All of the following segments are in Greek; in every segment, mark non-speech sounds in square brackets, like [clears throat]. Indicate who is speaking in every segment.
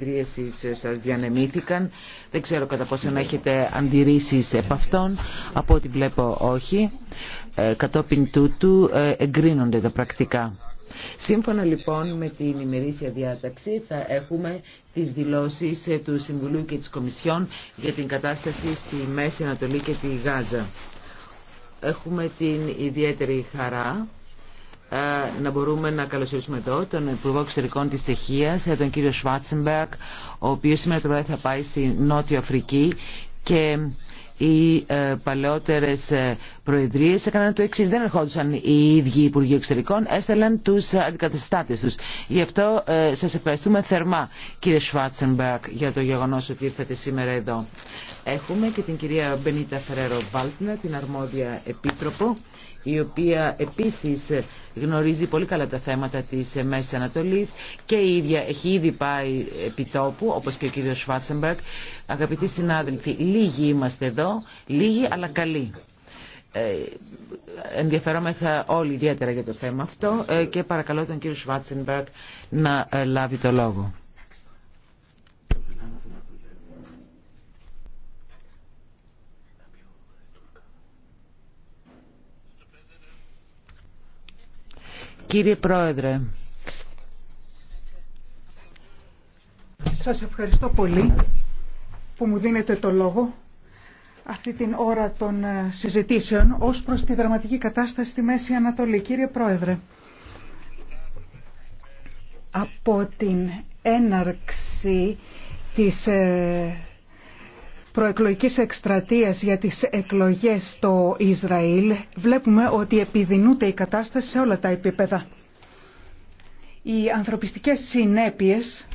Speaker 1: συνεδρίασης σας διανεμήθηκαν. Δεν ξέρω κατά πόσο να έχετε αντιρρήσεις επ' αυτών. Από ό,τι βλέπω όχι. Ε, κατόπιν τούτου ε, εγκρίνονται τα πρακτικά. Σύμφωνα λοιπόν με την ημερήσια διάταξη θα έχουμε τις δηλώσεις ε, του Συμβουλίου και της Κομισιόν για την κατάσταση στη Μέση Ανατολή και τη Γάζα. Έχουμε την ιδιαίτερη χαρά ε, να μπορούμε να καλωσορίσουμε εδώ τον Υπουργό Εξωτερικών της Τσεχίας, ε, τον κύριο Σβάτσενμπερκ, ο οποίος σήμερα το βράδυ θα πάει στη Νότια Αφρική και οι ε, παλαιότερες ε, προεδρίες έκαναν το εξής. Δεν ερχόντουσαν οι ίδιοι Υπουργοί Εξωτερικών, έστελαν τους αντικαταστάτες τους. Γι' αυτό ε, σας ευχαριστούμε θερμά κύριε Σφάτσενμπερκ για το γεγονός ότι ήρθατε σήμερα εδώ. Έχουμε και την κυρία Μπενίτα Φερέρο Βάλτνα, την αρμόδια επίτροπο η οποία επίσης γνωρίζει πολύ καλά τα θέματα της Μέσης Ανατολής και η ίδια έχει ήδη πάει επί τόπου, όπως και ο κύριος Σφάτσεμπερκ. Αγαπητοί συνάδελφοι, λίγοι είμαστε εδώ, λίγοι αλλά καλοί. Ε, ενδιαφερόμεθα όλοι ιδιαίτερα για το θέμα αυτό ε, και παρακαλώ τον κύριο Σβάτσενμπερκ να ε, λάβει το λόγο. Κύριε Πρόεδρε.
Speaker 2: Σας ευχαριστώ πολύ που μου δίνετε το λόγο αυτή την ώρα των ε, συζητήσεων ως προς τη δραματική κατάσταση στη Μέση Ανατολή. Κύριε Πρόεδρε, από την έναρξη της ε, προεκλογικής εκστρατείας για τις εκλογές στο Ισραήλ βλέπουμε ότι επιδεινούνται η κατάσταση σε όλα τα επίπεδα. Οι ανθρωπιστικές συνέπειες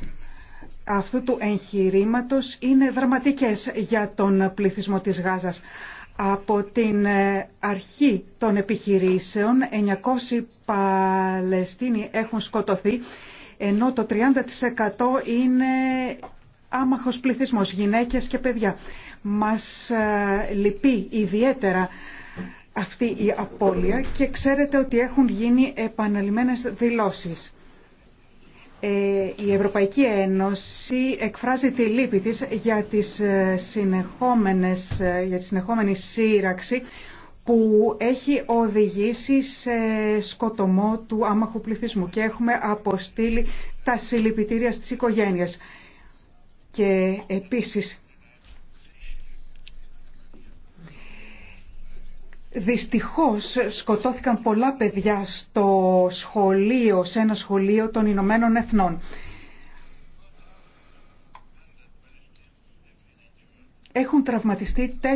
Speaker 2: αυτού του εγχειρήματος είναι δραματικές για τον πληθυσμό της Γάζας. Από την ε, αρχή των επιχειρήσεων 900 Παλαιστίνοι έχουν σκοτωθεί ενώ το 30% είναι άμαχος πληθυσμός, γυναίκες και παιδιά. Μας ε, λυπεί ιδιαίτερα αυτή η απώλεια και ξέρετε ότι έχουν γίνει επαναλημμένες δηλώσεις. Ε, η Ευρωπαϊκή Ένωση εκφράζει τη λύπη της για, τις ε, συνεχόμενες, για τη συνεχόμενη σύραξη που έχει οδηγήσει σε σκοτωμό του άμαχου πληθυσμού και έχουμε αποστείλει τα συλληπιτήρια στις οικογένειες και επίσης Δυστυχώς σκοτώθηκαν πολλά παιδιά στο σχολείο, σε ένα σχολείο των Ηνωμένων Εθνών. Έχουν τραυματιστεί 4.200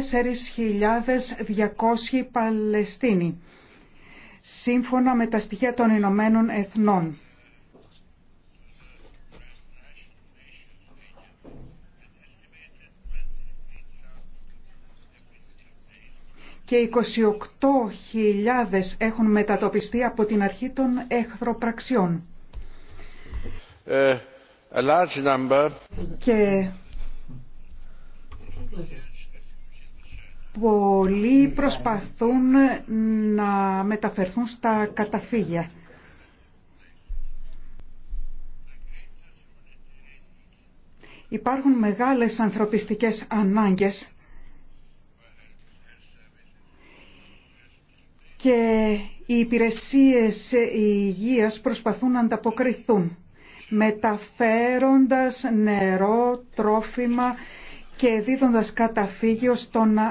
Speaker 2: Παλαιστίνοι, σύμφωνα με τα στοιχεία των Ηνωμένων Εθνών. και 28.000 έχουν μετατοπιστεί από την αρχή των εχθροπραξιών. Ε, και πολλοί προσπαθούν να μεταφερθούν στα καταφύγια. Υπάρχουν μεγάλες ανθρωπιστικές ανάγκες και οι υπηρεσίες υγείας προσπαθούν να ανταποκριθούν μεταφέροντας νερό, τρόφιμα και δίδοντας καταφύγιο στον ε,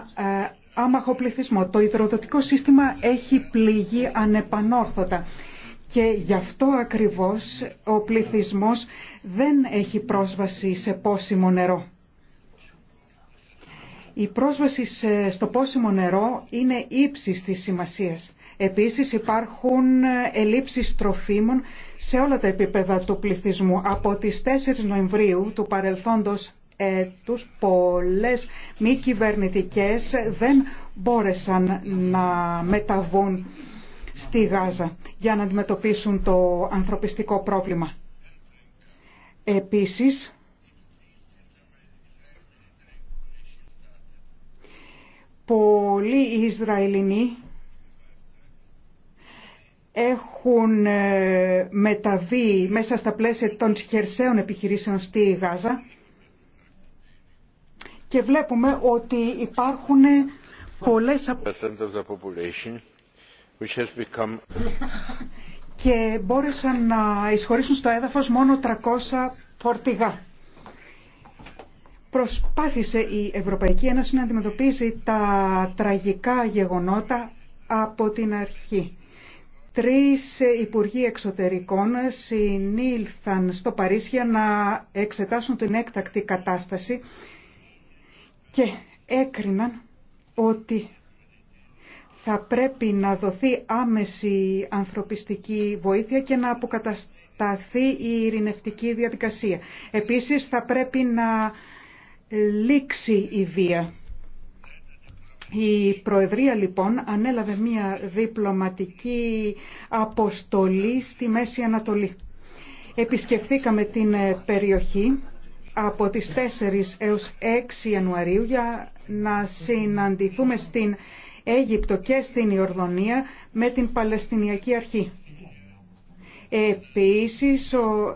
Speaker 2: άμαχο πληθυσμό. Το υδροδοτικό σύστημα έχει πληγεί ανεπανόρθωτα και γι' αυτό ακριβώς ο πληθυσμός δεν έχει πρόσβαση σε πόσιμο νερό. Η πρόσβαση στο πόσιμο νερό είναι ύψης της σημασίας. Επίσης υπάρχουν ε, ελλείψεις τροφίμων σε όλα τα επίπεδα του πληθυσμού. Από τις 4 Νοεμβρίου του παρελθόντος έτους πολλές μη κυβερνητικέ δεν μπόρεσαν να μεταβούν στη Γάζα για να αντιμετωπίσουν το ανθρωπιστικό πρόβλημα. Επίσης, πολλοί Ισραηλινοί έχουν ε, μεταβεί μέσα στα πλαίσια των χερσαίων επιχειρήσεων στη Γάζα και βλέπουμε ότι υπάρχουν πολλές και μπόρεσαν να εισχωρήσουν στο έδαφος μόνο 300 φορτηγά προσπάθησε η Ευρωπαϊκή Ένωση να αντιμετωπίζει τα τραγικά γεγονότα από την αρχή. Τρεις Υπουργοί Εξωτερικών συνήλθαν στο Παρίσι για να εξετάσουν την έκτακτη κατάσταση και έκριναν ότι θα πρέπει να δοθεί άμεση ανθρωπιστική βοήθεια και να αποκατασταθεί η ειρηνευτική διαδικασία. Επίσης θα πρέπει να λήξει η βία. Η Προεδρία λοιπόν ανέλαβε μία διπλωματική αποστολή στη Μέση Ανατολή. Επισκεφθήκαμε την ε, περιοχή από τις 4 έως 6 Ιανουαρίου για να συναντηθούμε στην Αίγυπτο και στην Ιορδονία με την Παλαιστινιακή Αρχή. Επίσης, ο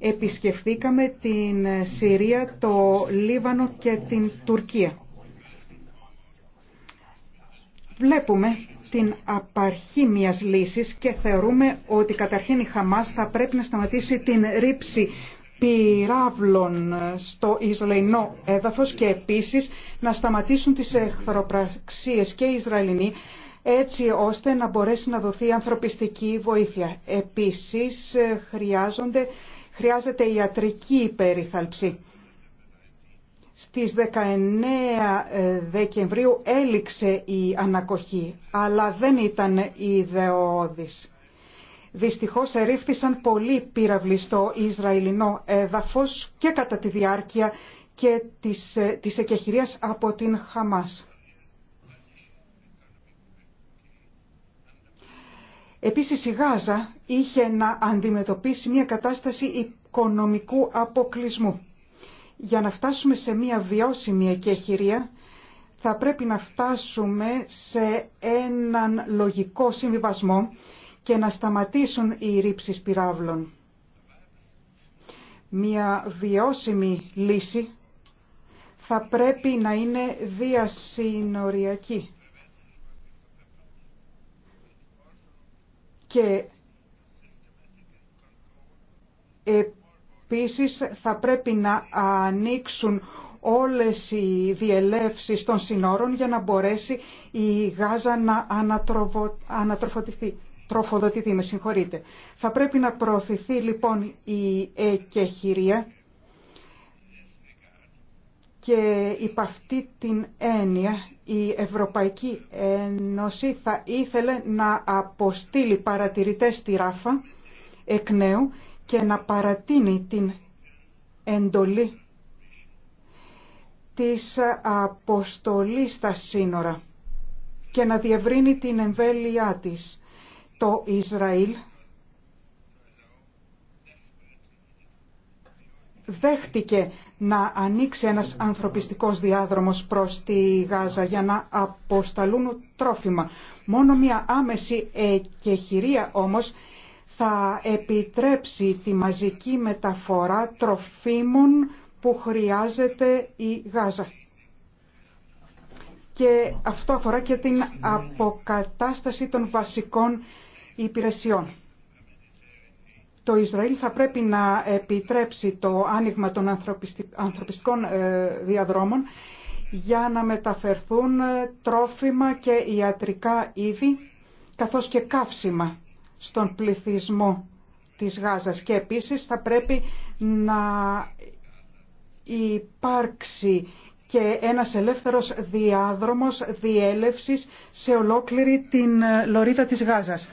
Speaker 2: επισκεφθήκαμε την Συρία, το Λίβανο και την Τουρκία. Βλέπουμε την απαρχή μιας λύσης και θεωρούμε ότι καταρχήν η Χαμάς θα πρέπει να σταματήσει την ρήψη πυράβλων στο Ισραηλινό έδαφος και επίσης να σταματήσουν τις εχθροπραξίες και οι Ισραηλινοί έτσι ώστε να μπορέσει να δοθεί ανθρωπιστική βοήθεια. Επίσης ε, χρειάζονται Χρειάζεται ιατρική υπερηθαλψή. Στις 19 Δεκεμβρίου έληξε η ανακοχή, αλλά δεν ήταν η ιδεώδης. Δυστυχώς ερήφθησαν πολύ πύραυλοι στο Ισραηλινό έδαφος και κατά τη διάρκεια και της, της εκεχηρίας από την Χαμάς. Επίσης η Γάζα είχε να αντιμετωπίσει μια κατάσταση οικονομικού αποκλεισμού. Για να φτάσουμε σε μια βιώσιμη εκεχηρία θα πρέπει να φτάσουμε σε έναν λογικό συμβιβασμό και να σταματήσουν οι ρήψεις πυράβλων. Μια βιώσιμη λύση θα πρέπει να είναι διασυνοριακή και επίσης θα πρέπει να ανοίξουν όλες οι διελεύσεις των συνόρων για να μπορέσει η Γάζα να ανατροφοδοτηθεί. Τροφοδοτηθεί, με συγχωρείτε. Θα πρέπει να προωθηθεί λοιπόν η εκεχηρία και υπ' αυτή την έννοια η Ευρωπαϊκή Ένωση θα ήθελε να αποστείλει παρατηρητές στη Ράφα εκ νέου και να παρατείνει την εντολή της αποστολής στα σύνορα και να διευρύνει την εμβέλειά της. Το Ισραήλ δέχτηκε να ανοίξει ένας ανθρωπιστικός διάδρομος προς τη Γάζα για να αποσταλούν τρόφιμα. Μόνο μια άμεση εκεχηρία όμως θα επιτρέψει τη μαζική μεταφορά τροφίμων που χρειάζεται η Γάζα. Και αυτό αφορά και την αποκατάσταση των βασικών υπηρεσιών το Ισραήλ θα πρέπει να επιτρέψει το άνοιγμα των ανθρωπιστικών ε, διαδρόμων για να μεταφερθούν ε, τρόφιμα και ιατρικά είδη καθώς και καύσιμα στον πληθυσμό της Γάζας και επίσης θα πρέπει να υπάρξει και ένας ελεύθερος διάδρομος διέλευσης σε ολόκληρη την ε, λωρίδα της Γάζας.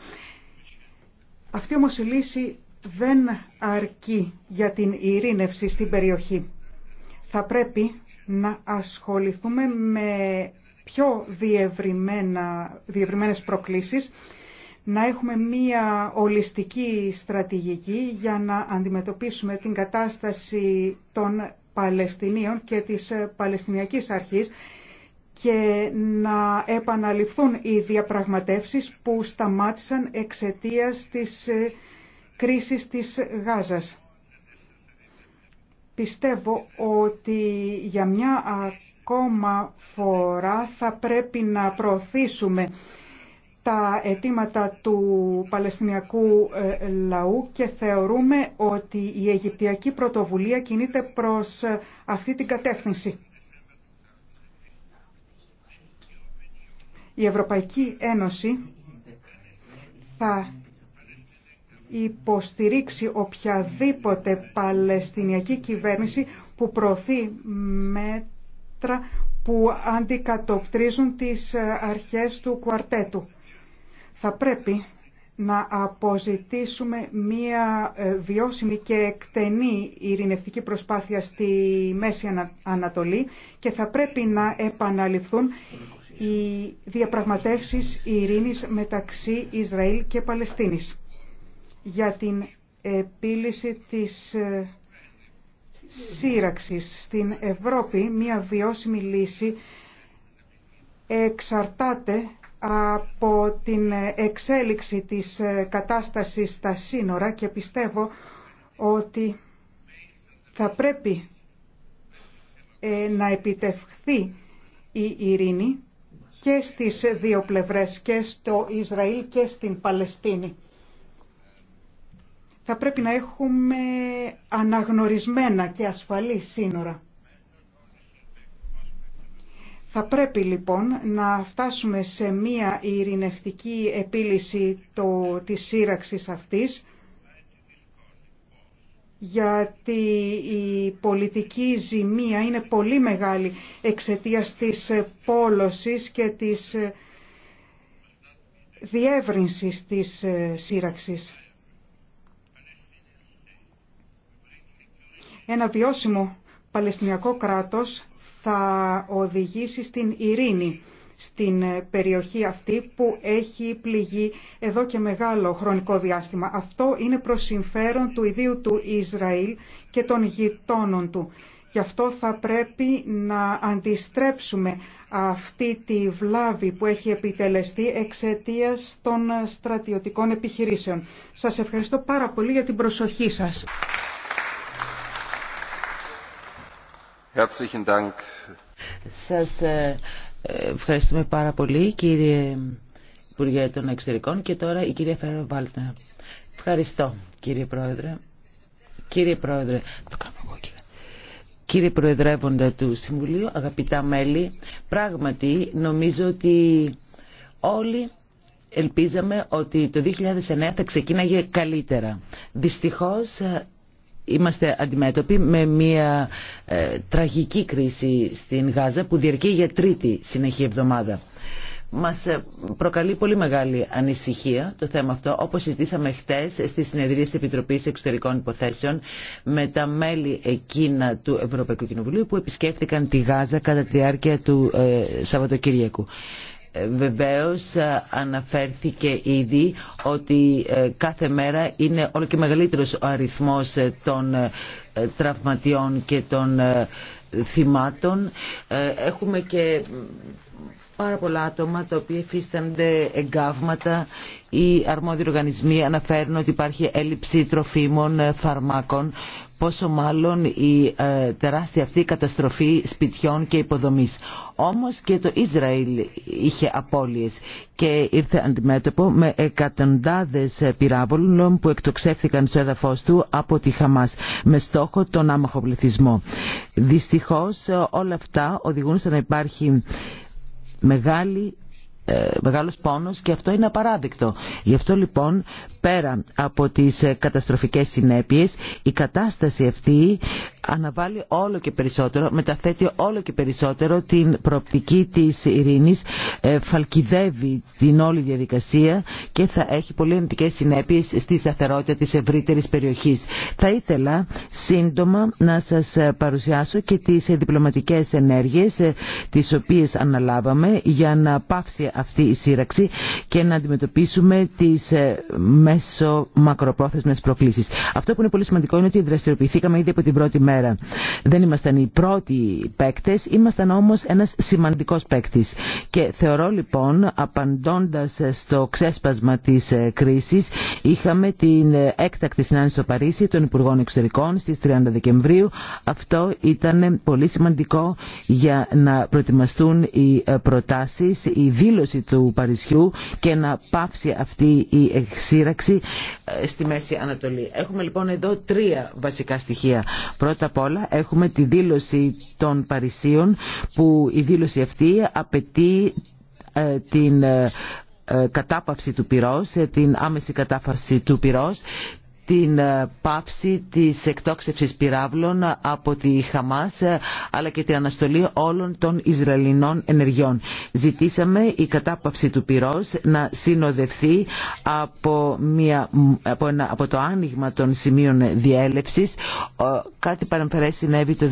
Speaker 2: Αυτή όμως η λύση δεν αρκεί για την ειρήνευση στην περιοχή. Θα πρέπει να ασχοληθούμε με πιο διευρυμένα, διευρυμένες προκλήσεις, να έχουμε μία ολιστική στρατηγική για να αντιμετωπίσουμε την κατάσταση των Παλαιστινίων και της Παλαιστινιακής Αρχής και να επαναληφθούν οι διαπραγματεύσεις που σταμάτησαν εξαιτίας της κρίσης της Γάζας. Πιστεύω ότι για μια ακόμα φορά θα πρέπει να προωθήσουμε τα αιτήματα του Παλαιστινιακού ε, λαού και θεωρούμε ότι η Αιγυπτιακή πρωτοβουλία κινείται προς ε, αυτή την κατεύθυνση. Η Ευρωπαϊκή Ένωση θα υποστηρίξει οποιαδήποτε παλαιστινιακή κυβέρνηση που προωθεί μέτρα που αντικατοπτρίζουν τις ε, αρχές του κουαρτέτου. Θα πρέπει να αποζητήσουμε μία ε, βιώσιμη και εκτενή ειρηνευτική προσπάθεια στη Μέση Ανατολή και θα πρέπει να επαναληφθούν οι διαπραγματεύσεις ειρήνης μεταξύ Ισραήλ και Παλαιστίνης για την επίλυση της ε, σύραξης στην Ευρώπη. Μια βιώσιμη λύση εξαρτάται από την εξέλιξη της ε, κατάστασης στα σύνορα και πιστεύω ότι θα πρέπει ε, να επιτευχθεί η ειρήνη και στις δύο πλευρές, και στο Ισραήλ και στην Παλαιστίνη θα πρέπει να έχουμε αναγνωρισμένα και ασφαλή σύνορα. Θα πρέπει λοιπόν να φτάσουμε σε μία ειρηνευτική επίλυση το, της σύραξης αυτής, γιατί η πολιτική ζημία είναι πολύ μεγάλη εξαιτίας της πόλωσης και της διεύρυνσης της ε, σύραξης. Ένα βιώσιμο Παλαιστινιακό κράτος θα οδηγήσει στην ειρήνη στην ε, περιοχή αυτή που έχει πληγεί εδώ και μεγάλο χρονικό διάστημα. Αυτό είναι προς συμφέρον του ιδίου του Ισραήλ και των γειτόνων του. Γι' αυτό θα πρέπει να αντιστρέψουμε αυτή τη βλάβη που έχει επιτελεστεί εξαιτίας των στρατιωτικών επιχειρήσεων. Σας ευχαριστώ πάρα πολύ για την προσοχή σας.
Speaker 1: Σας ε, ευχαριστούμε πάρα πολύ κύριε Υπουργέ των Εξωτερικών και τώρα η κυρία Φέρο Βάλτα. Ευχαριστώ κύριε Πρόεδρε. Κύριε Πρόεδρε, το κάνω εγώ κύριε. Κύριε Προεδρεύοντα του Συμβουλίου, αγαπητά μέλη, πράγματι νομίζω ότι όλοι ελπίζαμε ότι το 2009 θα ξεκίναγε καλύτερα. Δυστυχώς είμαστε αντιμέτωποι με μια ε, τραγική κρίση στην Γάζα που διαρκεί για τρίτη συνεχή εβδομάδα. Μας ε, προκαλεί πολύ μεγάλη ανησυχία το θέμα αυτό, όπως συζητήσαμε χτες στη συνεδρία της Επιτροπής Εξωτερικών Υποθέσεων με τα μέλη εκείνα του Ευρωπαϊκού Κοινοβουλίου που επισκέφτηκαν τη Γάζα κατά τη διάρκεια του ε, Σαββατοκύριακου. Ε, βεβαίως ε, αναφέρθηκε ήδη ότι ε, κάθε μέρα είναι όλο και μεγαλύτερος ο αριθμός των τραυματιών και των θυμάτων. Έχουμε και πάρα πολλά άτομα τα οποία υφίστανται εγκάβματα. Οι αρμόδιοι οργανισμοί αναφέρουν ότι υπάρχει έλλειψη τροφίμων, φαρμάκων πόσο μάλλον η ε, τεράστια αυτή καταστροφή σπιτιών και υποδομής. Όμως και το Ισραήλ είχε απώλειες και ήρθε αντιμέτωπο με εκατοντάδες πυράβολων που εκτοξεύθηκαν στο έδαφος του από τη Χαμάς με στόχο τον άμαχο πληθυσμό. Δυστυχώς όλα αυτά οδηγούν σε να υπάρχει μεγάλη ε, μεγάλος πόνος και αυτό είναι απαράδεκτο. Γι' αυτό λοιπόν πέρα από τις ε, καταστροφικές συνέπειες, η κατάσταση αυτή αναβάλει όλο και περισσότερο, μεταθέτει όλο και περισσότερο την προοπτική της ειρήνης, ε, φαλκιδεύει την όλη διαδικασία και θα έχει πολύ ενδικές συνέπειες στη σταθερότητα της ευρύτερης περιοχής. Θα ήθελα σύντομα να σας ε, παρουσιάσω και τις διπλωματικές ενέργειες τις οποίες αναλάβαμε για να πάυσει αυτή η σύραξη και να αντιμετωπίσουμε τις μέσω μακροπρόθεσμες προκλήσεις. Αυτό που είναι πολύ σημαντικό είναι ότι δραστηριοποιηθήκαμε ήδη από την πρώτη μέρα. Δεν ήμασταν οι πρώτοι παίκτες, ήμασταν όμως ένας σημαντικός παίκτης. Και θεωρώ λοιπόν, απαντώντας στο ξέσπασμα της ε, κρίσης, είχαμε την ε, έκτακτη συνάντηση στο Παρίσι των Υπουργών Εξωτερικών στις 30 Δεκεμβρίου. Αυτό ήταν πολύ σημαντικό για να προετοιμαστούν οι ε, προτάσεις, η δήλωση του Παρισιού και να πάψει αυτή η εξήρα ε, στη Μέση Ανατολή. Έχουμε λοιπόν εδώ τρία βασικά στοιχεία. Πρώτα απ' όλα έχουμε τη δήλωση των Παρισίων που η δήλωση αυτή απαιτεί ε, την ε, κατάπαυση του πυρός, την άμεση κατάφαση του πυρός την ε, πάυση της εκτόξευσης πυράβλων ε, από τη Χαμάς ε, αλλά και την αναστολή όλων των Ισραηλινών ενεργειών. Ζητήσαμε η κατάπαυση του πυρός να σύνοδευθεί από, μια, από, ένα, το άνοιγμα των σημείων διέλευσης κάτι παρεμφερές συνέβη το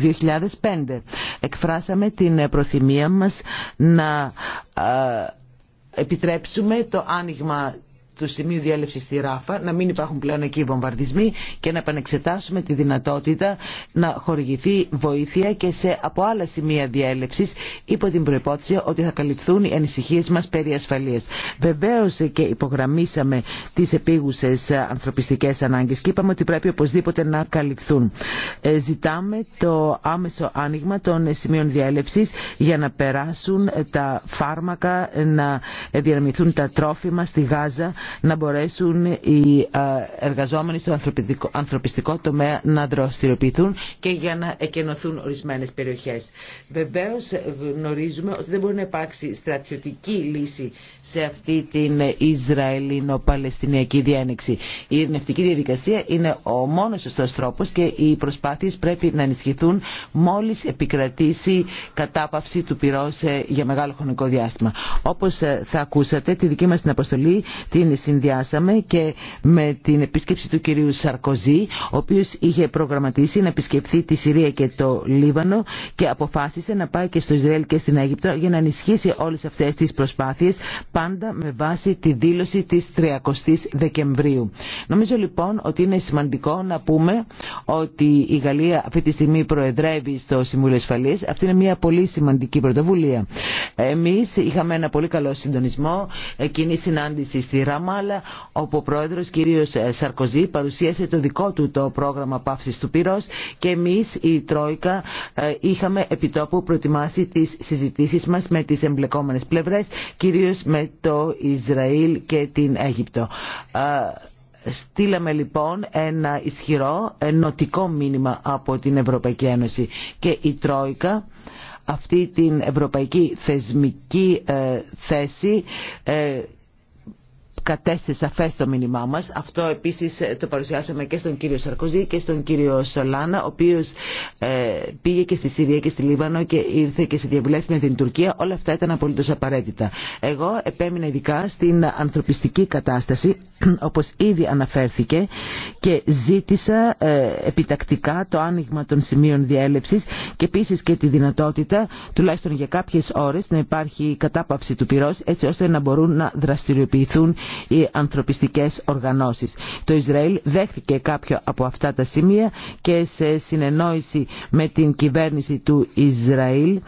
Speaker 1: 2005. Εκφράσαμε την προθυμία μας να επιτρέψουμε το άνοιγμα του σημείου διέλευση στη Ράφα, να μην υπάρχουν πλέον εκεί οι βομβαρδισμοί και να επανεξετάσουμε τη δυνατότητα να χορηγηθεί βοήθεια και σε από άλλα σημεία διέλευση υπό την προπόθεση ότι θα καλυφθούν οι ανησυχίε μα περί ασφαλεία. Βεβαίω και υπογραμμίσαμε τι επίγουσε ανθρωπιστικέ ανάγκε και είπαμε ότι πρέπει οπωσδήποτε να καλυφθούν. Ε, ζητάμε το άμεσο άνοιγμα των σημείων διέλευση για να περάσουν τα φάρμακα, να διανομηθούν τα τρόφιμα στη Γάζα να μπορέσουν οι ε, εργαζόμενοι στο ανθρωπιστικό τομέα να δραστηριοποιηθούν και για να εκενωθούν ορισμένες περιοχές. Βεβαίως γνωρίζουμε ότι δεν μπορεί να υπάρξει στρατιωτική λύση σε αυτή την Ισραηλινο-Παλαιστινιακή διένεξη. Η ειρηνευτική διαδικασία είναι ο μόνος σωστός τρόπος και οι προσπάθειες πρέπει να ενισχυθούν μόλις επικρατήσει κατάπαυση του πυρός ε, για μεγάλο χρονικό διάστημα. Όπως ε, θα ακούσατε, τη δική μας την αποστολή την συνδυάσαμε και με την επίσκεψη του κυρίου Σαρκοζή, ο οποίος είχε προγραμματίσει να επισκεφθεί τη Συρία και το Λίβανο και αποφάσισε να πάει και στο Ισραήλ και στην Αίγυπτο για να ενισχύσει όλες αυτές τις προσπάθειες πάντα με βάση τη δήλωση της 30ης Δεκεμβρίου. Νομίζω λοιπόν ότι είναι σημαντικό να πούμε ότι η Γαλλία αυτή τη στιγμή προεδρεύει στο Συμβούλιο Ασφαλείας. Αυτή είναι μια πολύ σημαντική πρωτοβουλία. Εμείς είχαμε ένα πολύ καλό συντονισμό, ε, κοινή συνάντηση στη Ράμα αλλά όπου ο πρόεδρος κ. Ε, Σαρκοζή παρουσίασε το δικό του το πρόγραμμα παύση του πυρό και εμείς η Τρόικα ε, είχαμε επιτόπου προετοιμάσει τις συζητήσεις μας με τις εμπλεκόμενες πλευρές κυρίω με το Ισραήλ και την Αίγυπτο. Ε, στείλαμε λοιπόν ένα ισχυρό ενωτικό μήνυμα από την Ευρωπαϊκή Ένωση και η Τρόικα αυτή την ευρωπαϊκή θεσμική θέση κατέστησε σαφές το μήνυμά μας. Αυτό επίσης ε, το παρουσιάσαμε και στον κύριο Σαρκοζή και στον κύριο Σολάνα, ο οποίος ε, πήγε και στη Συρία και στη Λίβανο και ήρθε και σε διαβουλεύει με την Τουρκία. Όλα αυτά ήταν απολύτως απαραίτητα. Εγώ επέμεινα ειδικά στην ανθρωπιστική κατάσταση, [clears throat] όπως ήδη αναφέρθηκε, και ζήτησα ε, επιτακτικά το άνοιγμα των σημείων διέλευση και επίσης και τη δυνατότητα, τουλάχιστον για κάποιες ώρε να υπάρχει κατάπαυση του πυρός, έτσι ώστε να μπορούν να δραστηριοποιηθούν οι ανθρωπιστικές οργανώσεις. Το Ισραήλ δέχθηκε κάποιο από αυτά τα σημεία και σε συνεννόηση με την κυβέρνηση του Ισραήλ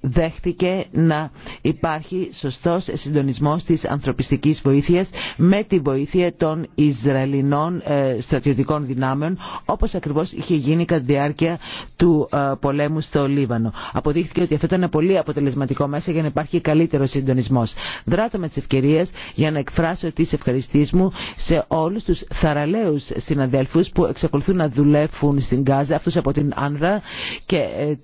Speaker 1: δέχτηκε να υπάρχει σωστός συντονισμός της ανθρωπιστικής βοήθειας με τη βοήθεια των Ισραηλινών ε, στρατιωτικών δυνάμεων όπως ακριβώς είχε γίνει κατά τη διάρκεια του ε, πολέμου στο Λίβανο. Αποδείχθηκε ότι αυτό ήταν πολύ αποτελεσματικό μέσα για να υπάρχει καλύτερο συντονισμός. Δράτω με τις ευκαιρίες για να εκφράσω τις ευχαριστίες μου σε όλους τους θαραλέους συναδέλφους που εξακολουθούν να δουλεύουν στην Γκάζα, αυτούς από την Άνρα και ε,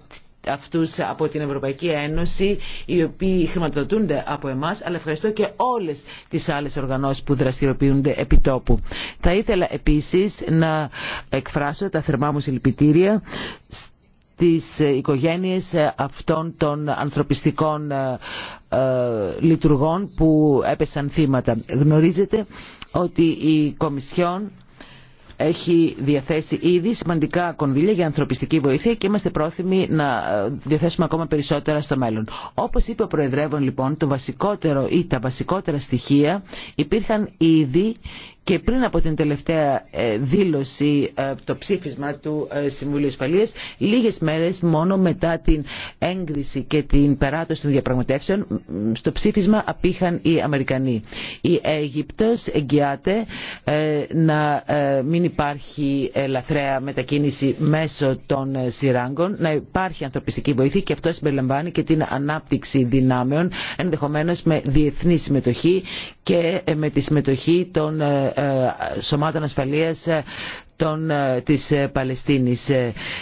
Speaker 1: αυτούς από την Ευρωπαϊκή Ένωση οι οποίοι χρηματοδοτούνται από εμάς αλλά ευχαριστώ και όλες τις άλλες οργανώσεις που δραστηριοποιούνται επί τόπου. Θα ήθελα επίσης να εκφράσω τα θερμά μου συλληπιτήρια στις οικογένειες αυτών των ανθρωπιστικών ε, ε, λειτουργών που έπεσαν θύματα. Γνωρίζετε ότι η Κομισιόν έχει διαθέσει ήδη σημαντικά κονδύλια για ανθρωπιστική βοήθεια και είμαστε πρόθυμοι να ε, διαθέσουμε ακόμα περισσότερα στο μέλλον. Όπω είπε ο Προεδρεύων, λοιπόν, το βασικότερο ή τα βασικότερα στοιχεία υπήρχαν ήδη και πριν από την τελευταία ε, δήλωση, ε, το ψήφισμα του ε, Συμβουλίου Ασφαλείας, λίγες μέρες μόνο μετά την έγκριση και την περάτωση των διαπραγματεύσεων, στο ψήφισμα απήχαν οι Αμερικανοί. Η Αίγυπτος εγγυάται να μην υπάρχει λαθρέα μετακίνηση μέσω των σειράγκων, να υπάρχει ανθρωπιστική βοήθεια και αυτό συμπεριλαμβάνει και την ανάπτυξη δυνάμεων, ενδεχομένως με διεθνή συμμετοχή και με τη συμμετοχή των ε, σωμάτων ασφαλείας ε, των, ε, της Παλαιστίνης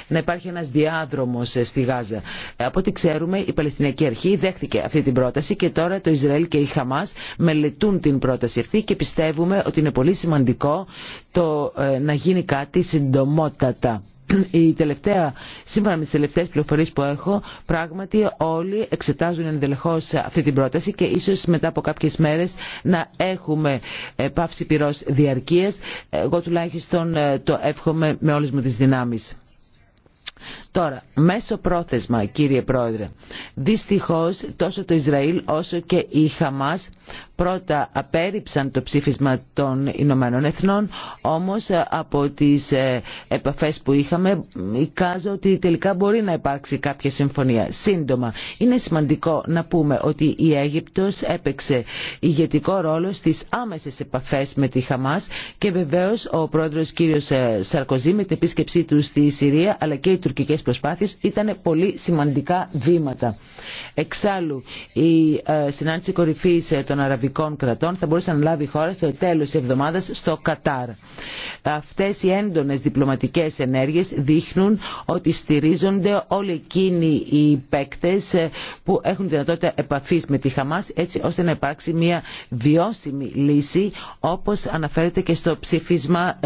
Speaker 1: να υπάρχει ένας διάδρομος στη Γάζα. Από ό,τι ξέρουμε η Παλαιστινιακή Αρχή δέχθηκε αυτή την πρόταση και τώρα το Ισραήλ και η Χαμάς μελετούν την πρόταση αυτή και πιστεύουμε ότι είναι πολύ σημαντικό το να γίνει κάτι συντομότατα η τελευταία, σύμφωνα με τι τελευταίες πληροφορίε που έχω, πράγματι όλοι εξετάζουν ενδελεχώ αυτή την πρόταση και ίσως μετά από κάποιες μέρες να έχουμε ε, πάυση πυρό διαρκεία. Εγώ τουλάχιστον ε, το εύχομαι με όλε μου τις δυνάμεις. Τώρα, μέσω πρόθεσμα, κύριε Πρόεδρε, δυστυχώς τόσο το Ισραήλ όσο και η Χαμάς πρώτα απέρριψαν το ψήφισμα των Ηνωμένων Εθνών, όμως ε, από τις ε, επαφές που είχαμε εικάζω ότι τελικά μπορεί να υπάρξει κάποια συμφωνία. Σύντομα, είναι σημαντικό να πούμε ότι η Αίγυπτος έπαιξε ηγετικό ρόλο στις άμεσες επαφές με τη Χαμάς και βεβαίως ο πρόεδρος κύριος ε, Σαρκοζή με την επίσκεψή του στη Συρία αλλά και οι τουρκικές προσπάθειες ήταν πολύ σημαντικά βήματα. Εξάλλου, η ε, συνάντηση κορυφής ε, των αραβικών κρατών θα μπορούσε να λάβει χώρα στο τέλος της εβδομάδας στο Κατάρ. Αυτές οι έντονες διπλωματικές ενέργειες δείχνουν ότι στηρίζονται όλοι εκείνοι οι παίκτες ε, που έχουν δυνατότητα επαφής με τη Χαμάς έτσι ώστε να υπάρξει μια βιώσιμη λύση όπως αναφέρεται και στο ψήφισμα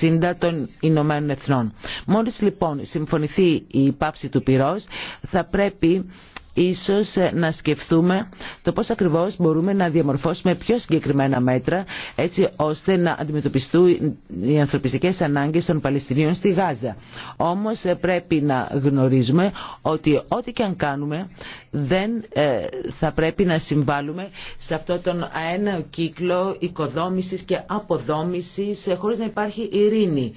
Speaker 1: 1860 των Ηνωμένων Εθνών. Μόλις λοιπόν Λοιπόν συμφωνηθεί η πάυση του πυρός θα πρέπει ίσως ε, να σκεφτούμε το πώς ακριβώς μπορούμε να διαμορφώσουμε πιο συγκεκριμένα μέτρα έτσι ώστε να αντιμετωπιστούν οι ανθρωπιστικές ανάγκες των Παλαιστινίων στη Γάζα. Όμως ε, πρέπει να γνωρίζουμε ότι ό,τι και αν κάνουμε δεν ε, θα πρέπει να συμβάλλουμε σε αυτό τον αέναο κύκλο οικοδόμησης και αποδόμησης χωρίς να υπάρχει ειρήνη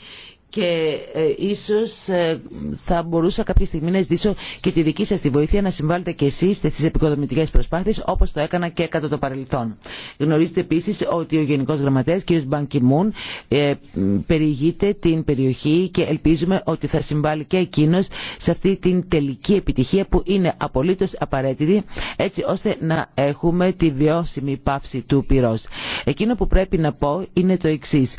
Speaker 1: και ε, ίσως ε, θα μπορούσα κάποια στιγμή να ζητήσω και τη δική σας τη βοήθεια να συμβάλλετε και εσείς στις επικοδομητικές προσπάθειες όπως το έκανα και κατά το παρελθόν. Γνωρίζετε επίσης ότι ο Γενικός Γραμματέας κ. Μπανκιμούν ε, περιηγείται την περιοχή και ελπίζουμε ότι θα συμβάλλει και εκείνος σε αυτή την τελική επιτυχία που είναι απολύτως απαραίτητη έτσι ώστε να έχουμε τη βιώσιμη πάυση του πυρός. Εκείνο που πρέπει να πω είναι το εξής.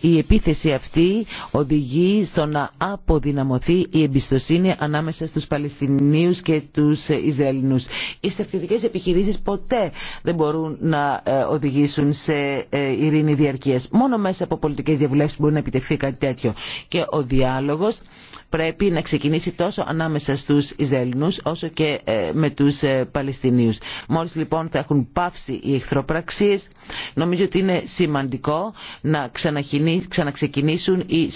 Speaker 1: η επίθεση αυτή οδηγεί στο να αποδυναμωθεί η εμπιστοσύνη ανάμεσα στους Παλαιστινίους και τους ε, Ισραηλινούς. Οι στρατιωτικές επιχειρήσεις ποτέ δεν μπορούν να ε, οδηγήσουν σε ε, ειρήνη διαρκείας. Μόνο μέσα από πολιτικές διαβουλεύσεις μπορεί να επιτευχθεί κάτι τέτοιο. Και ο διάλογος πρέπει να ξεκινήσει τόσο ανάμεσα στους Ισραηλινούς όσο και με τους Παλαιστινίους. Μόλις λοιπόν θα έχουν πάυσει οι εχθροπραξίες, νομίζω ότι είναι σημαντικό να ξαναξεκινήσουν οι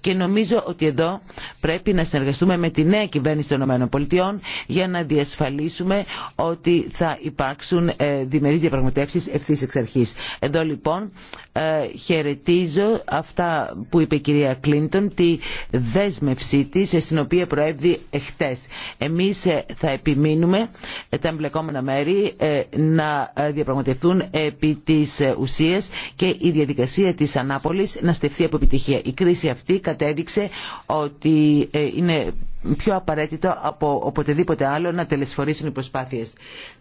Speaker 1: και νομίζω ότι εδώ πρέπει να συνεργαστούμε με τη νέα κυβέρνηση των ΗΠΑ για να διασφαλίσουμε ότι θα υπάρξουν ε, διμερεί διαπραγματεύσει ευθύ εξ αρχή. Εδώ λοιπόν ε, χαιρετίζω αυτά που είπε η κυρία Κλίντον, τη δέσμευσή τη, στην οποία προέβη εχθέ. Εμείς ε, θα επιμείνουμε τα εμπλεκόμενα μέρη να διαπραγματευτούν επί της ουσίας και η διαδικασία της Ανάπολης να στεφθεί από επιτυχία. Η κρίση αυτή κατέδειξε ότι ε, είναι πιο απαραίτητο από οποτεδήποτε άλλο να τελεσφορήσουν οι προσπάθειες.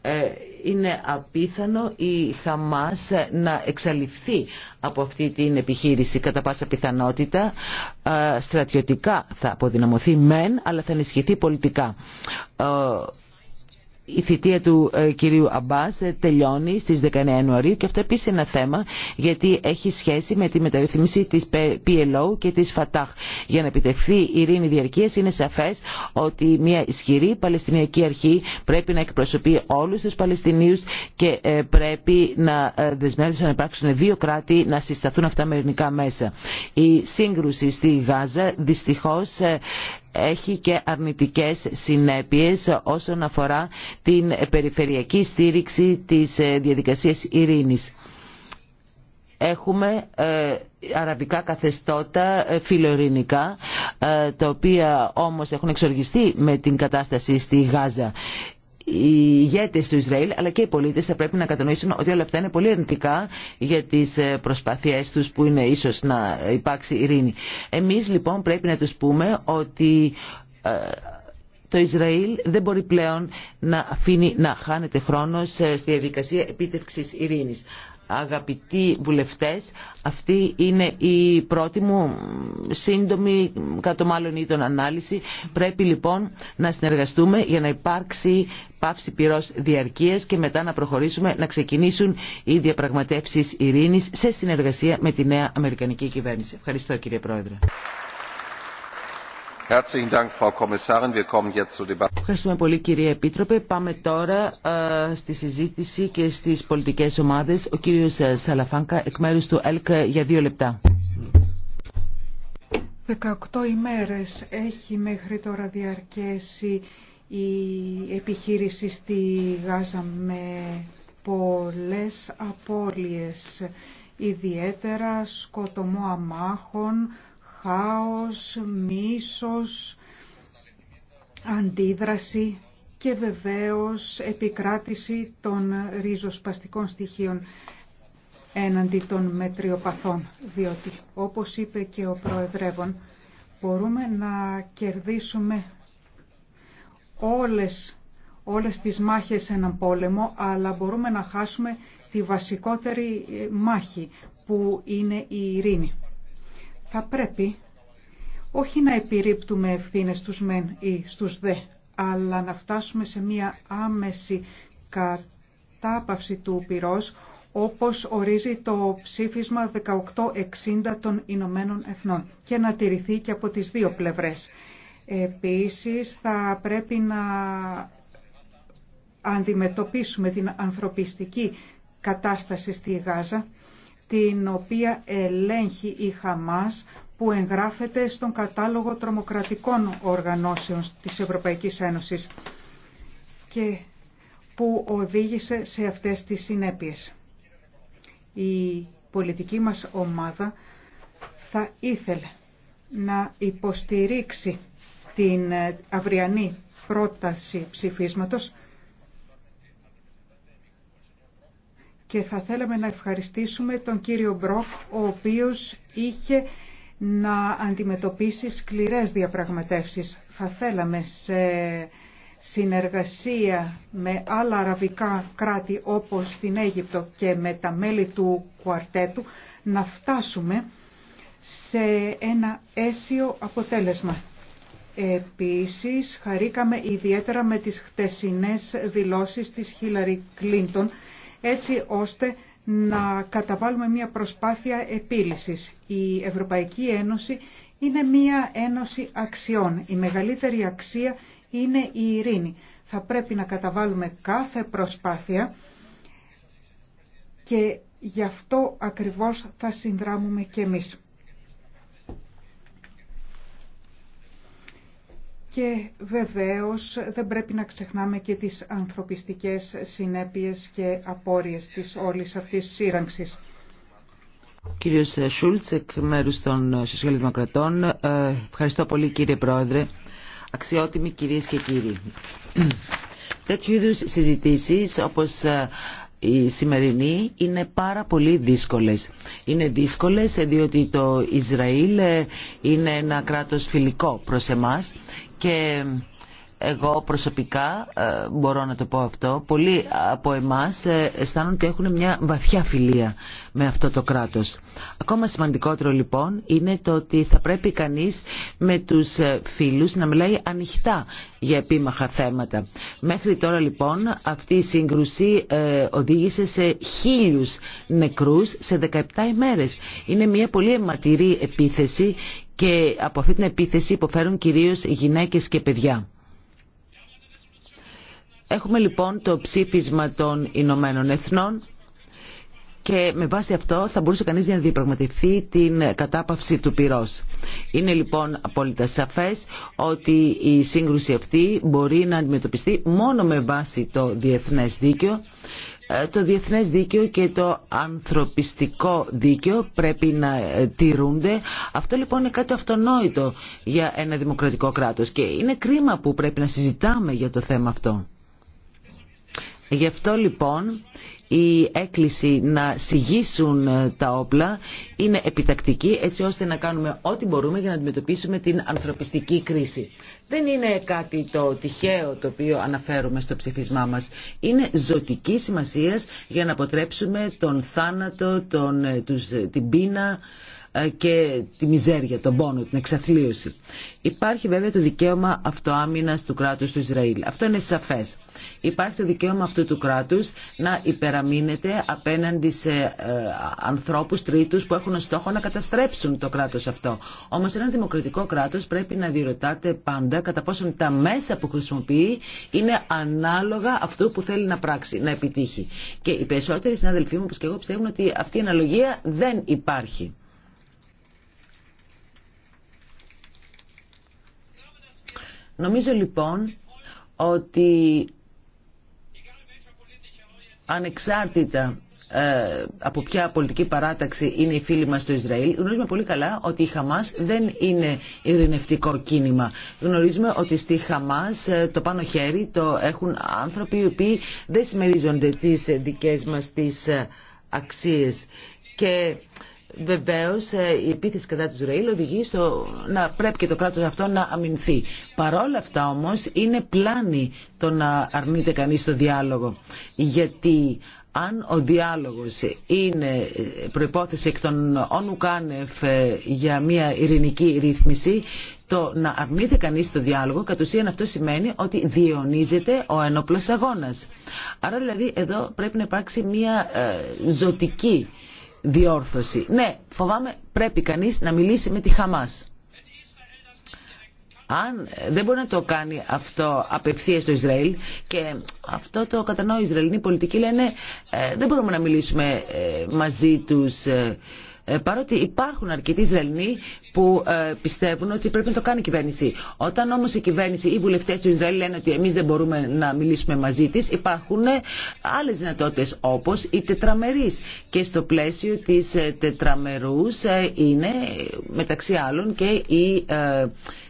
Speaker 1: Ε, είναι απίθανο η Χαμάς να εξαλειφθεί από αυτή την επιχείρηση κατά πάσα πιθανότητα. Ε, στρατιωτικά θα αποδυναμωθεί μεν, αλλά θα ενισχυθεί πολιτικά η θητεία του ε, κυρίου Αμπάς ε, τελειώνει στις 19 Ιανουαρίου και αυτό επίσης είναι ένα θέμα γιατί έχει σχέση με τη μεταρρυθμίση της PLO και της ΦΑΤΑΧ. Για να επιτευχθεί η ειρήνη διαρκείας είναι σαφές ότι μια ισχυρή Παλαιστινιακή αρχή πρέπει να εκπροσωπεί όλους τους Παλαιστινίους και ε, πρέπει να δεσμεύσουν να υπάρξουν δύο κράτη να συσταθούν αυτά με ειρηνικά μέσα. Η σύγκρουση στη Γάζα δυστυχώς έχει και αρνητικές συνέπειες όσον αφορά την περιφερειακή στήριξη της ε, διαδικασίας ειρήνης. Έχουμε ε, αραβικά καθεστώτα ε, φιλοειρηνικά τα οποία όμως έχουν εξοργιστεί με την κατάσταση στη Γάζα οι ηγέτες του Ισραήλ αλλά και οι πολίτες θα πρέπει να κατανοήσουν ότι όλα αυτά είναι πολύ αρνητικά για τις ε, προσπάθειές τους που είναι ίσως να υπάρξει ειρήνη. Εμείς λοιπόν πρέπει να τους πούμε ότι ε, το Ισραήλ δεν μπορεί πλέον να αφήνει να χάνεται χρόνο ε, στη διαδικασία επίτευξης ειρήνης. Αγαπητοί βουλευτές, αυτή είναι η πρώτη μου σύντομη, κάτω μάλλον ή ανάλυση. Πρέπει λοιπόν να συνεργαστούμε για να υπάρξει πάυση πυρός διαρκείας και μετά να προχωρήσουμε να ξεκινήσουν οι διαπραγματεύσεις ειρήνης σε συνεργασία με τη νέα Αμερικανική κυβέρνηση. Ευχαριστώ κύριε Πρόεδρε. Ευχαριστούμε πολύ κύριε Επίτροπε. Πάμε τώρα ε, στη συζήτηση και στις πολιτικές ομάδες. Ο κύριος ε, Σαλαφάνκα εκ μέρους του ΕΛΚ για δύο λεπτά.
Speaker 2: Δεκαοκτώ ημέρες έχει μέχρι τώρα διαρκέσει η επιχείρηση στη Γάζα με πολλές απώλειες, ιδιαίτερα σκοτωμό αμάχων, χάος, μίσος, αντίδραση και βεβαίως επικράτηση των ριζοσπαστικών στοιχείων έναντι των μετριοπαθών, διότι όπως είπε και ο Προεδρεύων, μπορούμε να κερδίσουμε όλες, όλες τις μάχες σε έναν πόλεμο, αλλά μπορούμε να χάσουμε τη βασικότερη μάχη που είναι η ειρήνη θα πρέπει όχι να επιρρύπτουμε ευθύνες στους μεν ή στους δε, αλλά να φτάσουμε σε μία άμεση κατάπαυση του πυρός, όπως ορίζει το ψήφισμα 1860 των Ηνωμένων Εθνών και να τηρηθεί και από τις δύο πλευρές. Επίσης, θα πρέπει να αντιμετωπίσουμε την ανθρωπιστική κατάσταση στη Γάζα την οποία ελέγχει η Χαμάς που εγγράφεται στον κατάλογο τρομοκρατικών οργανώσεων της Ευρωπαϊκής Ένωσης και που οδήγησε σε αυτές τις συνέπειες. Η πολιτική μας ομάδα θα ήθελε να υποστηρίξει την αυριανή πρόταση ψηφίσματος και θα θέλαμε να ευχαριστήσουμε τον κύριο Μπροκ, ο οποίος είχε να αντιμετωπίσει σκληρές διαπραγματεύσεις. Θα θέλαμε σε συνεργασία με άλλα αραβικά κράτη όπως την Αίγυπτο και με τα μέλη του κουαρτέτου να φτάσουμε σε ένα αίσιο αποτέλεσμα. Επίσης, χαρήκαμε ιδιαίτερα με τις χτεσινές δηλώσεις της Χίλαρη Κλίντον έτσι ώστε να καταβάλουμε μια προσπάθεια επίλυσης. Η Ευρωπαϊκή Ένωση είναι μια ένωση αξιών. Η μεγαλύτερη αξία είναι η ειρήνη. Θα πρέπει να καταβάλουμε κάθε προσπάθεια και γι' αυτό ακριβώς θα συνδράμουμε και εμείς. και βεβαίως δεν πρέπει να ξεχνάμε και τις ανθρωπιστικές συνέπειες και απόρριες της όλης αυτής τη
Speaker 1: Κύριος Σούλτς, εκ μέρους των Σοσιαλδημοκρατών, ε, ευχαριστώ πολύ κύριε Πρόεδρε, αξιότιμοι κυρίες και κύριοι. [clears throat] Τέτοιου είδου συζητήσεις όπως ε, οι σημερινοί είναι πάρα πολύ δύσκολες. Είναι δύσκολες διότι το Ισραήλ ε, είναι ένα κράτος φιλικό προς εμάς και εγώ προσωπικά ε, μπορώ να το πω αυτό, πολλοί από εμάς ε, αισθάνονται ότι έχουν μια βαθιά φιλία με αυτό το κράτος. Ακόμα σημαντικότερο λοιπόν είναι το ότι θα πρέπει κανείς με τους ε, φίλους να μιλάει ανοιχτά για επίμαχα θέματα. Μέχρι τώρα λοιπόν αυτή η σύγκρουση οδήγησε σε χίλιους νεκρούς σε 17 ημέρες. Είναι μια πολύ αιματηρή επίθεση και από αυτή την επίθεση υποφέρουν κυρίως γυναίκες και παιδιά. Έχουμε λοιπόν το ψήφισμα των Ηνωμένων Εθνών και με βάση αυτό θα μπορούσε κανείς να διαπραγματευτεί την κατάπαυση του πυρός. Είναι λοιπόν απόλυτα σαφές ότι η σύγκρουση αυτή μπορεί να αντιμετωπιστεί μόνο με βάση το διεθνές δίκαιο ε, το διεθνές δίκαιο και το ανθρωπιστικό δίκαιο πρέπει να ε, τηρούνται. Αυτό λοιπόν είναι κάτι αυτονόητο για ένα δημοκρατικό κράτος και είναι κρίμα που πρέπει να συζητάμε για το θέμα αυτό. Γι' αυτό λοιπόν η έκκληση να συγγύσουν ε, τα όπλα είναι επιτακτική έτσι ώστε να κάνουμε ό,τι μπορούμε για να αντιμετωπίσουμε την ανθρωπιστική κρίση. Δεν είναι κάτι το τυχαίο το οποίο αναφέρουμε στο ψηφισμά μας. Είναι ζωτική σημασίας για να αποτρέψουμε τον θάνατο, τον, ε, τους, ε, την πείνα, ε, και τη μιζέρια, τον πόνο, την εξαθλίωση. Υπάρχει βέβαια το δικαίωμα αυτοάμυνας του κράτους του Ισραήλ. Αυτό είναι σαφές. Υπάρχει το δικαίωμα αυτού του κράτους να υπεραμείνεται απέναντι σε ε, ανθρώπους τρίτους που έχουν στόχο να καταστρέψουν το κράτος αυτό. Όμως ένα δημοκρατικό κράτος πρέπει να διερωτάται πάντα κατά πόσον τα μέσα που χρησιμοποιεί είναι ανάλογα αυτού που θέλει να πράξει, να επιτύχει. Και οι περισσότεροι συνάδελφοί μου, όπως και εγώ, πιστεύουν ότι αυτή η αναλογία δεν υπάρχει. Νομίζω λοιπόν ότι ανεξάρτητα ε, από ποια πολιτική παράταξη είναι οι φίλοι μας στο Ισραήλ γνωρίζουμε πολύ καλά ότι η Χαμάς δεν είναι ειρηνευτικό κίνημα γνωρίζουμε ότι στη Χαμάς ε, το πάνω χέρι το έχουν άνθρωποι οι οποίοι δεν συμμερίζονται τις δικές μας τις ε, αξίες και Βεβαίω, ε, η επίθεση κατά του Ισραήλ οδηγεί στο να πρέπει και το κράτο αυτό να αμυνθεί. Παρόλα αυτά όμω είναι πλάνη το να αρνείται κανεί το διάλογο. Γιατί αν ο διάλογος είναι ε, προϋπόθεση εκ των όνουκάνευ ε, για μια ειρηνική ρύθμιση, το να αρνείται κανείς το διάλογο κατ' ουσίαν αυτό σημαίνει ότι διαιωνίζεται ο ενόπλος αγώνας. Άρα δηλαδή εδώ πρέπει να υπάρξει μια ζωτική διόρθωση. Ναι, φοβάμαι πρέπει κανείς να μιλήσει με τη Χαμάς. Αν ε, δεν μπορεί να το κάνει αυτό απευθείας στο Ισραήλ και αυτό το κατανοώ οι Ισραηλοί πολιτικοί λένε ε, δεν μπορούμε να μιλήσουμε ε, μαζί τους ε, παρότι υπάρχουν αρκετοί Ισραηλοί που ε, πιστεύουν ότι πρέπει να το κάνει η κυβέρνηση. Όταν όμως η κυβέρνηση ή οι βουλευτές του Ισραήλ λένε ότι εμείς δεν μπορούμε να μιλήσουμε μαζί της, υπάρχουν ε, άλλες δυνατότητες όπως η τετραμερής. Και στο πλαίσιο της τετραμερούς είναι μεταξύ άλλων και η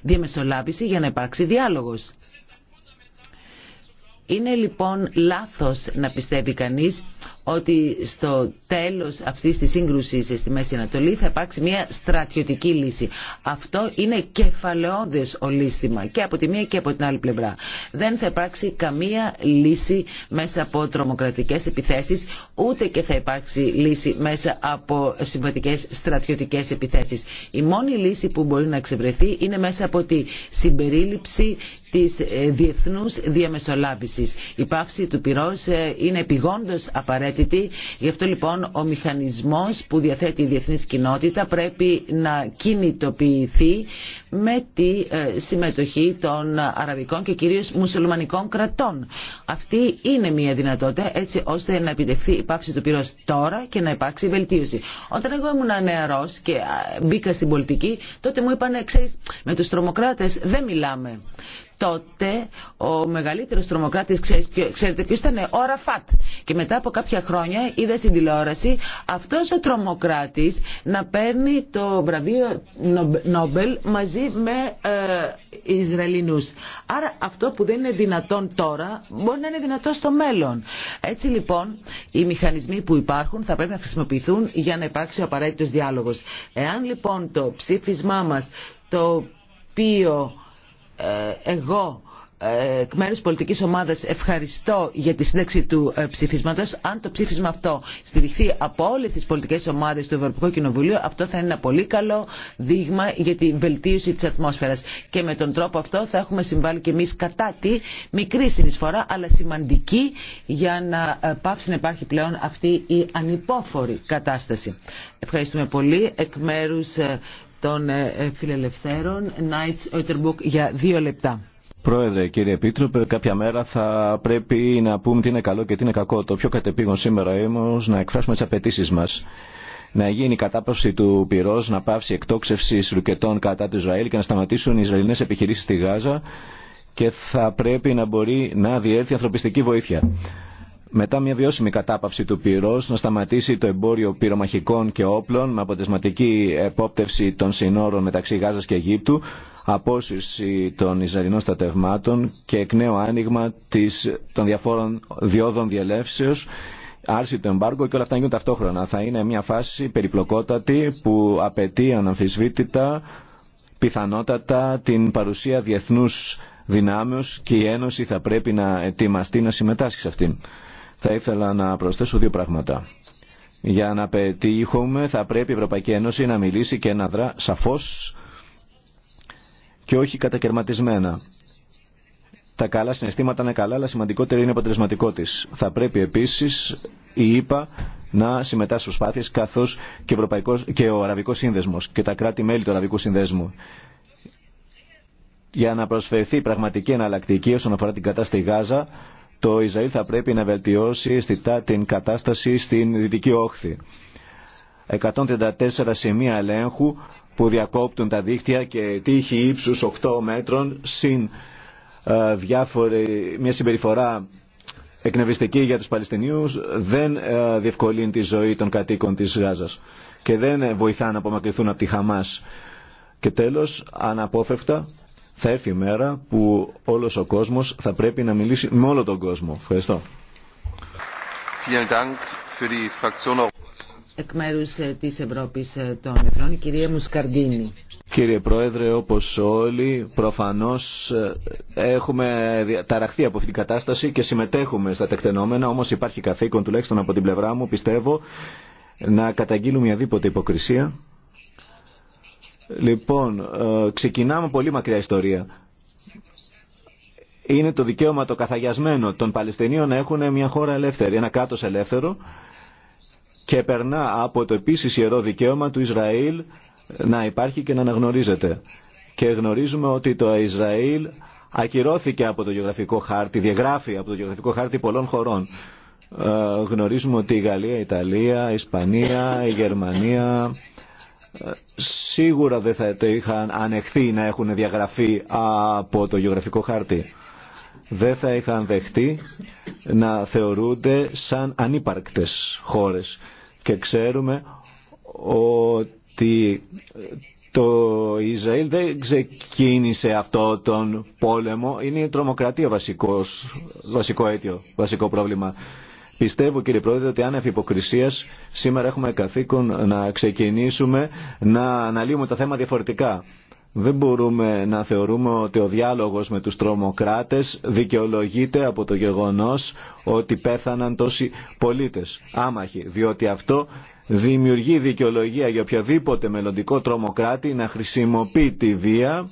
Speaker 1: διαμεσολάβηση για να υπάρξει διάλογος. Είναι λοιπόν λάθος να πιστεύει κανείς ότι στο τέλος αυτής της σύγκρουσης στη Μέση Ανατολή θα υπάρξει μια στρατιωτική λύση. Αυτό είναι κεφαλαιόδες ολίσθημα και από τη μία και από την άλλη πλευρά. Δεν θα υπάρξει καμία λύση μέσα από τρομοκρατικές επιθέσεις, ούτε και θα υπάρξει λύση μέσα από συμβατικές στρατιωτικές επιθέσεις. Η μόνη λύση που μπορεί να εξευρεθεί είναι μέσα από τη συμπερίληψη της ε, διεθνούς διαμεσολάβησης. Η πάυση του πυρός ε, είναι επιγόντως απαραίτητη, γι' αυτό λοιπόν ο μηχανισμός που διαθέτει η διεθνής κοινότητα πρέπει να κινητοποιηθεί με τη ε, συμμετοχή των αραβικών και κυρίως μουσουλμανικών κρατών. Αυτή είναι μια δυνατότητα έτσι ώστε να επιτευχθεί η πάυση του πυρός τώρα και να υπάρξει βελτίωση. Όταν εγώ ήμουν νεαρός και μπήκα στην πολιτική, τότε μου είπανε, ξέρεις, με τους τρομοκράτες δεν μιλάμε τότε ο μεγαλύτερος τρομοκράτης, ξέρετε ποιος ήταν, ο Αραφάτ. Και μετά από κάποια χρόνια είδα στην τηλεόραση αυτός ο τρομοκράτης να παίρνει το βραβείο Νόμπελ μαζί με ε, Ισραηλινούς. Άρα αυτό που δεν είναι δυνατόν τώρα μπορεί να είναι δυνατό στο μέλλον. Έτσι λοιπόν οι μηχανισμοί που υπάρχουν θα πρέπει να χρησιμοποιηθούν για να υπάρξει ο απαραίτητος διάλογος. Εάν λοιπόν το ψήφισμά μας το οποίο ε, εγώ ε, εκ μέρους πολιτικής ομάδας ευχαριστώ για τη σύνταξη του ε, ψηφίσματος. Αν το ψήφισμα αυτό στηριχθεί από όλες τις πολιτικές ομάδες του Ευρωπαϊκού Κοινοβουλίου, αυτό θα είναι ένα πολύ καλό δείγμα για τη βελτίωση της ατμόσφαιρας. Και με τον τρόπο αυτό θα έχουμε συμβάλει και εμείς κατά τη μικρή συνεισφορά, αλλά σημαντική για να πάψει να υπάρχει πλέον αυτή η ανυπόφορη κατάσταση. Ευχαριστούμε πολύ εκ μέρους των ε, ε, φιλελευθέρων. Νάιτς Οιτερμπουκ για δύο λεπτά.
Speaker 3: Πρόεδρε, κύριε Επίτροπε, κάποια μέρα θα πρέπει να πούμε τι είναι καλό και τι είναι κακό. Το πιο κατεπήγον σήμερα όμω, να εκφράσουμε τι απαιτήσει μα να γίνει η κατάπαυση του πυρό, να πάυσει η εκτόξευση ρουκετών κατά του Ισραήλ και να σταματήσουν οι Ισραηλινέ επιχειρήσει στη Γάζα και θα πρέπει να μπορεί να διέλθει ανθρωπιστική βοήθεια μετά μια βιώσιμη κατάπαυση του πυρός να σταματήσει το εμπόριο πυρομαχικών και όπλων με αποτελεσματική επόπτευση των συνόρων μεταξύ Γάζας και Αιγύπτου, απόσυρση των Ισραηλινών στατευμάτων και εκ νέου άνοιγμα της, των διαφόρων διόδων διελεύσεως άρση του εμπάργκο και όλα αυτά γίνουν ταυτόχρονα. Θα είναι μια φάση περιπλοκότατη που απαιτεί αναμφισβήτητα πιθανότατα την παρουσία διεθνούς δυνάμεως και η Ένωση θα πρέπει να ετοιμαστεί να συμμετάσχει σε αυτήν. Θα ήθελα να προσθέσω δύο πράγματα. Για να πετύχουμε θα πρέπει η Ευρωπαϊκή Ένωση να μιλήσει και να δρά σαφώς και όχι κατακαιρματισμένα. Τα καλά συναισθήματα είναι καλά, αλλά σημαντικότερη είναι η αποτελεσματικό της. Θα πρέπει επίσης η ΕΠΑ να συμμετάσχει στις προσπάθειες καθώς και, Ευρωπαϊκός, και ο Αραβικός Σύνδεσμο και τα κράτη-μέλη του Αραβικού Συνδέσμου. Για να προσφερθεί πραγματική εναλλακτική όσον αφορά την κατάσταση Γάζα το Ισραήλ θα πρέπει να βελτιώσει αισθητά την κατάσταση στην Δυτική Όχθη. 134 σημεία ελέγχου που διακόπτουν τα δίχτυα και τύχη ύψους 8 μέτρων συν ε, διάφορη, μια συμπεριφορά εκνευριστική για τους Παλαιστινίους δεν ε, διευκολύνει τη ζωή των κατοίκων της Γάζας και δεν ε, βοηθά να απομακρυνθούν από τη Χαμάς. Και τέλος, αναπόφευκτα, θα έρθει η μέρα που όλος ο κόσμος θα πρέπει να μιλήσει με όλο τον κόσμο. Ευχαριστώ.
Speaker 1: Εκ μέρου ε, τη Ευρώπη ε, των Εθνών, κυρία Μουσκαρντίνη.
Speaker 3: Κύριε Πρόεδρε, όπω
Speaker 1: όλοι,
Speaker 3: προφανώ ε, έχουμε ταραχθεί από αυτήν την κατάσταση και συμμετέχουμε στα τεκτενόμενα, όμω υπάρχει καθήκον τουλάχιστον από την πλευρά μου, πιστεύω, να καταγγείλουμε οποιαδήποτε υποκρισία Λοιπόν, ε, ξεκινάμε πολύ μακριά ιστορία. Είναι το δικαίωμα το καθαγιασμένο των Παλαιστινίων να έχουν μια χώρα ελεύθερη, ένα κράτος ελεύθερο και περνά από το επίσης ιερό δικαίωμα του Ισραήλ να υπάρχει και να αναγνωρίζεται. Και γνωρίζουμε ότι το Ισραήλ ακυρώθηκε από το γεωγραφικό χάρτη, διαγράφει από το γεωγραφικό χάρτη πολλών χωρών. Ε, γνωρίζουμε ότι η Γαλλία, η Ιταλία, η Ισπανία, η Γερμανία, σίγουρα δεν θα είχαν ανεχθεί να έχουν διαγραφεί από το γεωγραφικό χάρτη. Δεν θα είχαν δεχτεί να θεωρούνται σαν ανύπαρκτες χώρες. Και ξέρουμε ότι το Ισραήλ δεν ξεκίνησε αυτό τον πόλεμο. Είναι η τρομοκρατία βασικός, βασικό αίτιο, βασικό πρόβλημα. Πιστεύω κύριε Πρόεδρε ότι άνευ υποκρισίας σήμερα έχουμε καθήκον να ξεκινήσουμε να αναλύουμε τα θέμα διαφορετικά. Δεν μπορούμε να θεωρούμε ότι ο διάλογος με τους τρομοκράτες δικαιολογείται από το γεγονός ότι πέθαναν τόσοι πολίτες άμαχοι, διότι αυτό δημιουργεί δικαιολογία για οποιοδήποτε μελλοντικό τρομοκράτη να χρησιμοποιεί τη βία,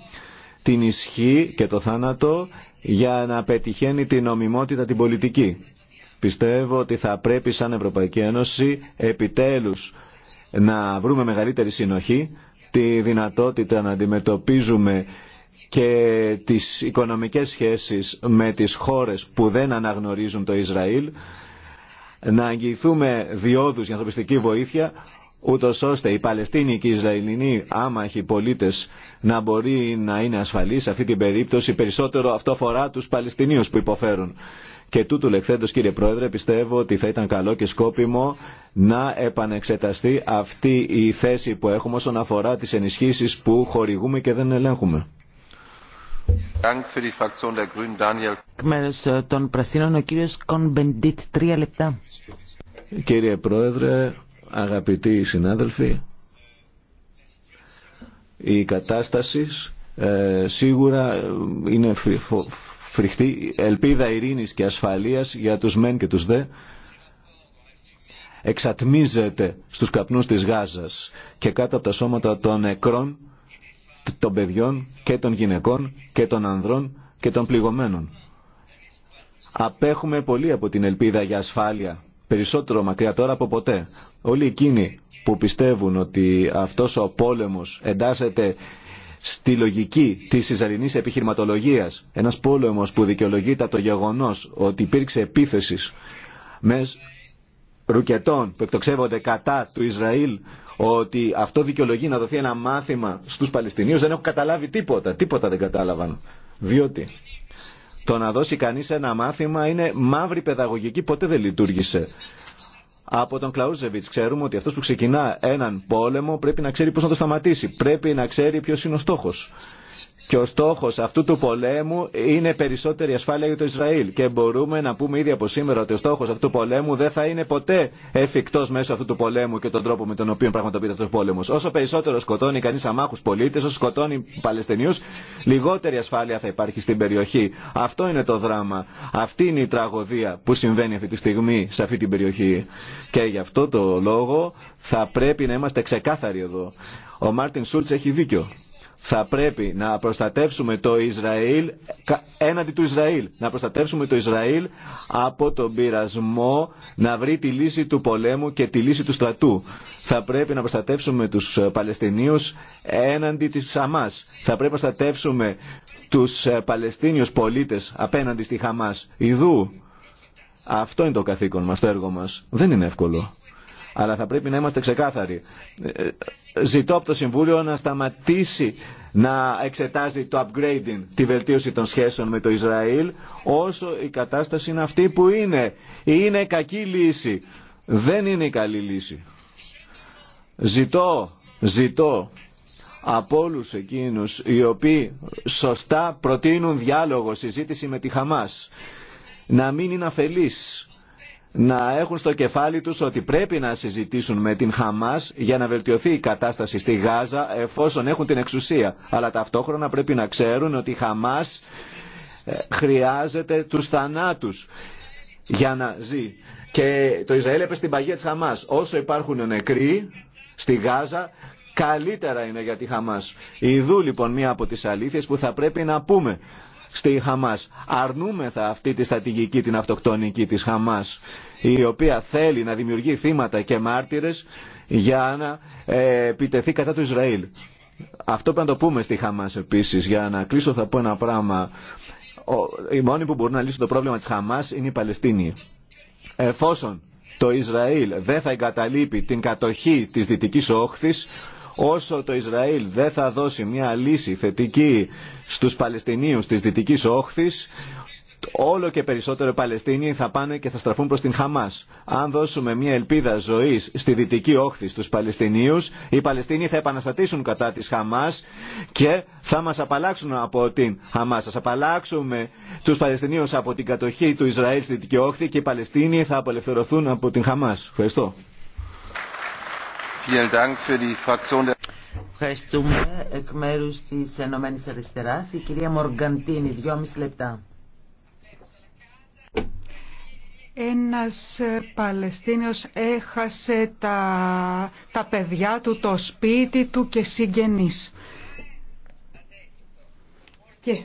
Speaker 3: την ισχύ και το θάνατο για να πετυχαίνει την νομιμότητα την πολιτική. Πιστεύω ότι θα πρέπει σαν Ευρωπαϊκή Ένωση επιτέλους να βρούμε μεγαλύτερη συνοχή, τη δυνατότητα να αντιμετωπίζουμε και τις οικονομικές σχέσεις με τις χώρες που δεν αναγνωρίζουν το Ισραήλ, να αγγιηθούμε διόδους για ανθρωπιστική βοήθεια, ούτω ώστε οι Παλαιστίνοι και οι Ισραηλινοί άμαχοι πολίτε να μπορεί να είναι ασφαλεί σε αυτή την περίπτωση. Περισσότερο αυτό αφορά του Παλαιστινίου που υποφέρουν. Και τούτου λεχθέντος κύριε Πρόεδρε πιστεύω ότι θα ήταν καλό και σκόπιμο να επανεξεταστεί αυτή η θέση που έχουμε όσον αφορά τις ενισχύσεις που χορηγούμε και δεν ελέγχουμε.
Speaker 1: Κύριε Πρόεδρε, αγαπητοί
Speaker 3: συνάδελφοι, η κατάσταση ε, σίγουρα είναι φρικτή ελπίδα ειρήνης και ασφαλείας για τους μεν και τους δε εξατμίζεται στους καπνούς της Γάζας και κάτω από τα σώματα των νεκρών, των παιδιών και των γυναικών και των ανδρών και των πληγωμένων. Απέχουμε πολύ από την ελπίδα για ασφάλεια, περισσότερο μακριά τώρα από ποτέ. Όλοι εκείνοι που πιστεύουν ότι αυτός ο πόλεμος εντάσσεται στη λογική της Ισραηλινή επιχειρηματολογία, ένας πόλεμο που δικαιολογείται από το γεγονός ότι υπήρξε επίθεση με ρουκετών που εκτοξεύονται κατά του Ισραήλ ότι αυτό δικαιολογεί να δοθεί ένα μάθημα στους Παλαιστινίους δεν έχω καταλάβει τίποτα, τίποτα δεν κατάλαβαν διότι το να δώσει κανείς ένα μάθημα είναι μαύρη παιδαγωγική, ποτέ δεν λειτουργήσε από τον Κλαούζεβιτ. Ξέρουμε ότι αυτό που ξεκινά έναν πόλεμο πρέπει να ξέρει πώ να το σταματήσει. Πρέπει να ξέρει ποιο είναι ο στόχο. Και ο στόχο αυτού του πολέμου είναι περισσότερη ασφάλεια για το Ισραήλ. Και μπορούμε να πούμε ήδη από σήμερα ότι ο στόχο αυτού του πολέμου δεν θα είναι ποτέ εφικτό μέσω αυτού του πολέμου και τον τρόπο με τον οποίο πραγματοποιείται αυτό ο πόλεμο. Όσο περισσότερο σκοτώνει κανεί αμάχου πολίτε, όσο σκοτώνει Παλαιστινίου, λιγότερη ασφάλεια θα υπάρχει στην περιοχή. Αυτό είναι το δράμα. Αυτή είναι η τραγωδία που συμβαίνει αυτή τη στιγμή σε αυτή την περιοχή. Και γι' αυτό το λόγο θα πρέπει να είμαστε ξεκάθαροι εδώ. Ο Μάρτιν Σούλτ έχει δίκιο θα πρέπει να προστατεύσουμε το Ισραήλ έναντι του Ισραήλ. Να προστατεύσουμε το Ισραήλ από τον πειρασμό να βρει τη λύση του πολέμου και τη λύση του στρατού. Θα πρέπει να προστατεύσουμε τους ε, Παλαιστινίους έναντι της Αμάς. Θα πρέπει να προστατεύσουμε τους ε, Παλαιστίνιους πολίτες απέναντι στη Χαμάς. Ιδού. Αυτό είναι το καθήκον μας, το έργο μας. Δεν είναι εύκολο αλλά θα πρέπει να είμαστε ξεκάθαροι. Ε, ζητώ από το Συμβούλιο να σταματήσει να εξετάζει το upgrading, τη βελτίωση των σχέσεων με το Ισραήλ, όσο η κατάσταση είναι αυτή που είναι. Είναι κακή λύση. Δεν είναι η καλή λύση. Ζητώ, ζητώ από όλους εκείνους οι οποίοι σωστά προτείνουν διάλογο, συζήτηση με τη Χαμάς, να μην είναι αφελείς να έχουν στο κεφάλι τους ότι πρέπει να συζητήσουν με την Χαμάς για να βελτιωθεί η κατάσταση στη Γάζα εφόσον έχουν την εξουσία. Αλλά ταυτόχρονα πρέπει να ξέρουν ότι η Χαμάς ε, χρειάζεται τους θανάτους για να ζει. Και το Ισραήλ έπεσε στην παγία της Χαμάς. Όσο υπάρχουν νεκροί στη Γάζα, καλύτερα είναι για τη Χαμάς. Ιδού λοιπόν μία από τις αλήθειες που θα πρέπει να πούμε στη Χαμάς. Αρνούμεθα αυτή τη στρατηγική, την αυτοκτονική της Χαμάς η οποία θέλει να δημιουργεί θύματα και μάρτυρες για να ε, επιτεθεί κατά του Ισραήλ. Αυτό πρέπει να το πούμε στη Χαμάς επίσης. Για να κλείσω θα πω ένα πράγμα. Οι μόνοι που μπορούν να λύσουν το πρόβλημα της Χαμάς είναι οι Παλαιστίνοι. Εφόσον το Ισραήλ δεν θα εγκαταλείπει την κατοχή της Δυτικής Όχθης, Όσο το Ισραήλ δεν θα δώσει μια λύση θετική στους Παλαιστινίους της Δυτικής Όχθης, όλο και περισσότερο οι Παλαιστίνοι θα πάνε και θα στραφούν προς την Χαμάς. Αν δώσουμε μια ελπίδα ζωής στη δυτική όχθη στους Παλαιστινίους, οι Παλαιστίνοι θα επαναστατήσουν κατά της Χαμάς και θα μας απαλλάξουν από την Χαμάς. Θα απαλλάξουμε τους Παλαιστινίους από την κατοχή του Ισραήλ στη δυτική όχθη και οι Παλαιστίνοι θα απελευθερωθούν από την Χαμάς. Ευχαριστώ.
Speaker 1: Ευχαριστούμε εκ μέρου τη Ενωμένη Αριστερά. Η κυρία Μοργαντίνη, δυόμιση λεπτά.
Speaker 2: Ένας Παλαιστίνιος έχασε τα, τα παιδιά του, το σπίτι του και συγγενεί. Και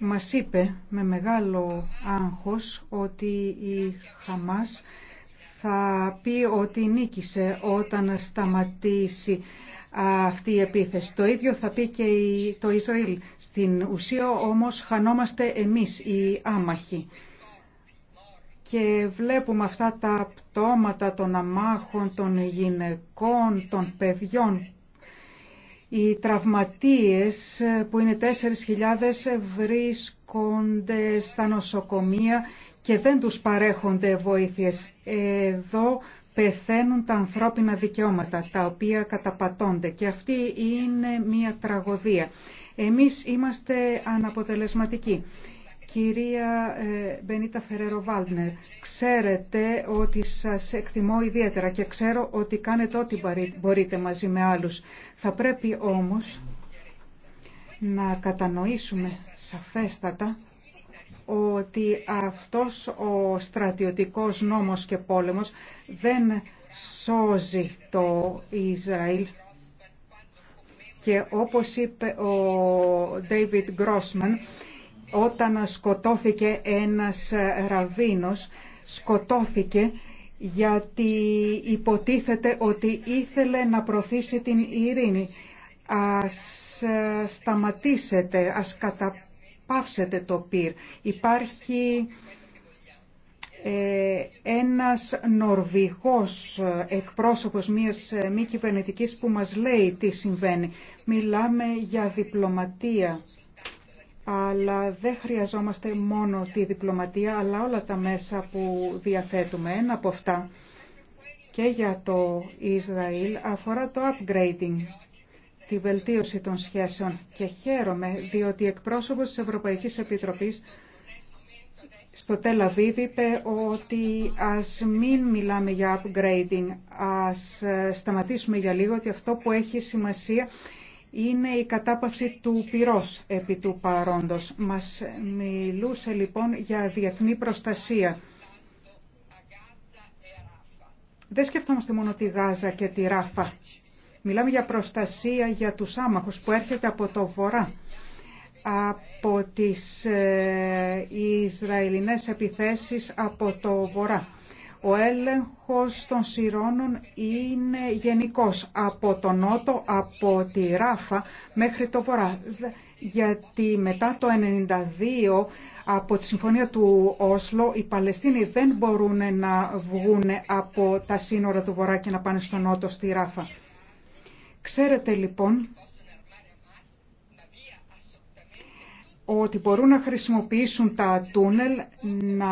Speaker 2: μας είπε με μεγάλο άγχος ότι η Χαμάς θα πει ότι νίκησε όταν σταματήσει αυτή η επίθεση. Το ίδιο θα πει και το Ισραήλ. Στην ουσία όμως χανόμαστε εμείς οι άμαχοι. Και βλέπουμε αυτά τα πτώματα των αμάχων, των γυναικών, των παιδιών. Οι τραυματίες που είναι 4.000 βρίσκονται στα νοσοκομεία και δεν τους παρέχονται βοήθειες. Εδώ πεθαίνουν τα ανθρώπινα δικαιώματα, τα οποία καταπατώνται και αυτή είναι μια τραγωδία. Εμείς είμαστε αναποτελεσματικοί. Κυρία ε, Μπενίτα Φερεροβάλνερ, ξέρετε ότι σας εκτιμώ ιδιαίτερα και ξέρω ότι κάνετε ό,τι μπορείτε μαζί με άλλους. Θα πρέπει όμως να κατανοήσουμε σαφέστατα ότι αυτός ο στρατιωτικός νόμος και πόλεμος δεν σώζει το Ισραήλ. Και όπως είπε ο David Grossman, όταν σκοτώθηκε ένας ραβίνος, σκοτώθηκε γιατί υποτίθεται ότι ήθελε να προωθήσει την ειρήνη. Ας ε, σταματήσετε, ας καταπέσετε πάψετε το πυρ. Υπάρχει ε, ένας Νορβηγός εκπρόσωπος μίας ε, μη κυβερνητική που μας λέει τι συμβαίνει. Μιλάμε για διπλωματία, αλλά δεν χρειαζόμαστε μόνο τη διπλωματία, αλλά όλα τα μέσα που διαθέτουμε. Ένα από αυτά και για το Ισραήλ αφορά το upgrading τη βελτίωση των σχέσεων και χαίρομαι διότι εκπρόσωπος της Ευρωπαϊκής Επιτροπής στο Τελαβίβ είπε ότι ας μην μιλάμε για upgrading, ας ε, σταματήσουμε για λίγο ότι αυτό που έχει σημασία είναι η κατάπαυση του πυρός επί του παρόντος. Μας μιλούσε λοιπόν για διεθνή προστασία. Δεν σκεφτόμαστε μόνο τη Γάζα και τη Ράφα. Μιλάμε για προστασία για τους άμαχους που έρχεται από το βορρά από τις ε, Ισραηλινές επιθέσεις από το βορρά. Ο έλεγχος των σειρώνων είναι γενικός από τον νότο, από τη Ράφα μέχρι το βορρά. Γιατί μετά το 1992 από τη Συμφωνία του Όσλο οι Παλαιστίνοι δεν μπορούν να βγουν από τα σύνορα του βορρά και να πάνε στο νότο στη Ράφα. Ξέρετε λοιπόν ότι μπορούν να χρησιμοποιήσουν τα τούνελ, να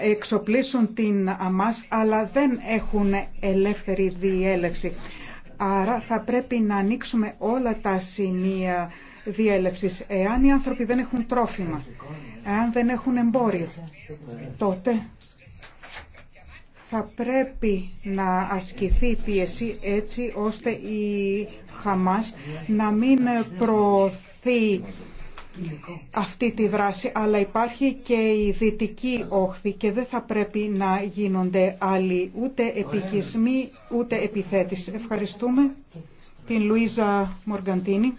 Speaker 2: εξοπλίσουν την ΑΜΑΣ, αλλά δεν έχουν ελεύθερη διέλευση. Άρα θα πρέπει να ανοίξουμε όλα τα σημεία διέλευσης. Εάν οι άνθρωποι δεν έχουν τρόφιμα, εάν δεν έχουν εμπόριο, τότε θα πρέπει να ασκηθεί πίεση έτσι ώστε η Χαμάς να μην προωθεί αυτή τη δράση, αλλά υπάρχει και η δυτική όχθη και δεν θα πρέπει να γίνονται άλλοι ούτε επικισμοί ούτε επιθέτηση. Ευχαριστούμε την Λουίζα Μοργαντίνη.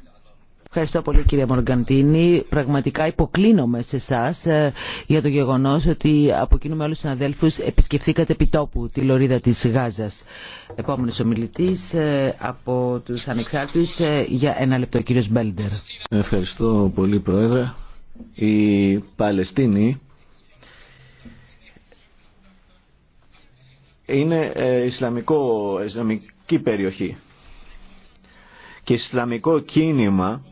Speaker 1: Ευχαριστώ πολύ κύριε Μοργαντίνη. Πραγματικά υποκλίνομαι σε εσά ε, για το γεγονός ότι από κοινού με του συναδέλφους επισκεφθήκατε επιτόπου τη λωρίδα της Γάζας. Επόμενος ομιλητής ε, από τους ανεξάρτητους ε, για ένα λεπτό κύριος Μπέλντερ.
Speaker 3: Ευχαριστώ πολύ Πρόεδρε. Η Παλαιστίνη είναι Ισλαμικό, Ισλαμική περιοχή και Ισλαμικό κίνημα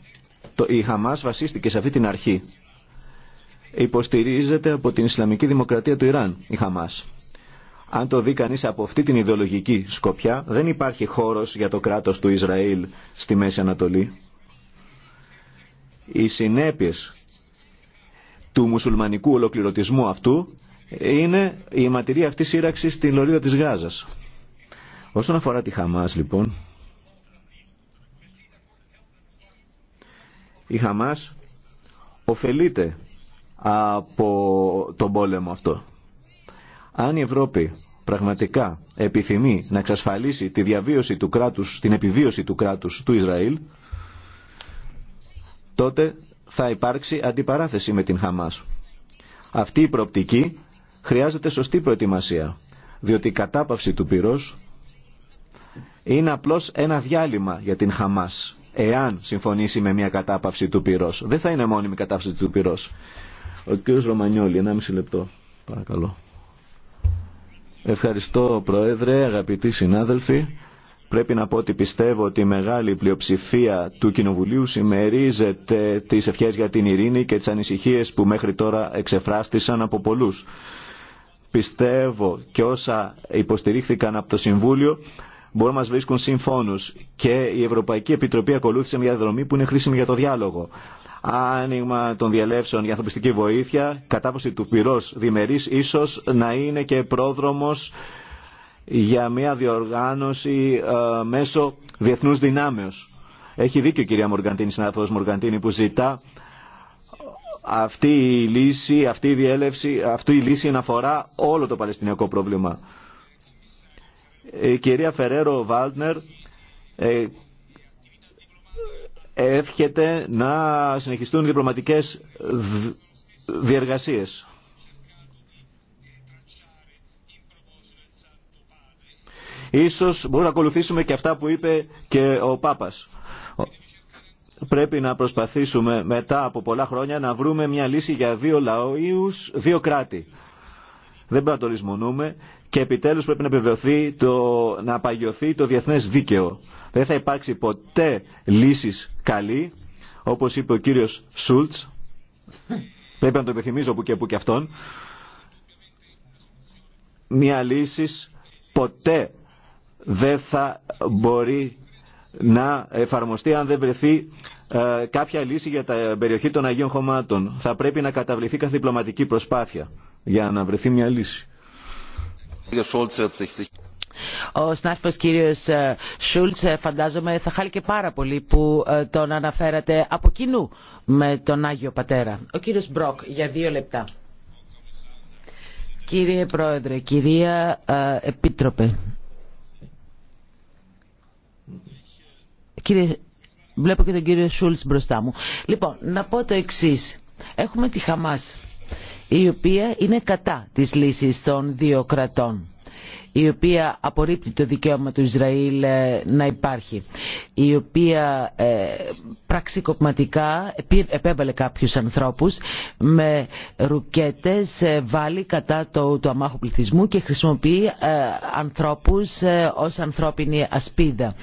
Speaker 3: η Χαμάς βασίστηκε σε αυτή την αρχή. Υποστηρίζεται από την Ισλαμική Δημοκρατία του Ιράν η Χαμάς. Αν το δει κανείς από αυτή την ιδεολογική σκοπιά, δεν υπάρχει χώρος για το κράτος του Ισραήλ στη Μέση Ανατολή. Οι συνέπειες του μουσουλμανικού ολοκληρωτισμού αυτού είναι η ματιρία αυτή σύραξη στην λωρίδα της Γάζας. Όσον αφορά τη Χαμάς λοιπόν, η Χαμάς ωφελείται από τον πόλεμο αυτό. Αν η Ευρώπη πραγματικά επιθυμεί να εξασφαλίσει τη διαβίωση του κράτους, την επιβίωση του κράτους του Ισραήλ, τότε θα υπάρξει αντιπαράθεση με την Χαμάς. Αυτή η προοπτική χρειάζεται σωστή προετοιμασία, διότι η κατάπαυση του πυρός είναι απλώς ένα διάλειμμα για την Χαμάς εάν συμφωνήσει με μια κατάπαυση του πυρός. Δεν θα είναι μόνιμη κατάπαυση του πυρός. Ο κ. Ρωμανιόλη, 1,5 λεπτό, παρακαλώ. Ευχαριστώ, Πρόεδρε, αγαπητοί συνάδελφοι. Πρέπει να πω ότι πιστεύω ότι η μεγάλη πλειοψηφία του Κοινοβουλίου συμμερίζεται τις ευχές για την ειρήνη και τις ανησυχίες που μέχρι τώρα εξεφράστησαν από πολλούς. Πιστεύω και όσα υποστηρίχθηκαν από το Συμβούλιο μπορούν να μα βρίσκουν συμφώνους και η Ευρωπαϊκή Επιτροπή ακολούθησε μια δρομή που είναι χρήσιμη για το διάλογο. Άνοιγμα των διαλέψεων για ανθρωπιστική βοήθεια, κατάποση του πυρός διμερής ίσως να είναι και πρόδρομος για μια διοργάνωση ε, μέσω διεθνού δυνάμεως. Έχει δίκιο η κυρία Μοργαντίνη, συνάδελφο Μοργαντίνη που ζητά αυτή η λύση, αυτή η διέλευση, αυτή η λύση να αφορά όλο το παλαιστινιακό πρόβλημα. Ε, η κυρία Φερέρο Βάλτνερ ε, εύχεται να συνεχιστούν διπλωματικές διεργασίες. Ίσως μπορούμε να ακολουθήσουμε και αυτά που είπε και ο Πάπας. Πρέπει να προσπαθήσουμε μετά από πολλά χρόνια να βρούμε μια λύση για δύο λαούς, δύο κράτη. Δεν πρέπει να το λησμονούμε και επιτέλους πρέπει να επιβεβαιωθεί, το, να απαγιωθεί το διεθνές δίκαιο. Δεν θα υπάρξει ποτέ λύσεις καλή, όπως είπε ο κύριος Σούλτς, πρέπει να το επιθυμίζω που και που και αυτόν, μια λύση ποτέ δεν θα μπορεί να εφαρμοστεί αν δεν βρεθεί ε, κάποια λύση για τα περιοχή των Αγίων Χωμάτων. Θα πρέπει να καταβληθεί κάθε διπλωματική προσπάθεια για να βρεθεί μια λύση.
Speaker 1: Ο συνάδελφο κύριος ε, Σούλτ, ε, φαντάζομαι θα χάλει και πάρα πολύ που ε, τον αναφέρατε από κοινού με τον Άγιο Πατέρα. Ο κύριος Μπροκ για δύο λεπτά. Κύριε Πρόεδρε, κυρία Επίτροπε. Κύριε, βλέπω και τον κύριο Σούλτ μπροστά μου. Λοιπόν, να πω το εξή: Έχουμε τη Χαμάς η οποία είναι κατά της λύσης των δύο κρατών η οποία απορρίπτει το δικαίωμα του Ισραήλ ε, να υπάρχει, η οποία ε, πραξικοπηματικά επέβαλε κάποιους ανθρώπους με ρουκέτες, ε, βάλει κατά το, το αμάχου πληθυσμού και χρησιμοποιεί ανθρώπους ως ανθρώπινη ασπίδα.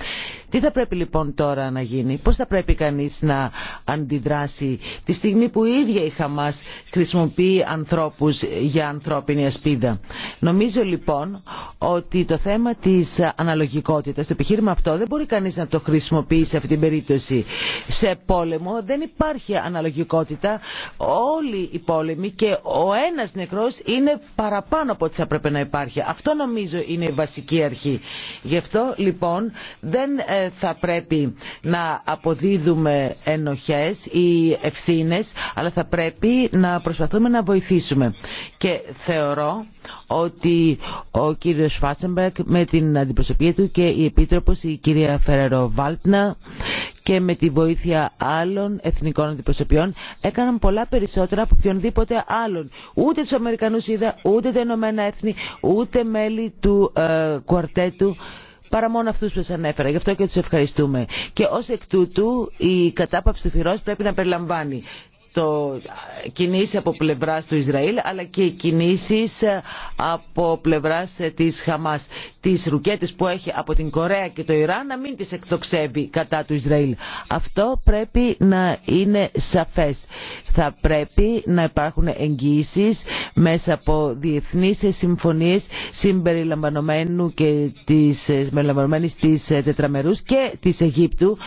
Speaker 1: Τι θα πρέπει λοιπόν τώρα να γίνει, πώς θα πρέπει κανείς να αντιδράσει τη στιγμή που η ίδια η Χαμάς χρησιμοποιεί ανθρώπους για ανθρώπινη ασπίδα. Νομίζω λοιπόν ότι το θέμα της αναλογικότητας, το επιχείρημα αυτό δεν μπορεί κανείς να το χρησιμοποιεί σε αυτή την περίπτωση. Σε πόλεμο δεν υπάρχει αναλογικότητα, όλοι οι πόλεμοι και ο ένας νεκρός είναι παραπάνω από ό,τι θα πρέπει να υπάρχει. Αυτό νομίζω είναι η βασική αρχή. Γι' αυτό λοιπόν δεν ε, θα πρέπει να αποδίδουμε ενοχές ή ευθύνες, αλλά θα πρέπει να προσπαθούμε να βοηθήσουμε. Και θεωρώ ότι ο κύριος Φάτσεμπερκ με την αντιπροσωπεία του και η Επίτροπος η κυρία Φεραρο Βάλτνα και με τη βοήθεια άλλων εθνικών αντιπροσωπιών έκαναν πολλά περισσότερα από οποιονδήποτε άλλον. Ούτε τους Αμερικανούς είδα, ούτε τα Ηνωμένα Έθνη, ούτε μέλη του ε, κουαρτέτου παρά μόνο αυτούς που σα ανέφερα. Γι' αυτό και του ευχαριστούμε. Και ω εκ τούτου η κατάπαυση του φυρός πρέπει να περιλαμβάνει το κινήσει από πλευράς του Ισραήλ αλλά και κινήσεις από πλευράς της Χαμάς τις ρουκέτες που έχει από την Κορέα και το Ιράν να μην τις εκτοξεύει κατά του Ισραήλ. Αυτό πρέπει να είναι σαφές. Θα πρέπει να υπάρχουν εγγύησει μέσα από διεθνείς συμφωνίες συμπεριλαμβανομένου και της, συμπεριλαμβανομένης της τετραμερούς και της Αιγύπτου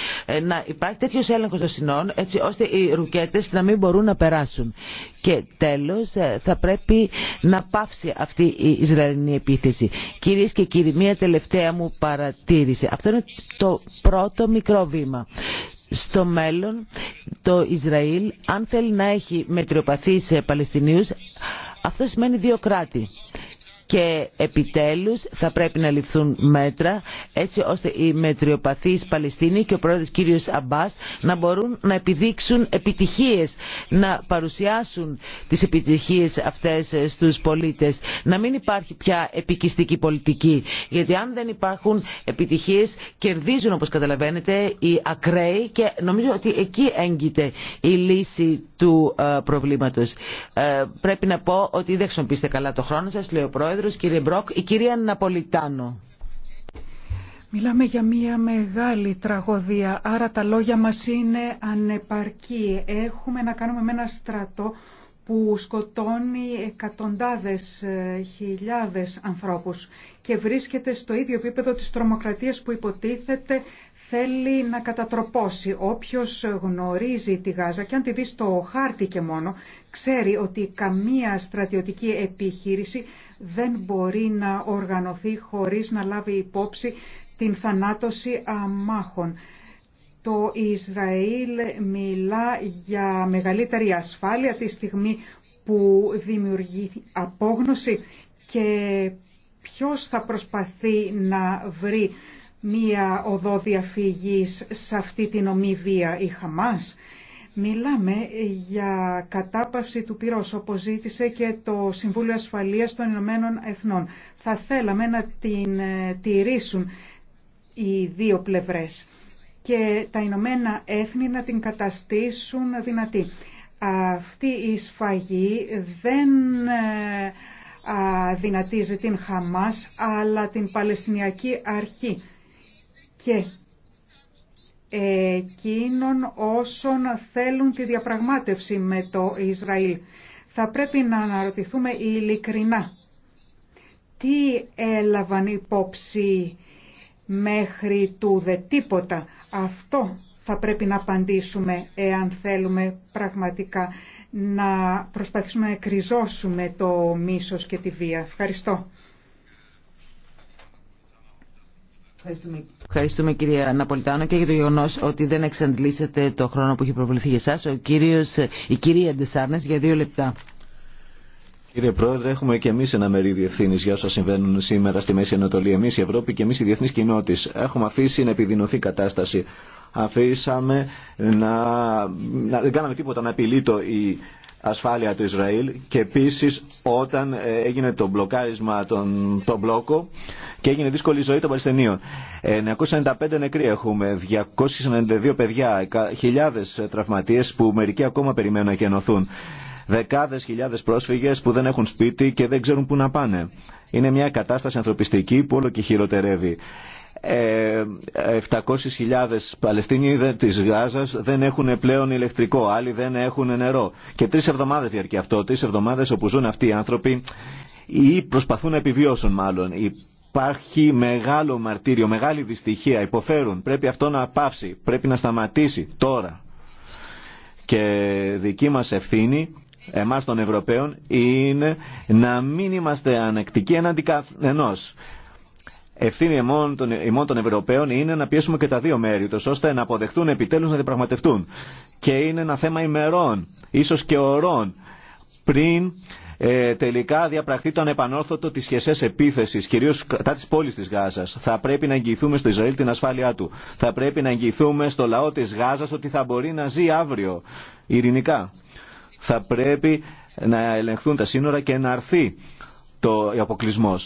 Speaker 1: να υπάρχει τέτοιο έλεγχο των συνών έτσι ώστε οι ρουκέτες να μην μπορούν να περάσουν. Και τέλος ε, θα πρέπει να πάυσει αυτή η Ισραηλινή επίθεση. Κυρίες και κύριοι, μία τελευταία μου παρατήρηση. Αυτό είναι το πρώτο μικρό βήμα. Στο μέλλον το Ισραήλ αν θέλει να έχει σε Παλαιστινίους αυτό σημαίνει δύο κράτη και επιτέλους θα πρέπει να ληφθούν μέτρα έτσι ώστε οι μετριοπαθείς Παλαιστίνοι και ο πρόεδρος κύριος Αμπάς να μπορούν να επιδείξουν επιτυχίες, να παρουσιάσουν τις επιτυχίες αυτές στους πολίτες. Να μην υπάρχει πια επικιστική πολιτική, γιατί αν δεν υπάρχουν επιτυχίες κερδίζουν όπως καταλαβαίνετε οι ακραίοι και νομίζω ότι εκεί έγκυται η λύση του ε, προβλήματος. Ε, πρέπει να πω ότι δεν χρησιμοποιήσετε καλά το χρόνο σας, λέει ο Πρόεδρος, κύριε Η κυρία Ναπολιτάνο.
Speaker 2: Μιλάμε για μια μεγάλη τραγωδία, άρα τα λόγια μας είναι ανεπαρκή. Έχουμε να κάνουμε με ένα στρατό που σκοτώνει εκατοντάδες ε, χιλιάδες ανθρώπους και βρίσκεται στο ίδιο επίπεδο της τρομοκρατίας που υποτίθεται θέλει να κατατροπώσει. Όποιος γνωρίζει τη Γάζα και αν τη δει στο χάρτη και μόνο, ξέρει ότι καμία στρατιωτική επιχείρηση δεν μπορεί να οργανωθεί χωρίς να λάβει υπόψη την θανάτωση αμάχων. Το Ισραήλ μιλά για μεγαλύτερη ασφάλεια τη στιγμή που δημιουργεί απόγνωση και ποιος θα προσπαθεί να βρει μία οδό διαφυγής σε αυτή την ομιβία, η Χαμάς, Μιλάμε για κατάπαυση του πυρός, όπως ζήτησε και το Συμβούλιο Ασφαλείας των Ηνωμένων Εθνών. Θα θέλαμε να την ε, τηρήσουν οι δύο πλευρές και τα Ηνωμένα Έθνη να την καταστήσουν δυνατή. Αυτή η σφαγή δεν ε, δυνατίζει την Χαμάς, αλλά την Παλαιστινιακή Αρχή. Και εκείνων όσων θέλουν τη διαπραγμάτευση με το Ισραήλ. Θα πρέπει να αναρωτηθούμε ειλικρινά τι έλαβαν υπόψη μέχρι του δε τίποτα. Αυτό θα πρέπει να απαντήσουμε εάν θέλουμε πραγματικά να προσπαθήσουμε να κρυζώσουμε το μίσος και τη βία. Ευχαριστώ. Ευχαριστούμε.
Speaker 1: Ευχαριστούμε κυρία Ναπολιτάνο και για το γεγονό ότι δεν εξαντλήσετε το χρόνο που έχει προβληθεί για κύριος, Η κυρία Ντεσάρνε για δύο λεπτά.
Speaker 3: Κύριε Πρόεδρε, έχουμε και εμεί ένα μερίδιο ευθύνη για όσα συμβαίνουν σήμερα στη Μέση Ανατολή. Εμεί, η Ευρώπη και εμεί, η διεθνή κοινότητε. Έχουμε αφήσει να επιδεινωθεί κατάσταση. Αφήσαμε να. δεν κάναμε τίποτα να επιλύτω η ασφάλεια του Ισραήλ και επίσης όταν ε, έγινε το μπλοκάρισμα των, το μπλόκο και έγινε δύσκολη ζωή των Παλαιστινίων. 995 ε, νεκροί έχουμε, 292 παιδιά, χιλιάδες ε, τραυματίες που μερικοί ακόμα περιμένουν να γενοθούν. Δεκάδες χιλιάδες πρόσφυγες που δεν έχουν σπίτι και δεν ξέρουν πού να πάνε. Είναι μια κατάσταση ανθρωπιστική που όλο και χειροτερεύει. 700.000 ε, ε, Παλαιστίνοι τη Γάζα δεν έχουν πλέον ηλεκτρικό, άλλοι δεν έχουν νερό. Και τρει εβδομάδες διαρκεί αυτό, τρει εβδομάδε όπου ζουν αυτοί οι άνθρωποι ή προσπαθούν να επιβιώσουν μάλλον. Υπάρχει μεγάλο μαρτύριο, μεγάλη δυστυχία, υποφέρουν. Πρέπει αυτό να πάψει, πρέπει να σταματήσει τώρα. Και δική μα ευθύνη εμάς των Ευρωπαίων είναι να μην είμαστε ανεκτικοί εναντί ενός. Ευθύνη ημών των, ημών των Ευρωπαίων είναι να πιέσουμε και τα δύο μέρη τους, ώστε να αποδεχτούν επιτέλους να διαπραγματευτούν. Και είναι ένα θέμα ημερών, ίσως και ωρών, πριν ε, τελικά διαπραχθεί το ανεπανόρθωτο τη χεσέ επίθεση, κυρίω κατά τη πόλη τη Γάζα. Θα πρέπει να εγγυηθούμε στο Ισραήλ την ασφάλειά του. Θα πρέπει να εγγυηθούμε στο λαό τη Γάζα ότι θα μπορεί να ζει αύριο ειρηνικά. Θα πρέπει να ελεγχθούν τα σύνορα και να αρθεί το αποκλεισμό.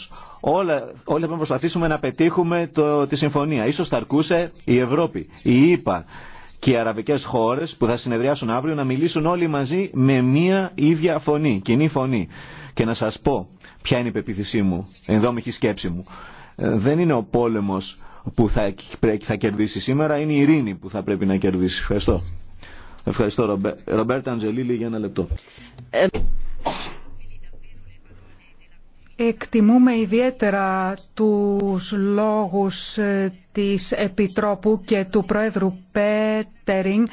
Speaker 3: Όλα, όλοι θα να προσπαθήσουμε να πετύχουμε το, τη συμφωνία. Ίσως θα αρκούσε η Ευρώπη, η ΕΠΑ και οι αραβικές χώρες που θα συνεδριάσουν αύριο να μιλήσουν όλοι μαζί με μία ίδια φωνή, κοινή φωνή. Και να σας πω ποια είναι η πεποίθησή μου, ενδόμηχη σκέψη μου. Ε, δεν είναι ο πόλεμος που θα, θα κερδίσει σήμερα, είναι η ειρήνη που θα πρέπει να κερδίσει. Ευχαριστώ. Ευχαριστώ Ρομπέρτα Αντζελίλη για ένα λεπτό.
Speaker 4: Ε,
Speaker 2: Εκτιμούμε ιδιαίτερα τους λόγους ε, της Επιτρόπου και του Πρόεδρου Πέτερινγκ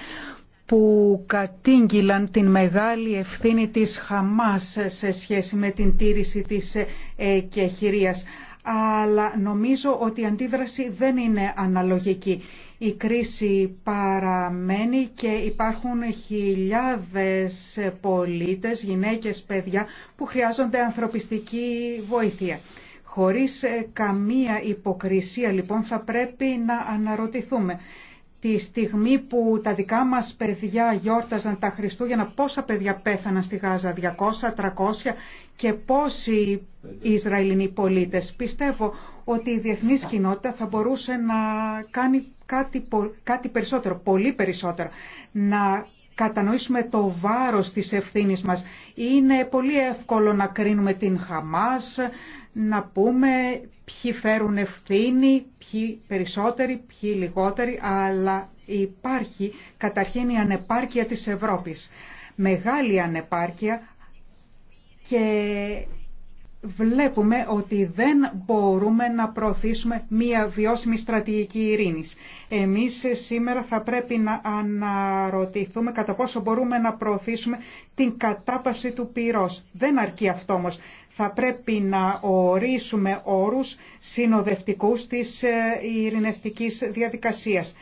Speaker 2: που κατήγγυλαν την μεγάλη ευθύνη της Χαμάς σε σχέση με την τήρηση της ε, κεχηρίας. Αλλά νομίζω ότι η αντίδραση δεν είναι αναλογική. Η κρίση παραμένει και υπάρχουν χιλιάδες πολίτες, γυναίκες, παιδιά που χρειάζονται ανθρωπιστική βοήθεια. Χωρίς καμία υποκρισία λοιπόν θα πρέπει να αναρωτηθούμε τη στιγμή που τα δικά μας παιδιά γιόρταζαν τα Χριστούγεννα, πόσα παιδιά πέθαναν στη Γάζα, 200, 300 και πόσοι Ισραηλινοί πολίτες. Πιστεύω ότι η διεθνής κοινότητα θα μπορούσε να κάνει κάτι, κάτι περισσότερο, πολύ περισσότερο, να κατανοήσουμε το βάρος της ευθύνης μας. Είναι πολύ εύκολο να κρίνουμε την Χαμάς, να πούμε ποιοι φέρουν ευθύνη, ποιοι περισσότεροι, ποιοι λιγότεροι, αλλά υπάρχει καταρχήν η ανεπάρκεια της Ευρώπης. Μεγάλη ανεπάρκεια και βλέπουμε ότι δεν μπορούμε να προωθήσουμε μία βιώσιμη στρατηγική ειρήνης. Εμείς σήμερα θα πρέπει να αναρωτηθούμε κατά πόσο μπορούμε να προωθήσουμε την κατάπαυση του πυρός. Δεν αρκεί αυτό όμως. Θα πρέπει να ορίσουμε όρους συνοδευτικούς της ε, ειρηνευτικής διαδικασίας.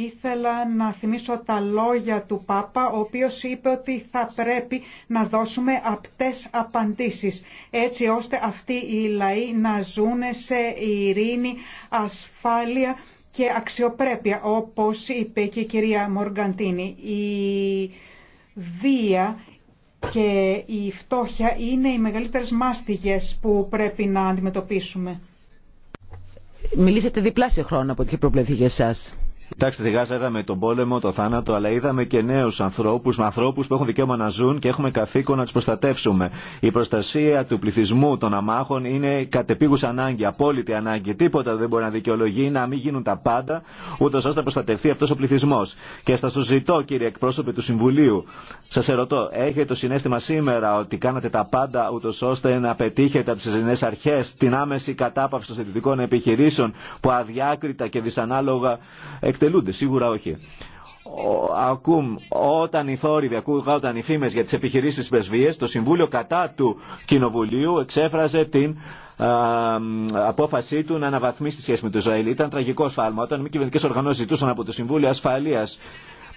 Speaker 2: Ήθελα να θυμίσω τα λόγια του Πάπα, ο οποίος είπε ότι θα πρέπει να δώσουμε απτές απαντήσεις, έτσι ώστε αυτοί οι λαοί να ζουν σε ειρήνη, ασφάλεια και αξιοπρέπεια, όπως είπε και η κυρία Μοργαντίνη. Η βία και η φτώχεια είναι οι μεγαλύτερες μάστιγες που πρέπει
Speaker 1: να αντιμετωπίσουμε. Μιλήσατε διπλάσιο χρόνο από ό,τι προβλεφθεί για εσάς.
Speaker 3: Κοιτάξτε, στη Γάζα είδαμε τον πόλεμο, το θάνατο, αλλά είδαμε και νέου ανθρώπου, ανθρώπου που έχουν δικαίωμα να ζουν και έχουμε καθήκον να του προστατεύσουμε. Η προστασία του πληθυσμού των αμάχων είναι κατεπίγουσα ανάγκη, απόλυτη ανάγκη. Τίποτα δεν μπορεί να δικαιολογεί να μην γίνουν τα πάντα, ούτω ώστε να προστατευτεί αυτό ο πληθυσμό. Και σα το ζητώ, κύριε εκπρόσωπε του Συμβουλίου, σα ερωτώ, έχετε το συνέστημα σήμερα ότι κάνατε τα πάντα, ούτω ώστε να πετύχετε από τι ελληνικέ αρχέ την άμεση κατάπαυση των επιχειρήσεων που αδιάκριτα και δυσανάλογα εκτελούνται, σίγουρα όχι. Ακούμ, όταν οι θόρυβοι, ακούγονταν οι φήμε για τι επιχειρήσει τη πρεσβείας, το Συμβούλιο κατά του Κοινοβουλίου εξέφραζε την απόφασή του να αναβαθμίσει τη σχέση με το Ισραήλ. Ήταν τραγικό σφάλμα. Όταν οι κυβερνητικέ οργανώσει ζητούσαν από το Συμβούλιο Ασφαλεία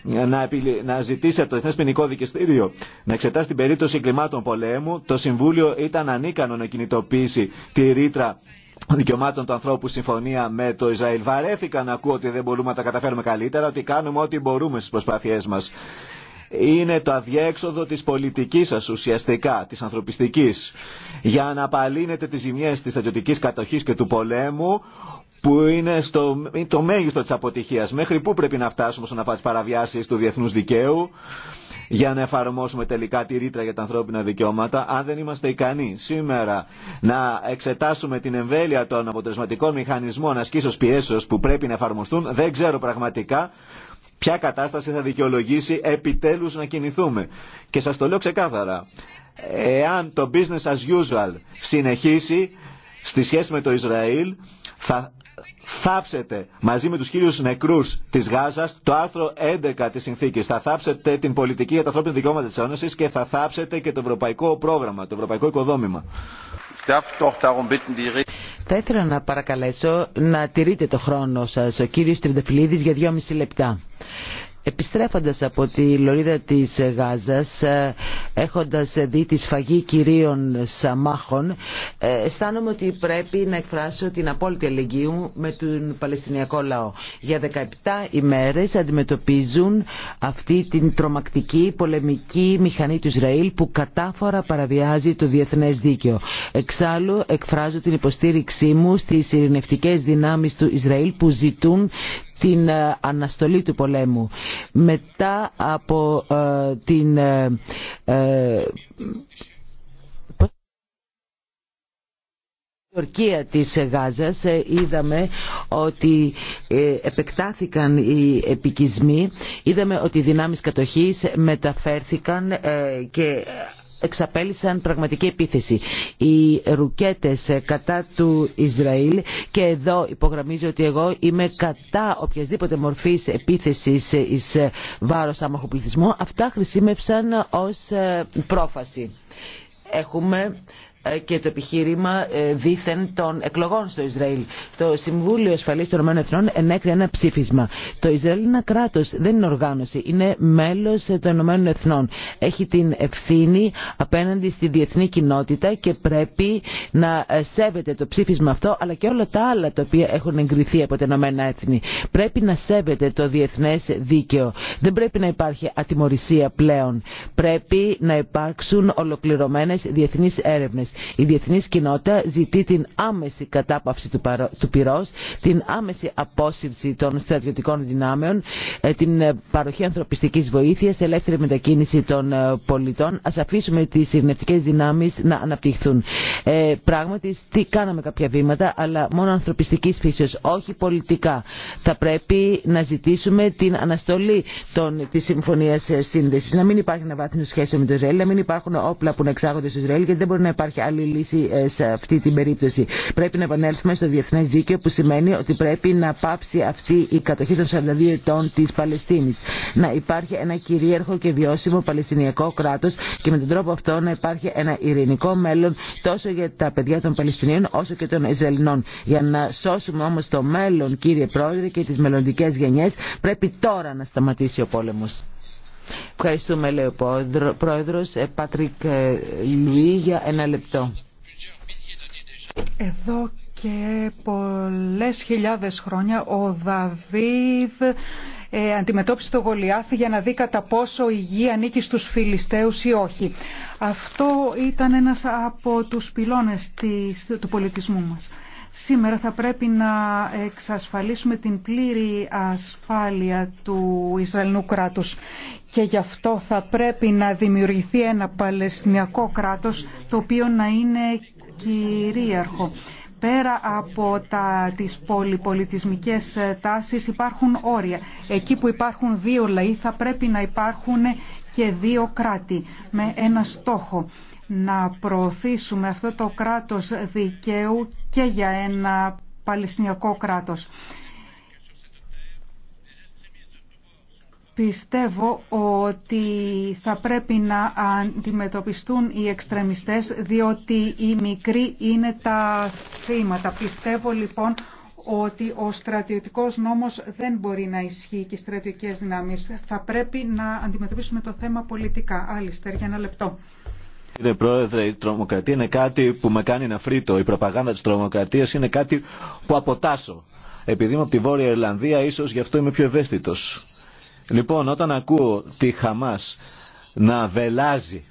Speaker 3: να, να ζητήσει από το Εθνέ Ποινικό Δικαστήριο να εξετάσει την περίπτωση εγκλημάτων πολέμου, το Συμβούλιο ήταν ανίκανο να κινητοποιήσει τη ρήτρα δικαιωμάτων του ανθρώπου συμφωνία με το Ισραήλ. Βαρέθηκα να ακούω ότι δεν μπορούμε να τα καταφέρουμε καλύτερα, ότι κάνουμε ό,τι μπορούμε στι προσπάθειε μας. Είναι το αδιέξοδο της πολιτικής σας ουσιαστικά, της ανθρωπιστικής, για να απαλύνετε τις ζημιές της στρατιωτικής κατοχής και του πολέμου, που είναι στο, το μέγιστο της αποτυχίας. Μέχρι πού πρέπει να φτάσουμε όσον αφορά παραβιάσεις του διεθνούς δικαίου, για να εφαρμόσουμε τελικά τη ρήτρα για τα ανθρώπινα δικαιώματα, αν δεν είμαστε ικανοί σήμερα να εξετάσουμε την εμβέλεια των αποτελεσματικών μηχανισμών ασκήσεως πιέσεως που πρέπει να εφαρμοστούν, δεν ξέρω πραγματικά ποια κατάσταση θα δικαιολογήσει επιτέλους να κινηθούμε. Και σας το λέω ξεκάθαρα, εάν το business as usual συνεχίσει στη σχέση με το Ισραήλ, θα θάψετε μαζί με τους κύριους νεκρούς της Γάζας το άρθρο 11 της συνθήκης. Θα θάψετε την πολιτική για τα ανθρώπινα δικαιώματα της Ένωσης και θα θάψετε και το ευρωπαϊκό πρόγραμμα, το ευρωπαϊκό οικοδόμημα.
Speaker 1: Θα ήθελα να παρακαλέσω να τηρείτε το χρόνο σας, ο κύριος Τριντεφυλλίδης, για δυόμιση λεπτά. Επιστρέφοντας από τη λωρίδα της Γάζας, ε, έχοντας δει τη σφαγή κυρίων Σαμάχων, ε, αισθάνομαι ότι πρέπει να εκφράσω την απόλυτη αλληλεγγύη μου με τον Παλαιστινιακό λαό. Για 17 ημέρες αντιμετωπίζουν αυτή την τρομακτική πολεμική μηχανή του Ισραήλ που κατάφορα παραβιάζει το διεθνές δίκαιο. Εξάλλου εκφράζω την υποστήριξή μου στις ειρηνευτικές δυνάμεις του Ισραήλ που ζητούν την ε, αναστολή του πολέμου. Μετά από ε, την ε, ε, Τουρκία της Γάζας είδαμε ότι επεκτάθηκαν οι επικισμοί, είδαμε ότι οι δυνάμεις κατοχής μεταφέρθηκαν και εξαπέλυσαν πραγματική επίθεση. Οι ρουκέτες ε, κατά του Ισραήλ και εδώ υπογραμμίζω ότι εγώ είμαι κατά οποιασδήποτε μορφής επίθεσης ε, εις ε, βάρος άμαχου πληθυσμού. Αυτά χρησιμεύσαν ως πρόφαση. Έχουμε ε, και το επιχείρημα ε, δήθεν των εκλογών στο Ισραήλ. Το Συμβούλιο Ασφαλής των Εθνών ενέκρινε ένα ψήφισμα. Το Ισραήλ είναι ένα κράτος, δεν είναι οργάνωση, είναι μέλος ε, των Εθνών. Έχει την ευθύνη απέναντι στη διεθνή κοινότητα και πρέπει να σέβεται το ψήφισμα αυτό αλλά και όλα τα άλλα τα οποία έχουν εγκριθεί από τα Έθνη. Πρέπει να σέβεται το διεθνές δίκαιο. Δεν πρέπει να υπάρχει ατιμορρησία πλέον. Πρέπει να υπάρξουν ολοκληρωμένες διεθνείς έρευνες η διεθνής κοινότητα ζητεί την άμεση κατάπαυση του πυρός, την άμεση απόσυρση των στρατιωτικών δυνάμεων, ε, την ε, παροχή ανθρωπιστικής βοήθειας, ελεύθερη μετακίνηση των ε, πολιτών. Ας αφήσουμε τις ειρηνευτικέ δυνάμεις να αναπτυχθούν. Ε, πράγματι, τι κάναμε κάποια βήματα, αλλά μόνο ανθρωπιστικής φύσεως, όχι πολιτικά. Θα πρέπει να ζητήσουμε την αναστολή των, της συμφωνίας σύνδεσης. Να μην υπάρχει βάθμινο σχέση με το Ισραήλ, να μην υπάρχουν όπλα που να εξάγονται στο Ισραήλ, γιατί δεν μπορεί να υπάρχει υπάρχει άλλη λύση ε, σε αυτή την περίπτωση. Πρέπει να επανέλθουμε στο διεθνέ δίκαιο που σημαίνει ότι πρέπει να πάψει αυτή η κατοχή των 42 ετών τη Παλαιστίνης. Να υπάρχει ένα κυρίαρχο και βιώσιμο Παλαιστινιακό κράτο και με τον τρόπο αυτό να υπάρχει ένα ειρηνικό μέλλον τόσο για τα παιδιά των Παλαιστινίων όσο και των Ισραηλινών. Για να σώσουμε όμω το μέλλον κύριε Πρόεδρε και τι μελλοντικέ γενιέ, πρέπει τώρα να σταματήσει ο πόλεμο. Ευχαριστούμε, λέει ο πρόεδρο ε, Πάτρικ ε, Λουί, για ένα λεπτό.
Speaker 2: Εδώ και πολλές χιλιάδες χρόνια ο Δαβίδ ε, αντιμετώπισε το Γολιάθι για να δει κατά πόσο η γη ανήκει στους Φιλιστέους ή όχι. Αυτό ήταν ένας από τους πυλώνες του πολιτισμού μας. Σήμερα θα πρέπει να εξασφαλίσουμε την πλήρη ασφάλεια του Ισραηλινού κράτους και γι' αυτό θα πρέπει να δημιουργηθεί ένα Παλαιστινιακό κράτος το οποίο να είναι κυρίαρχο. Πέρα από τα, τις πολυπολιτισμικές ε, τάσεις υπάρχουν όρια. Εκεί που υπάρχουν δύο λαοί θα πρέπει να υπάρχουν και δύο κράτη με ένα στόχο να προωθήσουμε αυτό το κράτος δικαίου και για ένα Παλαιστινιακό κράτος. Πιστεύω ότι θα πρέπει να αντιμετωπιστούν οι εξτρεμιστές διότι οι μικροί είναι τα θύματα. Πιστεύω λοιπόν ότι ο στρατιωτικός νόμος δεν μπορεί να ισχύει και οι στρατιωτικές δυνάμεις. Θα πρέπει να αντιμετωπίσουμε το θέμα πολιτικά. Άλιστερ, για ένα λεπτό.
Speaker 3: Κύριε Πρόεδρε, η τρομοκρατία είναι κάτι που με κάνει να φρύτω. Η προπαγάνδα της τρομοκρατίας είναι κάτι που αποτάσω. Επειδή είμαι από τη Βόρεια Ιρλανδία, ίσως γι' αυτό είμαι πιο ευαίσθητος. Λοιπόν, όταν ακούω τη Χαμάς να βελάζει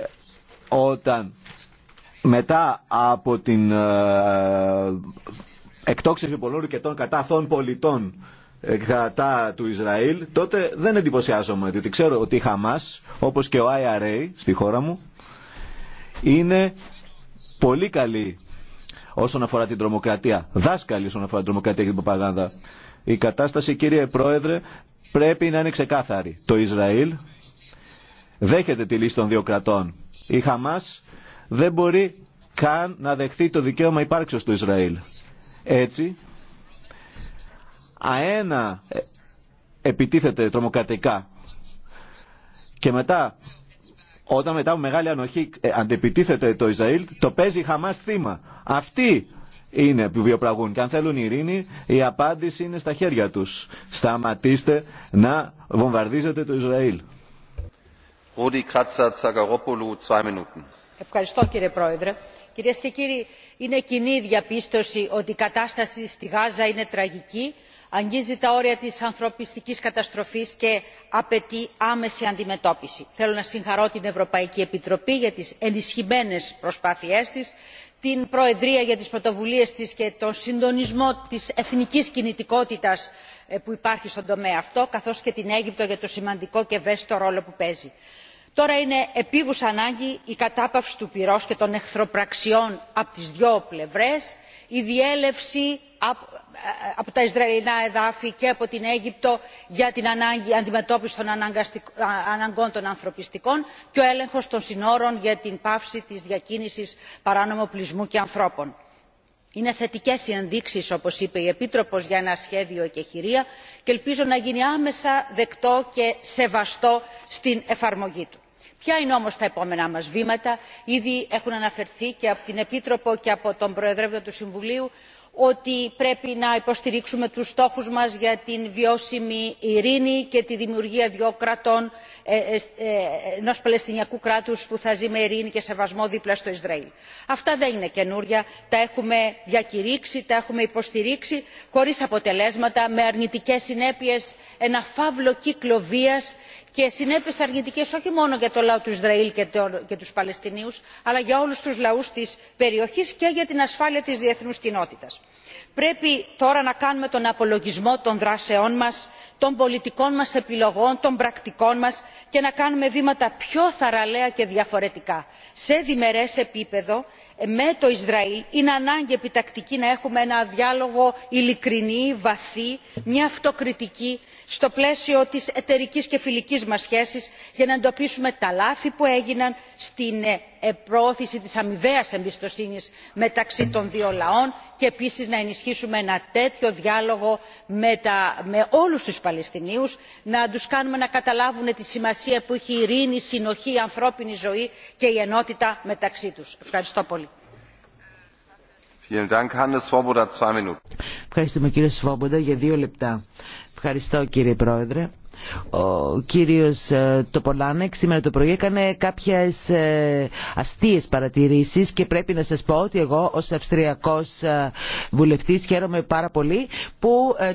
Speaker 3: ε, όταν μετά από την ε, εκτόξευση πολλών ρουκετών κατά αθών πολιτών κατά του Ισραήλ, τότε δεν εντυπωσιάζομαι, διότι ξέρω ότι η Χαμάς, όπως και ο IRA στη χώρα μου, είναι πολύ καλή όσον αφορά την τρομοκρατία, δάσκαλη όσον αφορά την τρομοκρατία και την προπαγάνδα. Η κατάσταση, κύριε Πρόεδρε, πρέπει να είναι ξεκάθαρη. Το Ισραήλ δέχεται τη λύση των δύο κρατών. Η Χαμάς δεν μπορεί καν να δεχθεί το δικαίωμα υπάρξεως του Ισραήλ. Έτσι, αένα ε, επιτίθεται τρομοκρατικά και μετά όταν μετά από μεγάλη ανοχή ε, αντεπιτίθεται το Ισραήλ, το παίζει Χαμάς θύμα. Αυτοί είναι που βιοπραγούν. Και αν θέλουν ειρήνη, η απάντηση είναι στα χέρια τους. Σταματήστε να βομβαρδίζετε το Ισραήλ.
Speaker 5: Ευχαριστώ κύριε Πρόεδρε. Κυρίες και κύριοι, είναι κοινή διαπίστωση ότι η κατάσταση στη Γάζα είναι τραγική αγγίζει τα όρια της ανθρωπιστικής καταστροφής και απαιτεί άμεση αντιμετώπιση. θέλω να συγχαρώ την ευρωπαϊκή επιτροπή για τις ενισχυμένες προσπάθειές της την προεδρία για τις πρωτοβουλίες της και τον συντονισμό της εθνικής κινητικότητας ε, που υπάρχει στον τομέα αυτό καθώς και την αίγυπτο για το σημαντικό και ευαίσθητο ρόλο που παίζει. τώρα είναι επίγουσα ανάγκη η κατάπαυση του πυρός και των εχθροπραξιών από τις δύο πλευρές η διέλευση από τα ισραηλινά εδάφη και από την αίγυπτο για την αντιμετώπιση των αναγκών των ανθρωπιστικών και ο έλεγχος των συνόρων για την πάυση της διακίνησης παράνομου πλεισμού και ανθρώπων. είναι θετικές οι ενδείξει, όπως είπε η επίτροπος για ένα σχέδιο εκεχηρία και ελπίζω να γίνει άμεσα δεκτό και σεβαστό στην εφαρμογή του ποια είναι όμως τα επόμενά μας βήματα ήδη έχουν αναφερθεί και από την επίτροπο και από τον προεδρεύοντα του συμβουλίου ότι πρέπει να υποστηρίξουμε τους στόχους μας για την βιώσιμη ειρήνη και τη δημιουργία δύο κρατών ε, ε, ε, ενό παλαιστινιακού κράτου που θα ζει με ειρήνη και σεβασμό δίπλα στο ισραήλ. αυτά δεν είναι καινούρια τα έχουμε διακηρύξει τα έχουμε υποστηρίξει χωρί αποτελέσματα με αρνητικέ συνέπειες ένα φαύλο κύκλο βία και συνέπειε αρνητικέ, όχι μόνο για το λαό του ισραήλ και του Παλαιστινίου, αλλά για όλου του λαού τη περιοχή και για την ασφάλεια τη διεθνού κοινότητα πρέπει τώρα να κάνουμε τον απολογισμό των δράσεών μας των πολιτικών μας επιλογών των πρακτικών μας και να κάνουμε βήματα πιο θαραλέα και διαφορετικά. σε διμερές επίπεδο με το ισραήλ είναι ανάγκη επιτακτική να έχουμε ένα διάλογο ειλικρινή βαθύ μια αυτοκριτική στο πλαίσιο της εταιρικής και φιλικής μας σχέσης για να εντοπίσουμε τα λάθη που έγιναν στην ε, προώθηση της αμοιβαίας εμπιστοσύνης μεταξύ των δύο λαών και επίσης να ενισχύσουμε ένα τέτοιο διάλογο με όλους τους παλαιστινίους να τους κάνουμε να καταλάβουν τη σημασία που έχει η ειρήνη η συνοχή η ανθρώπινη ζωή και η ενότητα μεταξύ τους. ευχαριστώ πολύ.
Speaker 1: Ευχαριστούμε κύριε Σφόμποντα για δύο λεπτά. Ευχαριστώ κύριε Πρόεδρε. Ο κύριος ε, Τοπολάνεκ σήμερα το πρωί έκανε κάποιες ε, αστείες παρατηρήσεις και πρέπει να σας πω ότι εγώ ως Αυστριακός ε, βουλευτής χαίρομαι πάρα πολύ που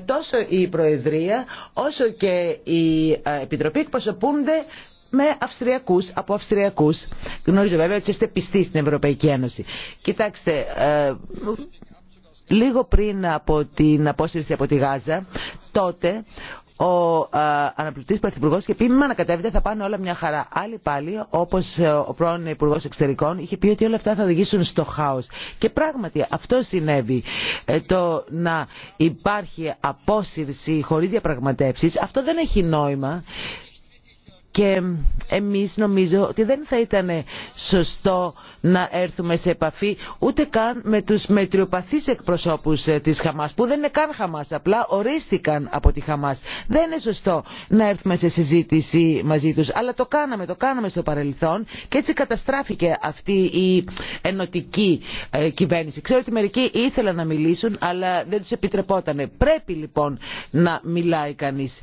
Speaker 1: τόσο η Προεδρία όσο και η Επιτροπή εκπροσωπούνται με Αυστριακούς, από Αυστριακούς. Γνωρίζω βέβαια ότι είστε πιστοί στην Ευρωπαϊκή Ένωση. Κοιτάξτε, ε, λίγο πριν από την απόσυρση από τη Γάζα, τότε ο ε, αναπληκτής πρωθυπουργός και πει μην ανακατεύετε θα πάνε όλα μια χαρά. Άλλοι πάλι όπως ε, ο πρώην υπουργό εξωτερικών είχε πει ότι όλα αυτά θα οδηγήσουν στο χάος. Και πράγματι αυτό συνέβη. το να υπάρχει απόσυρση χωρίς διαπραγματεύσεις αυτό δεν έχει νόημα και εμείς νομίζω ότι δεν θα ήταν σωστό να έρθουμε σε επαφή ούτε καν με τους μετριοπαθείς εκπροσώπους ε, της Χαμάς που δεν είναι καν Χαμάς, απλά ορίστηκαν από τη Χαμάς. Δεν είναι σωστό να έρθουμε σε συζήτηση μαζί τους, αλλά το κάναμε, το κάναμε στο παρελθόν και έτσι καταστράφηκε αυτή η ενωτική ε, κυβέρνηση. Ξέρω ότι μερικοί ήθελαν να μιλήσουν αλλά δεν τους επιτρεπόταν Πρέπει λοιπόν να μιλάει κανείς.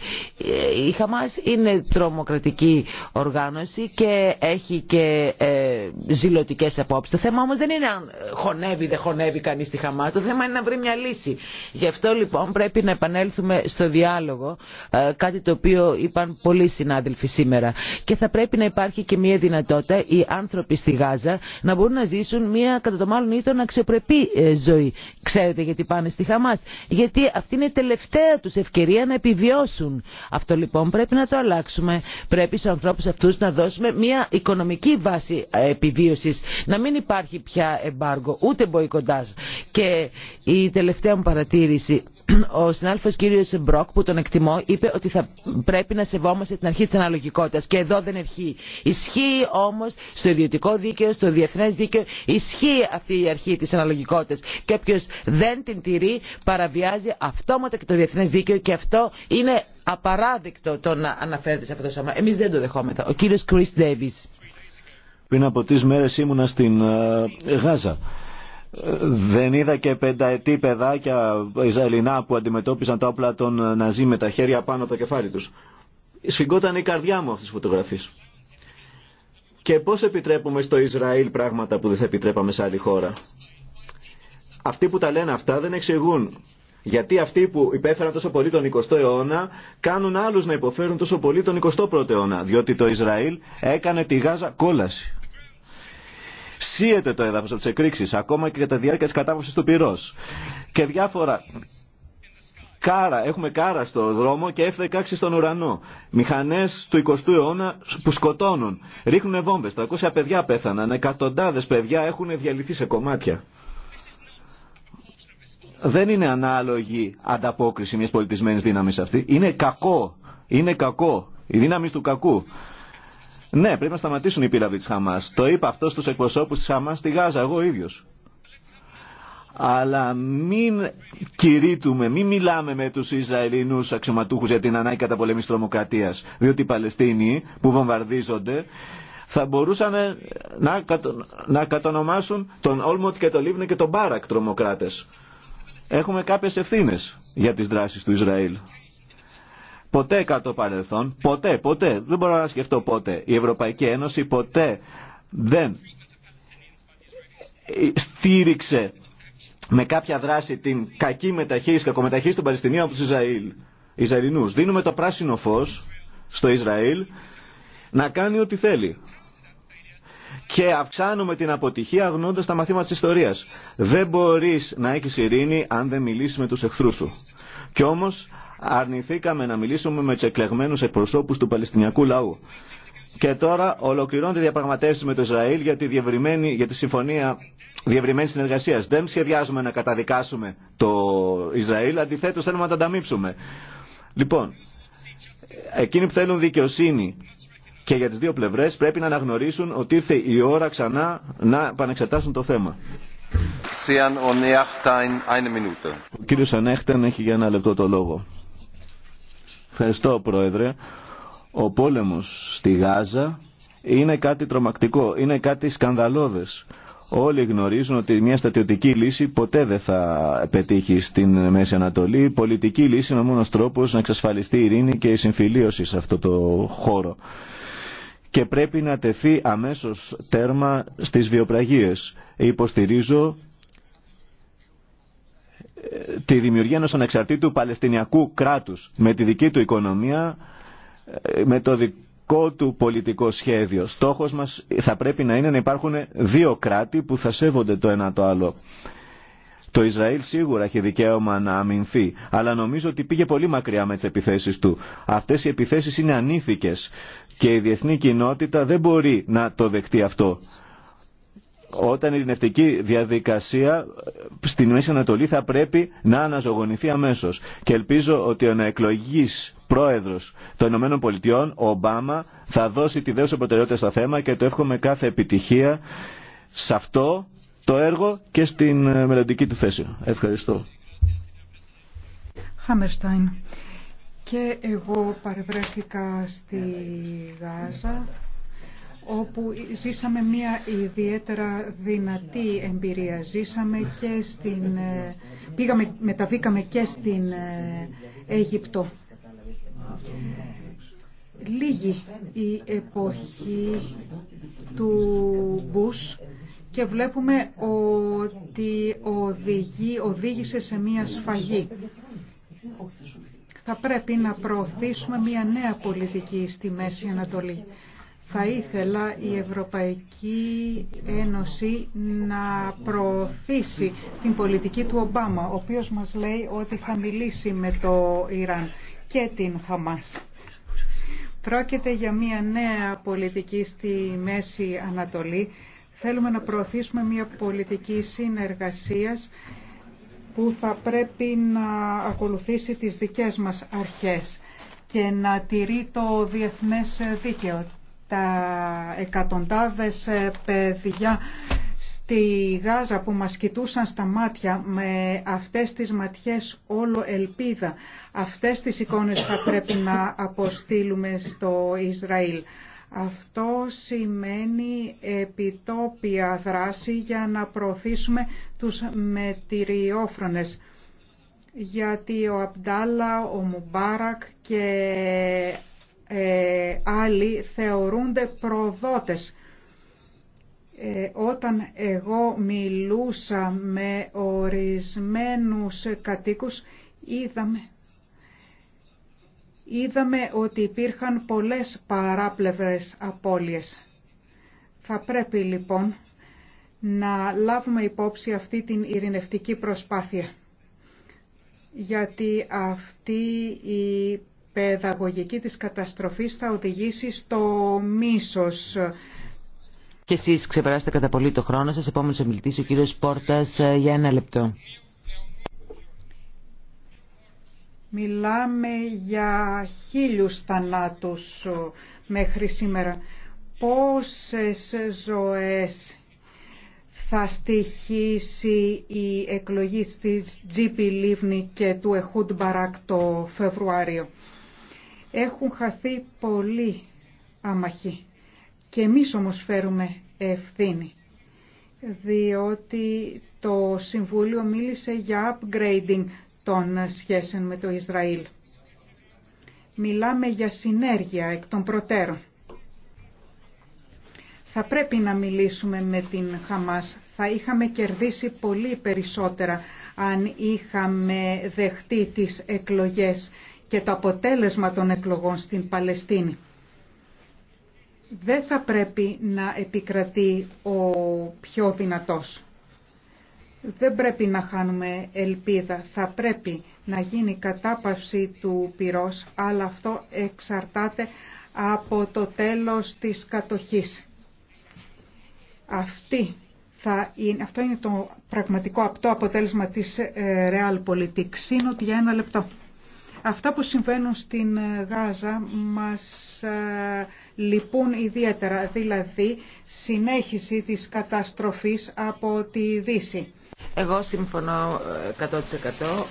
Speaker 1: Ε, η Χαμάς είναι τρομοκρατική εγκληματική οργάνωση και έχει και ε, ζηλωτικές απόψεις. Το θέμα όμως δεν είναι αν χωνεύει δεν χωνεύει κανεί τη Χαμάς. Το θέμα είναι να βρει μια λύση. Γι' αυτό λοιπόν πρέπει να επανέλθουμε στο διάλογο, ε, κάτι το οποίο είπαν πολλοί συνάδελφοι σήμερα. Και θα πρέπει να υπάρχει και μια δυνατότητα οι άνθρωποι στη Γάζα να μπορούν να ζήσουν μια κατά το μάλλον τον αξιοπρεπή ε, ζωή. Ξέρετε γιατί πάνε στη Χαμάς. Γιατί αυτή είναι η τελευταία τους ευκαιρία να επιβιώσουν. Αυτό λοιπόν πρέπει να το αλλάξουμε. Πρέπει πρέπει στους ανθρώπους αυτούς να δώσουμε μια οικονομική βάση ε, επιβίωσης. Να μην υπάρχει πια εμπάργο, ούτε μποϊκοντάζ. Και η τελευταία μου παρατήρηση ο συνάδελφος κύριος Μπροκ που τον εκτιμώ είπε ότι θα πρέπει να σεβόμαστε την αρχή της αναλογικότητας και εδώ δεν ερχεί. Ισχύει όμως στο ιδιωτικό δίκαιο, στο διεθνές δίκαιο ισχύει αυτή η αρχή της αναλογικότητας και όποιος δεν την τηρεί παραβιάζει αυτόματα και το διεθνές δίκαιο και αυτό είναι απαράδεικτο το να αναφέρεται σε αυτό το σώμα. Εμείς δεν το δεχόμεθα. Ο κύριος Κρίς Ντέβις.
Speaker 3: Πριν από τις μέρες ήμουνα στην ε, Γάζα. Ε, δεν είδα και πενταετή παιδάκια Ισραηλινά που αντιμετώπισαν τα όπλα των ε, Ναζί με τα χέρια πάνω από το κεφάλι τους. Σφιγγόταν η καρδιά μου αυτές τις φωτογραφίες. Και πώς επιτρέπουμε στο Ισραήλ πράγματα που δεν θα επιτρέπαμε σε άλλη χώρα. Αυτοί που τα λένε αυτά δεν εξηγούν γιατί αυτοί που υπέφεραν τόσο πολύ τον 20ο αιώνα κάνουν άλλους να υποφέρουν τόσο πολύ τον 21ο αιώνα. Διότι το Ισραήλ έκανε τη Γάζα κόλαση. Σύεται το έδαφος από τις εκρήξεις, ακόμα και κατά τη διάρκεια της κατάβασης του πυρός. Και διάφορα κάρα, έχουμε κάρα στο δρόμο και F-16 στον ουρανό. Μηχανές του 20ου αιώνα που σκοτώνουν. Ρίχνουν βόμβες, 300 παιδιά πέθαναν, εκατοντάδες παιδιά έχουν διαλυθεί σε κομμάτια δεν είναι ανάλογη ανταπόκριση μιας πολιτισμένης δύναμης αυτή. Είναι κακό. Είναι κακό. Η δύναμη του κακού. Ναι, πρέπει να σταματήσουν οι πύραυλοι της Χαμάς. Το είπα αυτό στους εκπροσώπους της Χαμάς στη Γάζα, εγώ ίδιος. Αλλά μην κηρύττουμε, μην μιλάμε με τους Ισραηλινούς αξιωματούχους για την ανάγκη πολέμης τρομοκρατίας. Διότι οι Παλαιστίνοι που βομβαρδίζονται θα μπορούσαν ε, να, κατο... να κατονομάσουν τον Όλμοντ και τον Λίβνε και τον Μπάρακ τρομοκράτες έχουμε κάποιες ευθύνες για τις δράσεις του Ισραήλ. Ποτέ κάτω παρελθόν, ποτέ, ποτέ, δεν μπορώ να σκεφτώ ποτέ. Η Ευρωπαϊκή Ένωση ποτέ δεν στήριξε με κάποια δράση την κακή μεταχείριση, κακομεταχείριση των Παλαιστινίων από τους Ισραήλ, Ισραηλινούς. Δίνουμε το πράσινο φως στο Ισραήλ να κάνει ό,τι θέλει και αυξάνουμε την αποτυχία αγνώντας τα μαθήματα της ιστορίας. Δεν μπορείς να έχεις ειρήνη αν δεν μιλήσεις με τους εχθρού σου. Κι όμως αρνηθήκαμε να μιλήσουμε με τους εκλεγμένους εκπροσώπους του Παλαιστινιακού λαού. Και τώρα ολοκληρώνεται διαπραγματεύσει με το Ισραήλ για τη, διευρυμένη, για τη συμφωνία διευρυμένη συνεργασία. Δεν σχεδιάζουμε να καταδικάσουμε το Ισραήλ, αντιθέτω θέλουμε να τα ανταμείψουμε. Λοιπόν, εκείνοι που θέλουν δικαιοσύνη και για τις δύο πλευρές πρέπει να αναγνωρίσουν ότι ήρθε η ώρα ξανά να επανεξετάσουν το θέμα. Ο κύριο Ανέχτεν έχει για ένα λεπτό το λόγο. Ευχαριστώ Πρόεδρε. Ο πόλεμος στη Γάζα είναι κάτι τρομακτικό, είναι κάτι σκανδαλώδες. Όλοι γνωρίζουν ότι μια στατιωτική λύση ποτέ δεν θα πετύχει στην Μέση Ανατολή. Η πολιτική λύση είναι ο μόνος τρόπος να εξασφαλιστεί η ειρήνη και η συμφιλίωση σε αυτό το χώρο και πρέπει να τεθεί αμέσως τέρμα στις βιοπραγίες. Υποστηρίζω ε, τη δημιουργία ενός ανεξαρτήτου Παλαιστινιακού κράτους με τη δική του οικονομία, ε, με το δικό του πολιτικό σχέδιο. Στόχος μας θα πρέπει να είναι να υπάρχουν δύο κράτη που θα σέβονται το ένα το άλλο. Το Ισραήλ σίγουρα έχει δικαίωμα να αμυνθεί, αλλά νομίζω ότι πήγε πολύ μακριά με τις επιθέσεις του. Αυτές οι επιθέσεις είναι ανήθικες και η διεθνή κοινότητα δεν μπορεί να το δεχτεί αυτό. Όταν η ειρηνευτική διαδικασία στην Μέση Ανατολή θα πρέπει να αναζωογονηθεί αμέσως. Και ελπίζω ότι ο εκλογής πρόεδρο των ΗΠΑ ο Ομπάμα, θα δώσει τη δέωση προτεραιότητα στο θέμα και το εύχομαι κάθε επιτυχία σε αυτό το έργο και στην ε, μελλοντική του θέση. Ευχαριστώ.
Speaker 2: Χάμερσταϊν. Και εγώ παρευρέθηκα στη Γάζα όπου ζήσαμε μια ιδιαίτερα δυνατή εμπειρία. Ζήσαμε και στην... Ε, πήγαμε, μεταβήκαμε και στην ε, Αίγυπτο. Λίγη η εποχή του Μπούς και βλέπουμε ότι οδηγεί, οδήγησε σε μία σφαγή. Θα πρέπει να προωθήσουμε μία νέα πολιτική στη Μέση Ανατολή. Θα ήθελα η Ευρωπαϊκή Ένωση να προωθήσει την πολιτική του Ομπάμα, ο οποίος μας λέει ότι θα μιλήσει με το Ιράν και την Χαμάς. Πρόκειται για μια νέα πολιτική στη Μέση Ανατολή Θέλουμε να προωθήσουμε μια πολιτική συνεργασίας που θα πρέπει να ακολουθήσει τις δικές μας αρχές και να τηρεί το διεθνές δίκαιο. Τα εκατοντάδες παιδιά στη Γάζα που μας κοιτούσαν στα μάτια με αυτές τις ματιές όλο ελπίδα. Αυτές τις εικόνες θα πρέπει να αποστείλουμε στο Ισραήλ. Αυτό σημαίνει επιτόπια δράση για να προωθήσουμε τους μετηριόφρονες γιατί ο Αμπτάλα, ο Μουμπάρακ και ε, άλλοι θεωρούνται προδότες. Ε, όταν εγώ μιλούσα με ορισμένους κατοίκους είδαμε είδαμε ότι υπήρχαν πολλές παράπλευρες απώλειες. Θα πρέπει λοιπόν να λάβουμε υπόψη αυτή την ειρηνευτική προσπάθεια, γιατί αυτή η παιδαγωγική της καταστροφής θα οδηγήσει στο
Speaker 1: μίσος. Και εσείς ξεπεράσετε κατά πολύ το χρόνο σας. Επόμενος ομιλητής ο κύριος Πόρτας ε, για ένα λεπτό.
Speaker 2: Μιλάμε για χίλιους θανάτους ε, μέχρι σήμερα. Πόσες ζωές θα στοιχήσει η εκλογή της Τζίπη Λίβνη και του Εχούντ Μπαράκ το Φεβρουάριο. Έχουν χαθεί πολλοί άμαχοι και εμείς όμως φέρουμε ευθύνη διότι το Συμβούλιο μίλησε για upgrading των σχέσεων με το Ισραήλ. Μιλάμε για συνέργεια εκ των προτέρων. Θα πρέπει να μιλήσουμε με την Χαμάς. Θα είχαμε κερδίσει πολύ περισσότερα αν είχαμε δεχτεί τις εκλογές και το αποτέλεσμα των εκλογών στην Παλαιστίνη. Δεν θα πρέπει να επικρατεί ο πιο δυνατός δεν πρέπει να χάνουμε ελπίδα. Θα πρέπει να γίνει κατάπαυση του πυρός, αλλά αυτό εξαρτάται από το τέλος της κατοχής. Αυτή θα αυτό είναι το πραγματικό απτό αποτέλεσμα της ε, Realpolitik. Σύνοτι για ένα λεπτό. Αυτά που συμβαίνουν στην ε, Γάζα μας ε, λυπούν ιδιαίτερα, δηλαδή συνέχιση της καταστροφής από τη Δύση
Speaker 1: εγώ συμφωνώ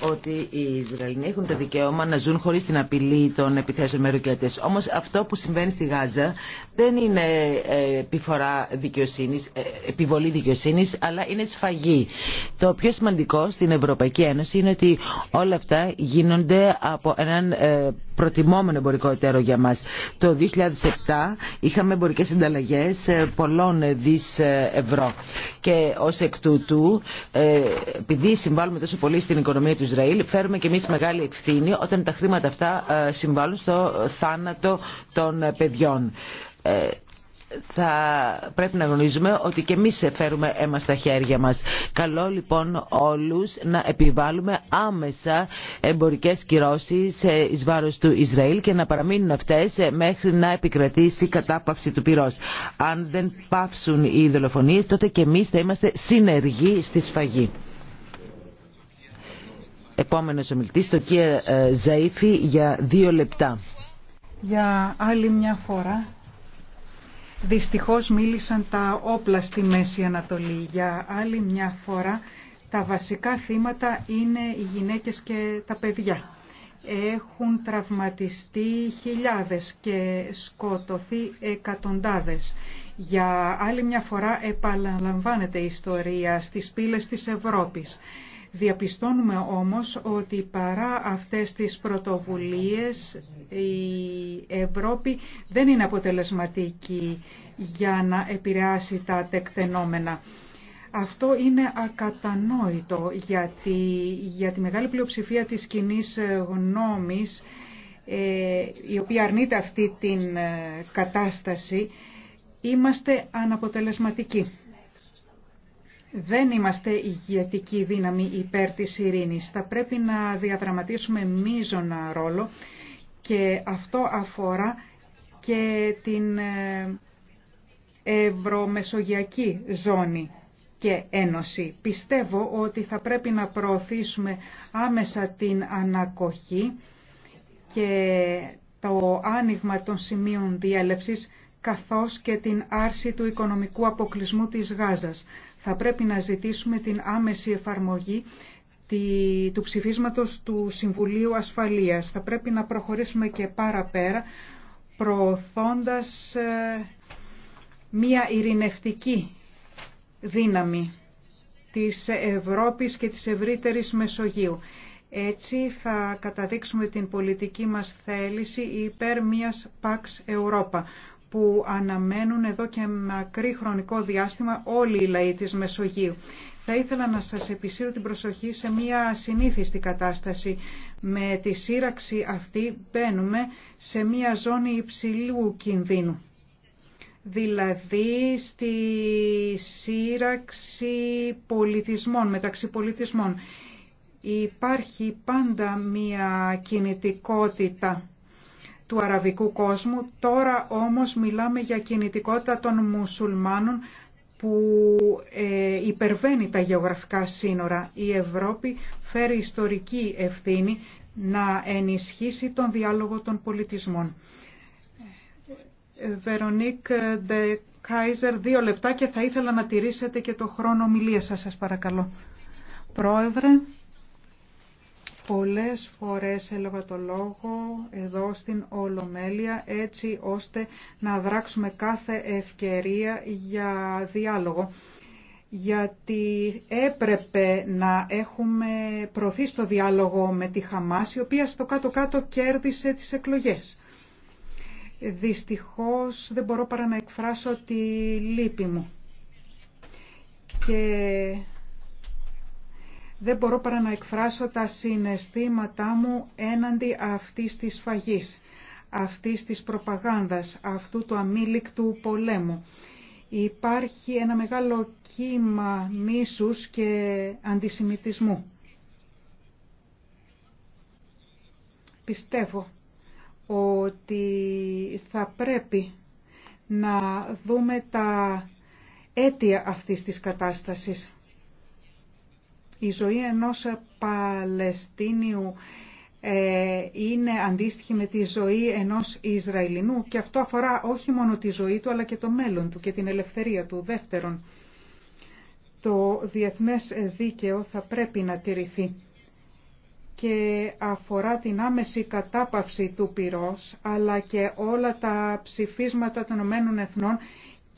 Speaker 1: 100% ότι οι Ισραηλοί έχουν το δικαίωμα να ζουν χωρίς την απειλή των επιθέσεων με ρουκέτες. Όμως αυτό που συμβαίνει στη Γάζα δεν είναι ε, επιφορά δικαιοσύνης, ε, επιβολή δικαιοσύνης, αλλά είναι σφαγή. Το πιο σημαντικό στην Ευρωπαϊκή Ένωση είναι ότι όλα αυτά γίνονται από έναν ε, προτιμόμενο εμπορικό εταίρο για μας. Το 2007 είχαμε εμπορικέ συνταλλαγέ ε, πολλών δις ε, ευρώ και ως εκ τούτου ε, επειδή συμβάλλουμε τόσο πολύ στην οικονομία του Ισραήλ φέρουμε και εμείς μεγάλη ευθύνη όταν τα χρήματα αυτά συμβάλλουν στο θάνατο των παιδιών θα πρέπει να γνωρίζουμε ότι και εμείς φέρουμε αίμα στα χέρια μας. Καλό λοιπόν όλους να επιβάλλουμε άμεσα εμπορικές κυρώσεις ε, εις βάρος του Ισραήλ και να παραμείνουν αυτές ε, μέχρι να επικρατήσει η κατάπαυση του πυρός. Αν δεν πάψουν οι δολοφονίες τότε και εμείς θα είμαστε συνεργοί στη σφαγή. Επόμενος ομιλητής, το κύριε Ζαΐφη για δύο λεπτά.
Speaker 2: Για άλλη μια φορά Δυστυχώς μίλησαν τα όπλα στη Μέση Ανατολή. Για άλλη μια φορά τα βασικά θύματα είναι οι γυναίκες και τα παιδιά. Έχουν τραυματιστεί χιλιάδες και σκοτωθεί εκατοντάδες. Για άλλη μια φορά επαναλαμβάνεται η ιστορία στις πύλες της Ευρώπης. Διαπιστώνουμε όμως ότι παρά αυτές τις πρωτοβουλίες η Ευρώπη δεν είναι αποτελεσματική για να επηρεάσει τα τεκτενόμενα. Αυτό είναι ακατανόητο γιατί για τη μεγάλη πλειοψηφία της κοινή γνώμης ε, η οποία αρνείται αυτή την ε, κατάσταση είμαστε αναποτελεσματικοί δεν είμαστε ηγετική δύναμη υπέρ της ειρήνης. Θα πρέπει να διαδραματίσουμε μείζωνα ρόλο και αυτό αφορά και την ε, ευρωμεσογειακή ζώνη και ένωση. Πιστεύω ότι θα πρέπει να προωθήσουμε άμεσα την ανακοχή και το άνοιγμα των σημείων διέλευσης καθώς και την άρση του οικονομικού αποκλεισμού της Γάζας. Θα πρέπει να ζητήσουμε την άμεση εφαρμογή του ψηφίσματος του Συμβουλίου Ασφαλείας. Θα πρέπει να προχωρήσουμε και παραπέρα, προωθώντας ε, μία ειρηνευτική δύναμη της Ευρώπης και της ευρύτερης Μεσογείου. Έτσι θα καταδείξουμε την πολιτική μας θέληση υπέρ μιας «παξ Europa που αναμένουν εδώ και μακρύ χρονικό διάστημα όλοι οι λαοί της Μεσογείου. Θα ήθελα να σας επισύρω την προσοχή σε μια συνήθιστη κατάσταση. Με τη σύραξη αυτή μπαίνουμε σε μια ζώνη υψηλού κινδύνου. Δηλαδή στη σύραξη πολιτισμών, μεταξύ πολιτισμών. Υπάρχει πάντα μια κινητικότητα του αραβικού κόσμου. Τώρα όμως μιλάμε για κινητικότητα των μουσουλμάνων που ε, υπερβαίνει τα γεωγραφικά σύνορα. Η Ευρώπη φέρει ιστορική ευθύνη να ενισχύσει τον διάλογο των πολιτισμών. Βερονίκ Ντε Κάιζερ, δύο λεπτά και θα ήθελα να τηρήσετε και το χρόνο ομιλία σας, σας παρακαλώ. Πρόεδρε, Πολλές φορές έλαβα το λόγο εδώ στην Ολομέλεια έτσι ώστε να δράξουμε κάθε ευκαιρία για διάλογο γιατί έπρεπε να έχουμε προωθεί στο διάλογο με τη Χαμάς, η οποία στο κάτω-κάτω κέρδισε τις εκλογές. Δυστυχώς δεν μπορώ παρά να εκφράσω τη λύπη μου δεν μπορώ παρά να εκφράσω τα συναισθήματά μου έναντι αυτής της φαγής, αυτής της προπαγάνδας, αυτού του αμήλικτου πολέμου. Υπάρχει ένα μεγάλο κύμα μίσους και αντισημιτισμού. Πιστεύω ότι θα πρέπει να δούμε τα αίτια αυτής της κατάστασης η ζωή ενός Παλαιστίνιου ε, είναι αντίστοιχη με τη ζωή ενός Ισραηλινού και αυτό αφορά όχι μόνο τη ζωή του αλλά και το μέλλον του και την ελευθερία του. Δεύτερον, το διεθνές δίκαιο θα πρέπει να τηρηθεί και αφορά την άμεση κατάπαυση του πυρός αλλά και όλα τα ψηφίσματα των Ηνωμένων Εθνών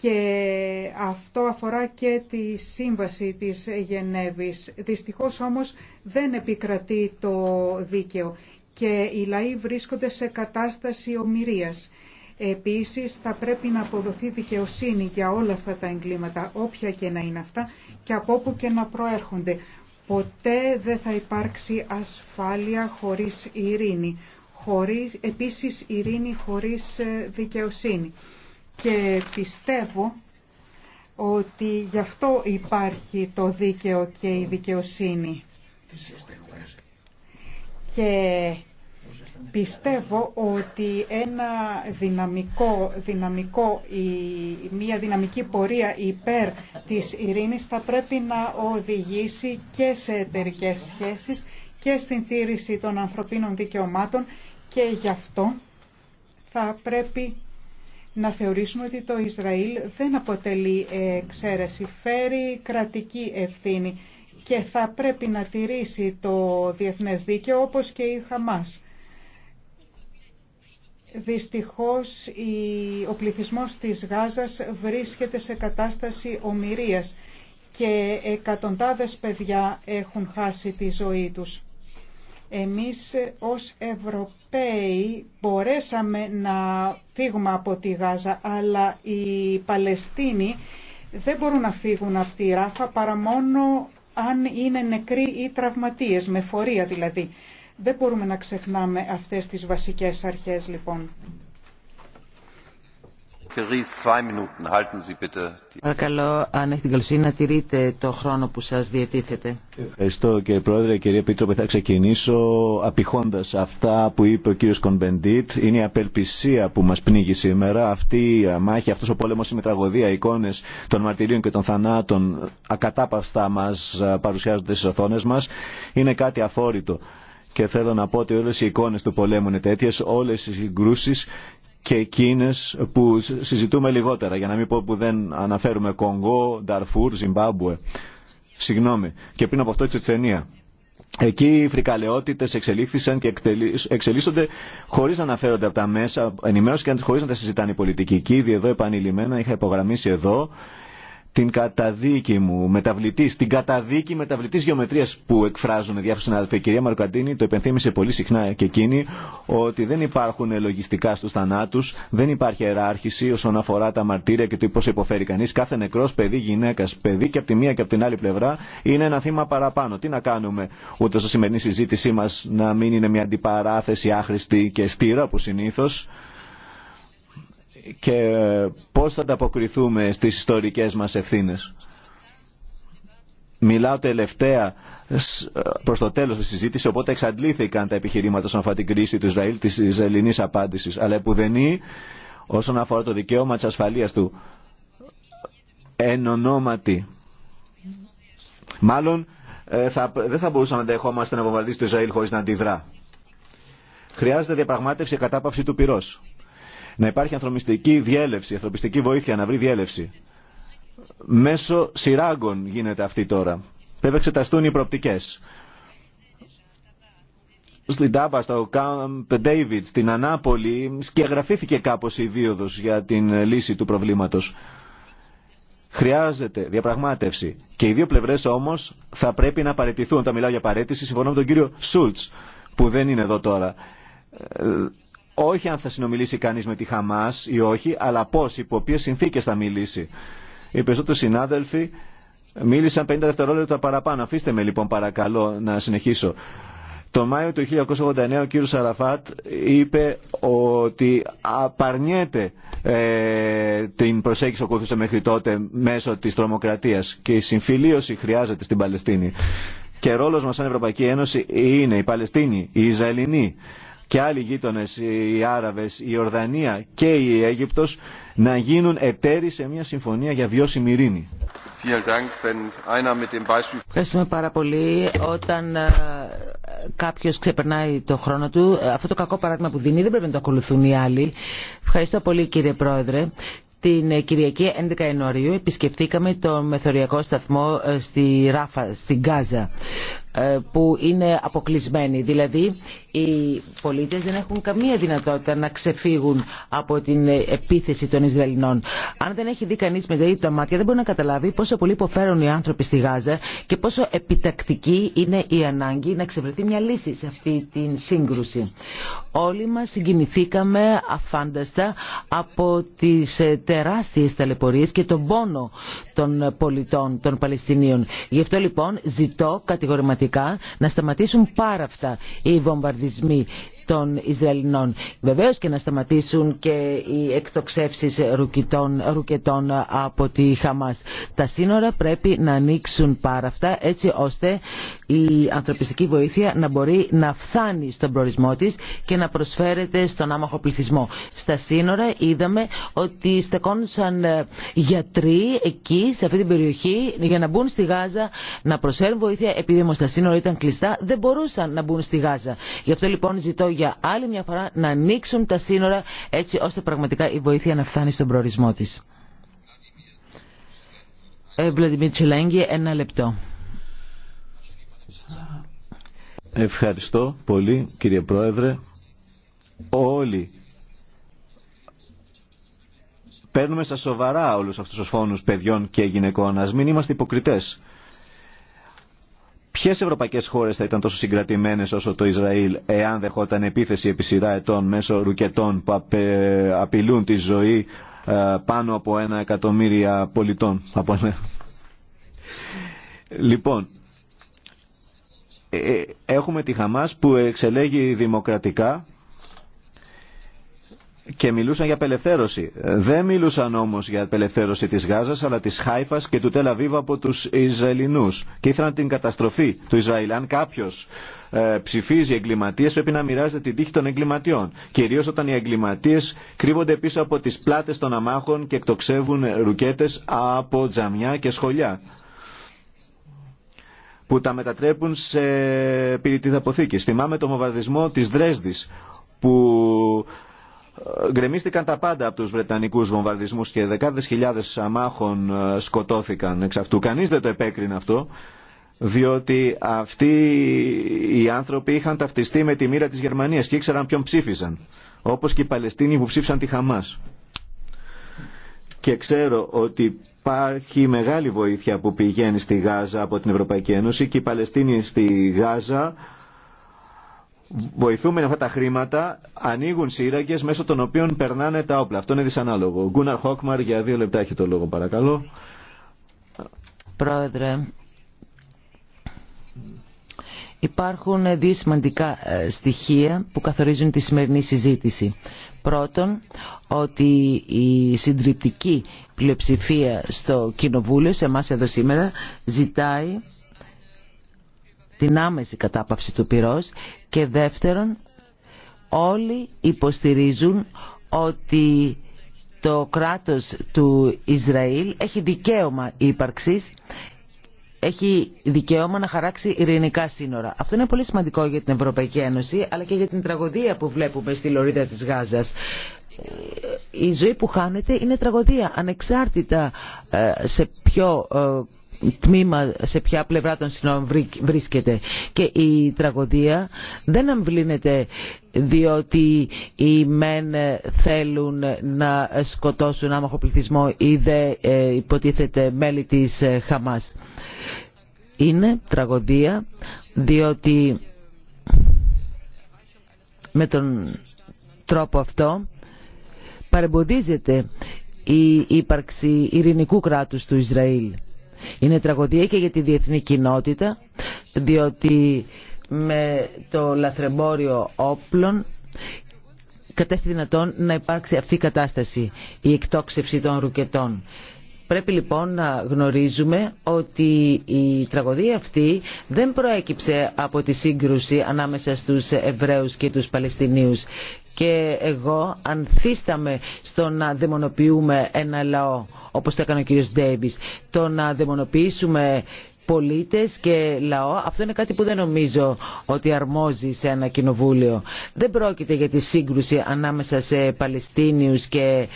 Speaker 2: και αυτό αφορά και τη σύμβαση της Γενέβης. Δυστυχώς όμως δεν επικρατεί το δίκαιο και οι λαοί βρίσκονται σε κατάσταση ομοιρίας. Επίσης θα πρέπει να αποδοθεί δικαιοσύνη για όλα αυτά τα εγκλήματα, όποια και να είναι αυτά και από όπου και να προέρχονται. Ποτέ δεν θα υπάρξει ασφάλεια χωρίς ειρήνη, χωρίς, επίσης ειρήνη χωρίς ε, δικαιοσύνη και πιστεύω ότι γι' αυτό υπάρχει το δίκαιο και η δικαιοσύνη. Και πιστεύω ότι ένα δυναμικό, δυναμικό μια δυναμική πορεία υπέρ της ειρήνης θα πρέπει να οδηγήσει και σε εταιρικέ σχέσεις και στην τήρηση των ανθρωπίνων δικαιωμάτων και γι' αυτό θα πρέπει να θεωρήσουμε ότι το Ισραήλ δεν αποτελεί εξαίρεση, φέρει κρατική ευθύνη και θα πρέπει να τηρήσει το διεθνές δίκαιο όπως και η Χαμάς. Δυστυχώς ο πληθυσμός της Γάζας βρίσκεται σε κατάσταση ομοιρίας και εκατοντάδες παιδιά έχουν χάσει τη ζωή τους. Εμείς ως Ευρωπαίοι μπορέσαμε να φύγουμε από τη Γάζα, αλλά οι Παλαιστίνοι δεν μπορούν να φύγουν από τη Ράφα παρά μόνο αν είναι νεκροί ή τραυματίες, με φορεία δηλαδή. Δεν μπορούμε να ξεχνάμε αυτές τις βασικές αρχές λοιπόν.
Speaker 1: Παρακαλώ, αν έχει την καλοσύνη, να τηρείτε το χρόνο που σας διατίθεται.
Speaker 3: Ευχαριστώ κύριε Πρόεδρε, κύριε Πίτροπε. Θα ξεκινήσω απηχώντας αυτά που είπε ο κύριος Κονβεντίτ. Είναι η απελπισία που μας πνίγει σήμερα. Αυτή η μάχη, αυτός ο πόλεμος, η τραγωδία. οι εικόνες των μαρτυρίων και των θανάτων ακατάπαυστα μας παρουσιάζονται στις οθόνες μας. Είναι κάτι αφόρητο και θέλω να πω ότι όλες οι εικόνες του πολέμου είναι τέτοιες, όλες οι συγκρούσεις και εκείνες που συζητούμε λιγότερα, για να μην πω που δεν αναφέρουμε Κονγκό, Νταρφούρ, Ζιμπάμπουε. Συγγνώμη. Και πριν από αυτό η Τσετσενία. Εκεί οι φρικαλαιότητε εξελίχθησαν και εξελίσσονται χωρίς να αναφέρονται από τα μέσα ενημέρωση και χωρί να τα συζητάνε οι πολιτικοί. ήδη εδώ επανειλημμένα είχα υπογραμμίσει εδώ την καταδίκη μου, μεταβλητή, την καταδίκη μεταβλητή γεωμετρία που εκφράζουν διάφοροι συνάδελφοι. Η κυρία Μαρκαντίνη το υπενθύμησε πολύ συχνά και εκείνη ότι δεν υπάρχουν λογιστικά στου θανάτου, δεν υπάρχει εράρχηση όσον αφορά τα μαρτύρια και το πώ υποφέρει κανεί. Κάθε νεκρό, παιδί, γυναίκα, παιδί και από τη μία και από την άλλη πλευρά είναι ένα θύμα παραπάνω. Τι να κάνουμε, ούτε στο σημερινή συζήτησή μα να μην είναι μια αντιπαράθεση άχρηστη και στήρα που συνήθω και ε, πώς θα ανταποκριθούμε στις ιστορικές μας ευθύνες. Μιλάω τελευταία ε, προ το τέλο τη συζήτηση, οπότε εξαντλήθηκαν τα επιχειρήματα σαν αφορά την κρίση του Ισραήλ, τη ελληνής απάντηση. Αλλά επουδενή όσον αφορά το δικαίωμα τη ασφαλεία του. Εν ονόματι. Μάλλον ε, θα, δεν θα μπορούσαμε να δεχόμαστε να βομβαρδίσει το Ισραήλ χωρί να αντιδρά. Χρειάζεται διαπραγμάτευση κατάπαυση του πυρός να υπάρχει ανθρωπιστική διέλευση, ανθρωπιστική βοήθεια να βρει διέλευση. Μέσω σειράγκων γίνεται αυτή τώρα. Πρέπει να εξεταστούν οι προοπτικές. Στην Τάμπα, στο Κάμπ Ντέιβιτ, στην Ανάπολη, σκιαγραφήθηκε κάπως η δίωδο για την λύση του προβλήματος. Χρειάζεται διαπραγμάτευση. Και οι δύο πλευρέ όμω θα πρέπει να παραιτηθούν. Τα μιλάω για παρέτηση, συμφωνώ με τον κύριο Σούλτ, που δεν είναι εδώ τώρα ε, όχι αν θα συνομιλήσει κανείς με τη Χαμάς ή όχι, αλλά πώς, υπό ποιες συνθήκες θα μιλήσει. Οι περισσότεροι συνάδελφοι μίλησαν 50 δευτερόλεπτα παραπάνω. Αφήστε με λοιπόν παρακαλώ να συνεχίσω. Το Μάιο του 1989 ο κύριος Σαραφάτ είπε ότι απαρνιέται ε, την προσέγγιση που μέχρι τότε μέσω της τρομοκρατίας και η συμφιλίωση χρειάζεται στην Παλαιστίνη. Και ρόλος μας σαν Ευρωπαϊκή Ένωση είναι οι Παλαιστίνοι, οι Ισραηλινοί και άλλοι γείτονε, οι Άραβε, η Ορδανία και η Αίγυπτο να γίνουν εταίροι σε μια συμφωνία για βιώσιμη ειρήνη.
Speaker 1: Ευχαριστούμε πάρα πολύ. Όταν ε, κάποιο ξεπερνάει το χρόνο του, ε, αυτό το κακό παράδειγμα που δίνει δεν πρέπει να το ακολουθούν οι άλλοι. Ευχαριστώ πολύ κύριε Πρόεδρε. Την ε, Κυριακή 11 Ιανουαρίου επισκεφτήκαμε το μεθοριακό σταθμό στη Ράφα, στην Γκάζα. Ε, που είναι αποκλεισμένοι. Δηλαδή οι πολίτες δεν έχουν καμία δυνατότητα να ξεφύγουν από την επίθεση των Ισραηλινών. Αν δεν έχει δει κανείς με δηλαδή τα μάτια δεν μπορεί να καταλάβει πόσο πολύ υποφέρουν οι άνθρωποι στη Γάζα και πόσο επιτακτική είναι η ανάγκη να ξεβρεθεί μια λύση σε αυτή την σύγκρουση. Όλοι μας συγκινηθήκαμε αφάνταστα από τις ε, τεράστιες ταλαιπωρίες και τον πόνο των πολιτών των Παλαιστινίων. Γι' αυτό λοιπόν ζητώ κατηγορηματικά να σταματήσουν πάρα αυτά οι βομβαρδισμοί των Ισραηλινών. Βεβαίως και να σταματήσουν και οι εκτοξεύσεις ρουκετών, ρουκετών από τη Χαμάς. Τα σύνορα πρέπει να ανοίξουν πάρα αυτά έτσι ώστε η ανθρωπιστική βοήθεια να μπορεί να φτάνει στον προορισμό της και να προσφέρεται στον άμαχο πληθυσμό. Στα σύνορα είδαμε ότι στεκόντουσαν ε, γιατροί εκεί σε αυτή την περιοχή για να μπουν στη Γάζα να προσφέρουν βοήθεια επειδή όμως τα σύνορα ήταν κλειστά δεν μπορούσαν να μπουν στη Γάζα. Γι' αυτό λοιπόν ζητώ για άλλη μια φορά να ανοίξουν τα σύνορα έτσι ώστε πραγματικά η βοήθεια να φτάνει στον προορισμό της. Ε, Τσελέγγι, ένα λεπτό.
Speaker 3: Ευχαριστώ πολύ κύριε Πρόεδρε. Όλοι παίρνουμε στα σοβαρά όλους αυτούς τους φόνους παιδιών και γυναικών. Ας μην είμαστε υποκριτές. Ποιε ευρωπαϊκές χώρες θα ήταν τόσο συγκρατημένε όσο το Ισραήλ εάν δεχόταν επίθεση επί σειρά ετών μέσω ρουκετών που απειλούν τη ζωή ε, πάνω από ένα εκατομμύρια πολιτών. Ναι. Λοιπόν, ε, ε, έχουμε τη Χαμάς που εξελέγει δημοκρατικά και μιλούσαν για απελευθέρωση. Δεν μιλούσαν όμω για απελευθέρωση τη γάζα, αλλά τη χάιφα και του Τελαβίβα από του Ισραηλινούς και ήθελαν την καταστροφή του Ισραήλ. Αν κάποιο ε, ψηφίζει εγκληματίε, πρέπει να μοιράζεται την τύχη των εγκληματιών. Κυρίω όταν οι εγκληματίε κρύβονται πίσω από τι πλάτε των αμάχων και εκτοξεύουν ρούκέτε από τζαμιά και σχολιά που τα μετατρέπουν σε πυρητή αποθήκες. Θυμάμαι το μοβαρδισμό της Δρέσδης που γκρεμίστηκαν τα πάντα από τους Βρετανικούς βομβαρδισμούς και δεκάδες χιλιάδες αμάχων ε, σκοτώθηκαν εξ αυτού. Κανείς δεν το επέκρινε αυτό, διότι αυτοί οι άνθρωποι είχαν ταυτιστεί με τη μοίρα της Γερμανίας και ήξεραν ποιον ψήφισαν, όπως και οι Παλαιστίνοι που ψήφισαν τη Χαμάς. Και ξέρω ότι υπάρχει μεγάλη βοήθεια που πηγαίνει στη Γάζα από την Ευρωπαϊκή Ένωση και οι Παλαιστίνοι στη Γάζα βοηθούμε αυτά τα χρήματα, ανοίγουν σύραγγε μέσω των οποίων περνάνε τα όπλα. Αυτό είναι δυσανάλογο. Γκούναρ
Speaker 1: Χόκμαρ για δύο λεπτά έχει το λόγο, παρακαλώ. Πρόεδρε, υπάρχουν δύο σημαντικά ε, στοιχεία που καθορίζουν τη σημερινή συζήτηση. Πρώτον, ότι η συντριπτική πλειοψηφία στο Κοινοβούλιο, σε εμάς εδώ σήμερα, ζητάει την άμεση κατάπαυση του πυρός και δεύτερον όλοι υποστηρίζουν ότι το κράτος του Ισραήλ έχει δικαίωμα ύπαρξης έχει δικαίωμα να χαράξει ειρηνικά σύνορα. Αυτό είναι πολύ σημαντικό για την Ευρωπαϊκή Ένωση, αλλά και για την τραγωδία που βλέπουμε στη λωρίδα της Γάζας. Η ζωή που χάνεται είναι τραγωδία, ανεξάρτητα ε, σε ποιο ε, τμήμα, σε ποια πλευρά των συνόρων βρίσκεται. Και η τραγωδία δεν αμβλύνεται διότι οι μεν θέλουν να σκοτώσουν άμαχο πληθυσμό ή δεν ε, υποτίθεται μέλη της ε, Χαμάς. Είναι τραγωδία διότι με τον τρόπο αυτό παρεμποδίζεται η ύπαρξη ειρηνικού κράτους του Ισραήλ. Είναι τραγωδία και για τη διεθνή κοινότητα, διότι με το λαθρεμπόριο όπλων κατέστη δυνατόν να υπάρξει αυτή η κατάσταση, η εκτόξευση των ρουκετών. Πρέπει λοιπόν να γνωρίζουμε ότι η τραγωδία αυτή δεν προέκυψε από τη σύγκρουση ανάμεσα στους Εβραίους και τους Παλαιστινίους και εγώ ανθίσταμε στο να δαιμονοποιούμε ένα λαό όπως το έκανε ο κύριος Ντέιβις το να δαιμονοποιήσουμε πολίτες και λαό αυτό είναι κάτι που δεν νομίζω ότι αρμόζει σε ένα κοινοβούλιο δεν πρόκειται για τη σύγκρουση ανάμεσα σε Παλαιστίνιους και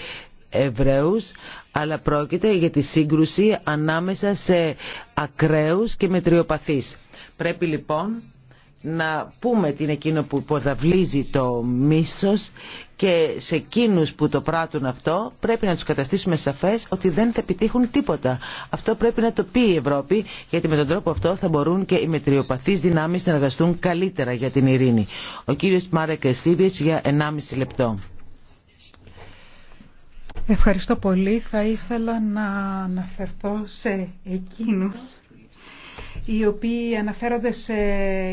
Speaker 1: Εβραίους αλλά πρόκειται για τη σύγκρουση ανάμεσα σε ακραίους και μετριοπαθείς πρέπει λοιπόν να πούμε την εκείνο που υποδαβλίζει το μίσος και σε εκείνους που το πράττουν αυτό πρέπει να τους καταστήσουμε σαφές ότι δεν θα επιτύχουν τίποτα. Αυτό πρέπει να το πει η Ευρώπη γιατί με τον τρόπο αυτό θα μπορούν και οι μετριοπαθείς δυνάμεις να εργαστούν καλύτερα για την ειρήνη. Ο κύριος Μάρεκ για 1,5 λεπτό.
Speaker 2: Ευχαριστώ πολύ. Θα ήθελα να αναφερθώ σε εκείνους οι οποίοι αναφέρονται σε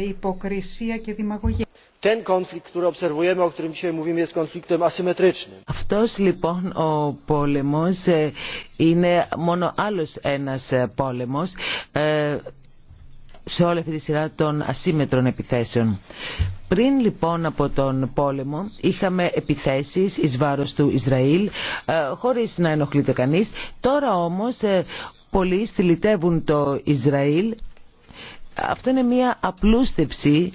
Speaker 2: υποκρισία και δημαγωγία.
Speaker 1: Αυτός λοιπόν ο πόλεμος ε, είναι μόνο άλλος ένας ε, πόλεμος ε, σε όλη αυτή τη σειρά των ασύμετρων επιθέσεων. Πριν λοιπόν από τον πόλεμο είχαμε επιθέσεις εις βάρος του Ισραήλ χωρίς να ενοχλείται κανείς. Τώρα όμως πολλοί στυλιτεύουν το Ισραήλ αυτό είναι μια απλούστευση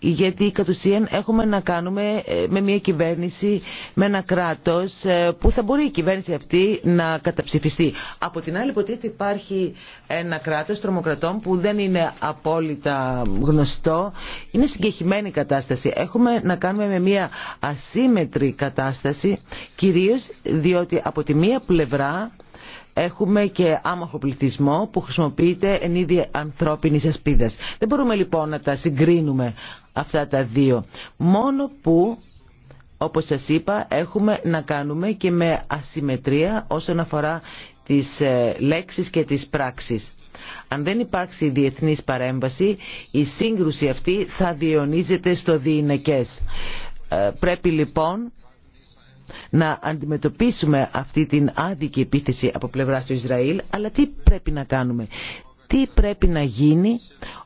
Speaker 1: γιατί κατ' ουσίαν έχουμε να κάνουμε ε, με μια κυβέρνηση, με ένα κράτος ε, που θα μπορεί η κυβέρνηση αυτή να καταψηφιστεί. Από την άλλη υποτίθεται υπάρχει ένα κράτος τρομοκρατών που δεν είναι απόλυτα γνωστό. Είναι συγκεχημένη κατάσταση. Έχουμε να κάνουμε με μια ασύμετρη κατάσταση κυρίως διότι από τη μία πλευρά έχουμε και άμαχο πληθυσμό που χρησιμοποιείται εν είδη ανθρώπινης ασπίδας. Δεν μπορούμε λοιπόν να τα συγκρίνουμε αυτά τα δύο. Μόνο που όπως σας είπα έχουμε να κάνουμε και με ασυμμετρία όσον αφορά τις ε, λέξεις και τις πράξεις. Αν δεν υπάρξει διεθνής παρέμβαση, η σύγκρουση αυτή θα διαιωνίζεται στο διηνεκές. Ε, πρέπει λοιπόν να αντιμετωπίσουμε αυτή την άδικη επίθεση από πλευρά του Ισραήλ, αλλά τι πρέπει να κάνουμε. Τι πρέπει να γίνει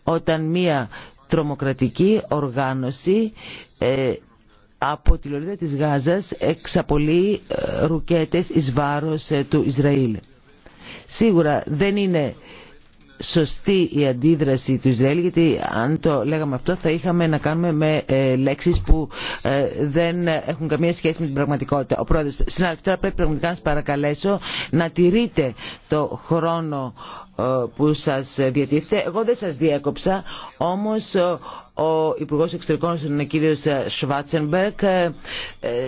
Speaker 1: όταν μία τρομοκρατική οργάνωση ε, από τη λωρίδα της Γάζας εξαπολύει ε, ρουκέτες εις ε, του Ισραήλ. Σίγουρα δεν είναι σωστή η αντίδραση του Ισραήλ γιατί αν το λέγαμε αυτό θα είχαμε να κάνουμε με ε, λέξεις που ε, δεν έχουν καμία σχέση με την πραγματικότητα. Ο πρόεδρος, συνάδελφοι, τώρα πρέπει πραγματικά να σας παρακαλέσω να τηρείτε το χρόνο ε, που σας διατίθεται. Εγώ δεν σας διέκοψα, όμως ο Υπουργό Εξωτερικών, ο κύριο Σβάτσενμπερκ, ε,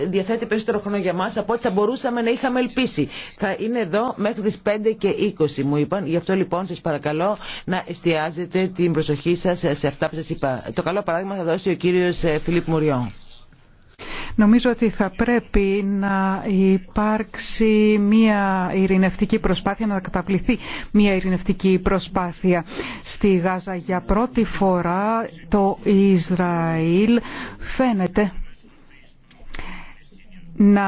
Speaker 1: διαθέτει περισσότερο χρόνο για μα από ό,τι θα μπορούσαμε να είχαμε ελπίσει. Θα είναι εδώ μέχρι τι 5 και 20, μου είπαν. Γι' αυτό λοιπόν σα παρακαλώ να εστιάζετε την προσοχή σα σε αυτά που σα είπα. Το καλό παράδειγμα θα δώσει ο κ. Ε, Φιλίπ Μουριόν.
Speaker 2: Νομίζω ότι θα πρέπει να υπάρξει μια ειρηνευτική προσπάθεια, να καταπληθεί μια ειρηνευτική προσπάθεια. Στη Γάζα για πρώτη φορά το Ισραήλ φαίνεται να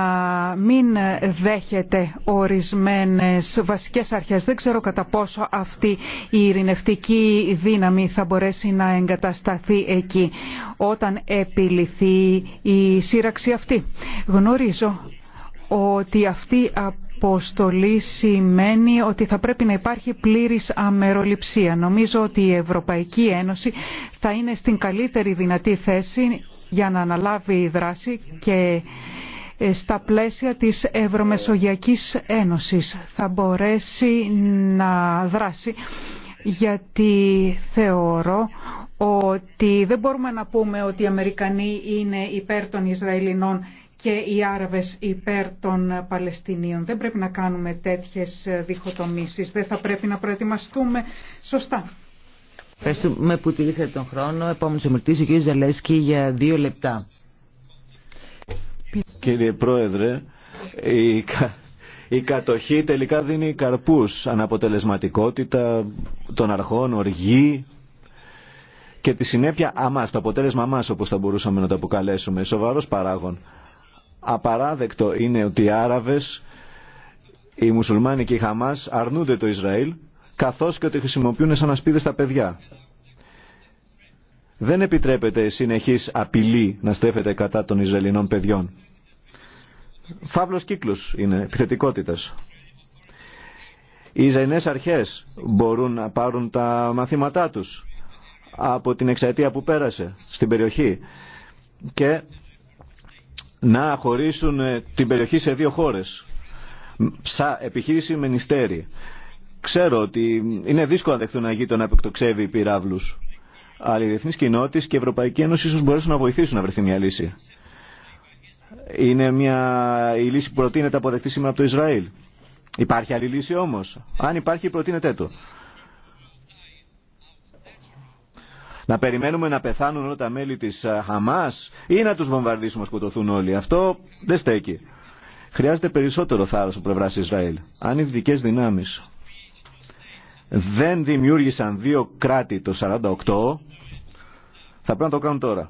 Speaker 2: μην δέχεται ορισμένες βασικές αρχές. Δεν ξέρω κατά πόσο αυτή η ειρηνευτική δύναμη θα μπορέσει να εγκατασταθεί εκεί όταν επιληθεί η σύραξη αυτή. Γνωρίζω ότι αυτή αποστολή σημαίνει ότι θα πρέπει να υπάρχει πλήρης αμεροληψία. Νομίζω ότι η Ευρωπαϊκή Ένωση θα είναι στην καλύτερη δυνατή θέση για να αναλάβει δράση και στα πλαίσια της Ευρωμεσογειακής Ένωσης θα μπορέσει να δράσει γιατί θεωρώ ότι δεν μπορούμε να πούμε ότι οι Αμερικανοί είναι υπέρ των Ισραηλινών και οι Άραβες υπέρ των Παλαιστινίων. Δεν πρέπει να κάνουμε τέτοιες διχοτομήσεις. Δεν θα πρέπει να προετοιμαστούμε σωστά.
Speaker 1: Ευχαριστούμε που τηρήσατε τον χρόνο. Επόμενος ομιλητής ο κ. Ζαλέσκη για δύο λεπτά.
Speaker 3: Κύριε Πρόεδρε, η, η κατοχή τελικά δίνει καρπούς, αναποτελεσματικότητα των αρχών, οργή και τη συνέπεια αμάς, το αποτέλεσμα αμάς όπως θα μπορούσαμε να το αποκαλέσουμε, σοβαρός παράγων. Απαράδεκτο είναι ότι οι Άραβες, οι Μουσουλμάνοι και οι Χαμάς αρνούνται το Ισραήλ, καθώς και ότι χρησιμοποιούν σαν ασπίδες τα παιδιά. Δεν επιτρέπεται συνεχής απειλή να στρέφεται κατά των Ισραηλινών παιδιών φαύλος κύκλος είναι επιθετικότητας. Οι ζαϊνές αρχές μπορούν να πάρουν τα μαθήματά τους από την εξαετία που πέρασε στην περιοχή και να χωρίσουν ε, την περιοχή σε δύο χώρες. Σαν επιχείρηση με νηστέρι. Ξέρω ότι είναι δύσκολο να δεχτούν να γείτονα επεκτοξεύει πυράβλους. Αλλά οι διεθνεί κοινότητε και η Ευρωπαϊκή Ένωση ίσω μπορέσουν να βοηθήσουν να βρεθεί μια λύση. Είναι μια, η λύση που προτείνεται αποδεκτή σήμερα από το Ισραήλ. Υπάρχει άλλη λύση όμως. Αν υπάρχει προτείνεται το. Να περιμένουμε να πεθάνουν όλα τα μέλη της ε, Χαμάς ή να τους βομβαρδίσουμε να σκοτωθούν όλοι. Αυτό δεν στέκει. Χρειάζεται περισσότερο θάρρος από πλευράς Ισραήλ. Αν οι δυτικές δυνάμεις δεν δημιούργησαν δύο κράτη το 1948 θα πρέπει να το κάνουν τώρα.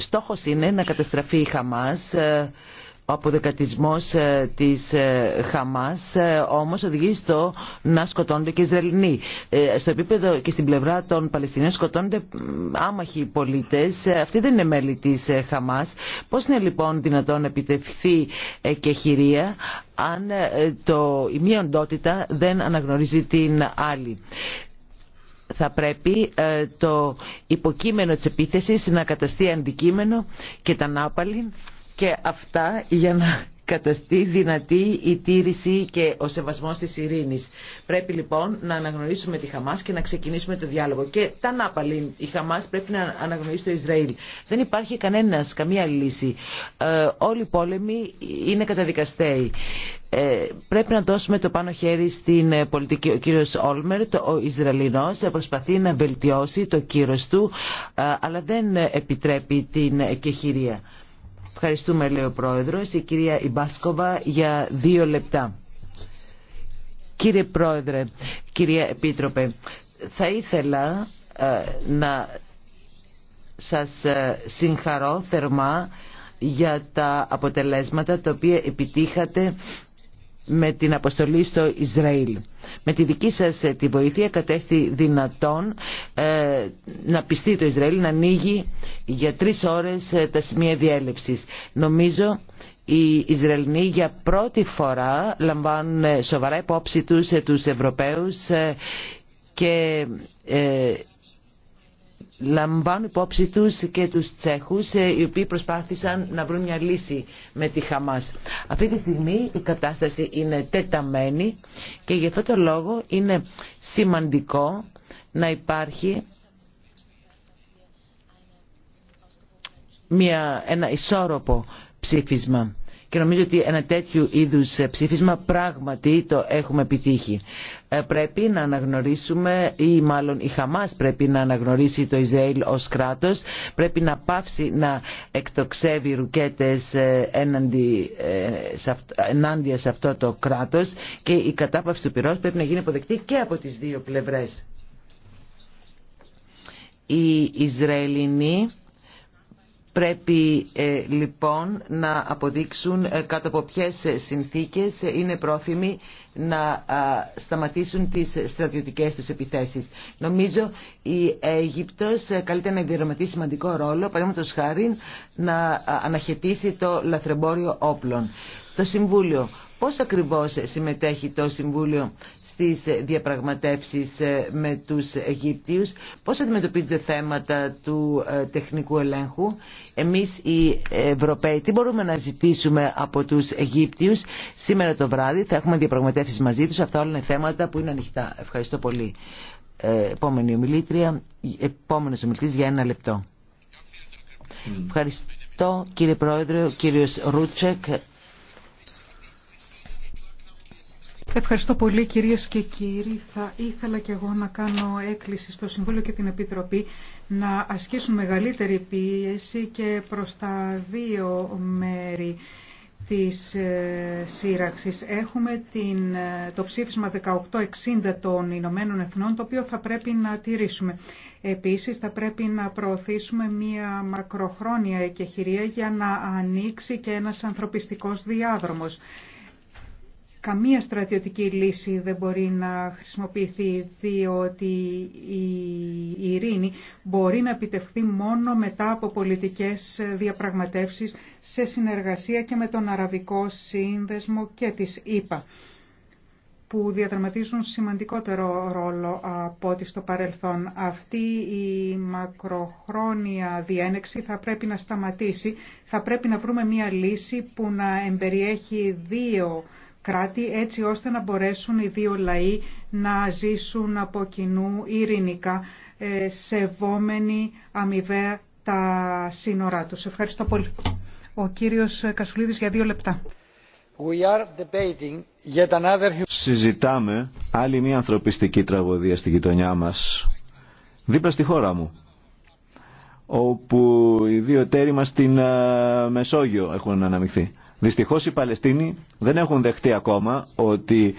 Speaker 1: στόχος είναι να καταστραφεί η Χαμάς ε, ο αποδεκατισμός ε, της ε, Χαμάς όμως οδηγεί στο να σκοτώνται και Ισραηλινοί. Στο επίπεδο και στην πλευρά των Παλαιστινίων σκοτώνονται άμαχοι πολίτες. Αυτοί δεν είναι μέλη της Χαμάς. Πώς είναι λοιπόν δυνατόν να επιτευχθεί και χειρία αν το, η μία οντότητα δεν αναγνωρίζει την άλλη θα πρέπει ε, το υποκείμενο της επίθεσης να καταστεί αντικείμενο και τα νάπαλη και αυτά για να καταστεί δυνατή η τήρηση και ο σεβασμός της ειρήνης. Πρέπει λοιπόν να αναγνωρίσουμε τη Χαμάς και να ξεκινήσουμε το διάλογο. Και τα Νάπαλη, η Χαμάς πρέπει να αναγνωρίσει το Ισραήλ. Δεν υπάρχει κανένας, καμία λύση. Ε, όλοι οι πόλεμοι είναι καταδικαστέοι. Ε, πρέπει να δώσουμε το πάνω χέρι στην ε, πολιτική. Ο κύριος Όλμερτ, ο Ισραηλινός, προσπαθεί να βελτιώσει το κύρος του, ε, αλλά δεν επιτρέπει την εκεχηρία. Ευχαριστούμε, λέει ο πρόεδρο, Η κυρία Ιμπάσκοβα για δύο λεπτά. Κύριε Πρόεδρε, κυρία Επίτροπε, θα ήθελα ε, να σας ε, συγχαρώ θερμά για τα αποτελέσματα τα οποία επιτύχατε με την αποστολή στο Ισραήλ. Με τη δική σας ε, τη βοήθεια κατέστη δυνατόν ε, να πιστεί το Ισραήλ να ανοίγει για τρεις ώρες ε, τα σημεία διέλευσης. Νομίζω οι Ισραηλοί για πρώτη φορά λαμβάνουν ε, σοβαρά υπόψη τους ε, τους Ευρωπαίους ε, και λαμβάνουν υπόψη τους και τους Τσέχους ε, οι οποίοι προσπάθησαν να βρουν μια λύση με τη Χαμάς. Αυτή τη στιγμή η κατάσταση είναι τεταμένη και γι' αυτό το λόγο είναι σημαντικό να υπάρχει μια, ένα ισόρροπο ψήφισμα. Και νομίζω ότι ένα τέτοιου είδους ε, ψήφισμα πράγματι το έχουμε επιτύχει. Ε, πρέπει να αναγνωρίσουμε ή μάλλον η Χαμάς πρέπει να αναγνωρίσει το Ισραήλ ως κράτος. Πρέπει να πάυσει να εκτοξεύει ρουκέτες ε, ενάντια σε αυτό το κράτος και η κατάπαυση του πυρός πρέπει να γίνει αποδεκτή και από τις δύο πλευρές. Οι Ισραηλινοί Πρέπει ε, λοιπόν να αποδείξουν ε, κάτω από ποιες συνθήκες είναι πρόθυμοι να σταματήσουν τις στρατιωτικές τους επιθέσεις. Νομίζω η Αίγυπτος ε, καλύτερα να εμπειρωματεί σημαντικό ρόλο, παραδείγματος χάρη να αναχαιτήσει το λαθρεμπόριο όπλων. Το Συμβούλιο Πώς ακριβώς συμμετέχει το Συμβούλιο στις διαπραγματεύσεις ε, με τους Αιγύπτιους, πώς αντιμετωπίζονται θέματα του ε, τεχνικού ελέγχου. Εμείς οι Ευρωπαίοι τι μπορούμε να ζητήσουμε από τους Αιγύπτιους. Σήμερα το βράδυ θα έχουμε διαπραγματεύσεις μαζί τους. Αυτά όλα είναι θέματα που είναι ανοιχτά. Ευχαριστώ πολύ. Ε, επόμενη ομιλήτρια, επόμενος ομιλητής για ένα λεπτό. Ευχαριστώ κύριε Πρόεδρε, κύριος Ρούτσεκ,
Speaker 2: Ευχαριστώ πολύ κυρίες και κύριοι. Θα ήθελα και εγώ να κάνω έκκληση στο Συμβούλιο και την Επιτροπή να ασκήσουν μεγαλύτερη πίεση και προς τα δύο μέρη της ε, σύραξης. Έχουμε την, ε, το ψήφισμα 1860 των Ηνωμένων Εθνών, το οποίο θα πρέπει να τηρήσουμε. Επίσης, θα πρέπει να προωθήσουμε μία μακροχρόνια εκεχηρία για να ανοίξει και ένας ανθρωπιστικός διάδρομος Καμία στρατιωτική λύση δεν μπορεί να χρησιμοποιηθεί διότι η ειρήνη μπορεί να επιτευχθεί μόνο μετά από πολιτικές διαπραγματεύσεις σε συνεργασία και με τον Αραβικό Σύνδεσμο και της ΕΠΑ που διαδραματίζουν σημαντικότερο ρόλο από ό,τι στο παρελθόν. Αυτή η μακροχρόνια διένεξη θα πρέπει να σταματήσει. Θα πρέπει να βρούμε μια λύση που να εμπεριέχει δύο κράτη έτσι ώστε να μπορέσουν οι δύο λαοί να ζήσουν από κοινού ειρηνικά ε, σεβόμενοι αμοιβαία τα σύνορά τους. Ευχαριστώ πολύ. Ο κύριος Κασουλίδης για δύο λεπτά.
Speaker 6: We are
Speaker 3: yet another... Συζητάμε άλλη μια ανθρωπιστική τραγωδία στη γειτονιά μας, δίπλα στη χώρα μου, όπου οι δύο τέροι μας στην ε, Μεσόγειο έχουν αναμειχθεί. Δυστυχώς οι Παλαιστίνοι δεν έχουν δεχτεί ακόμα ότι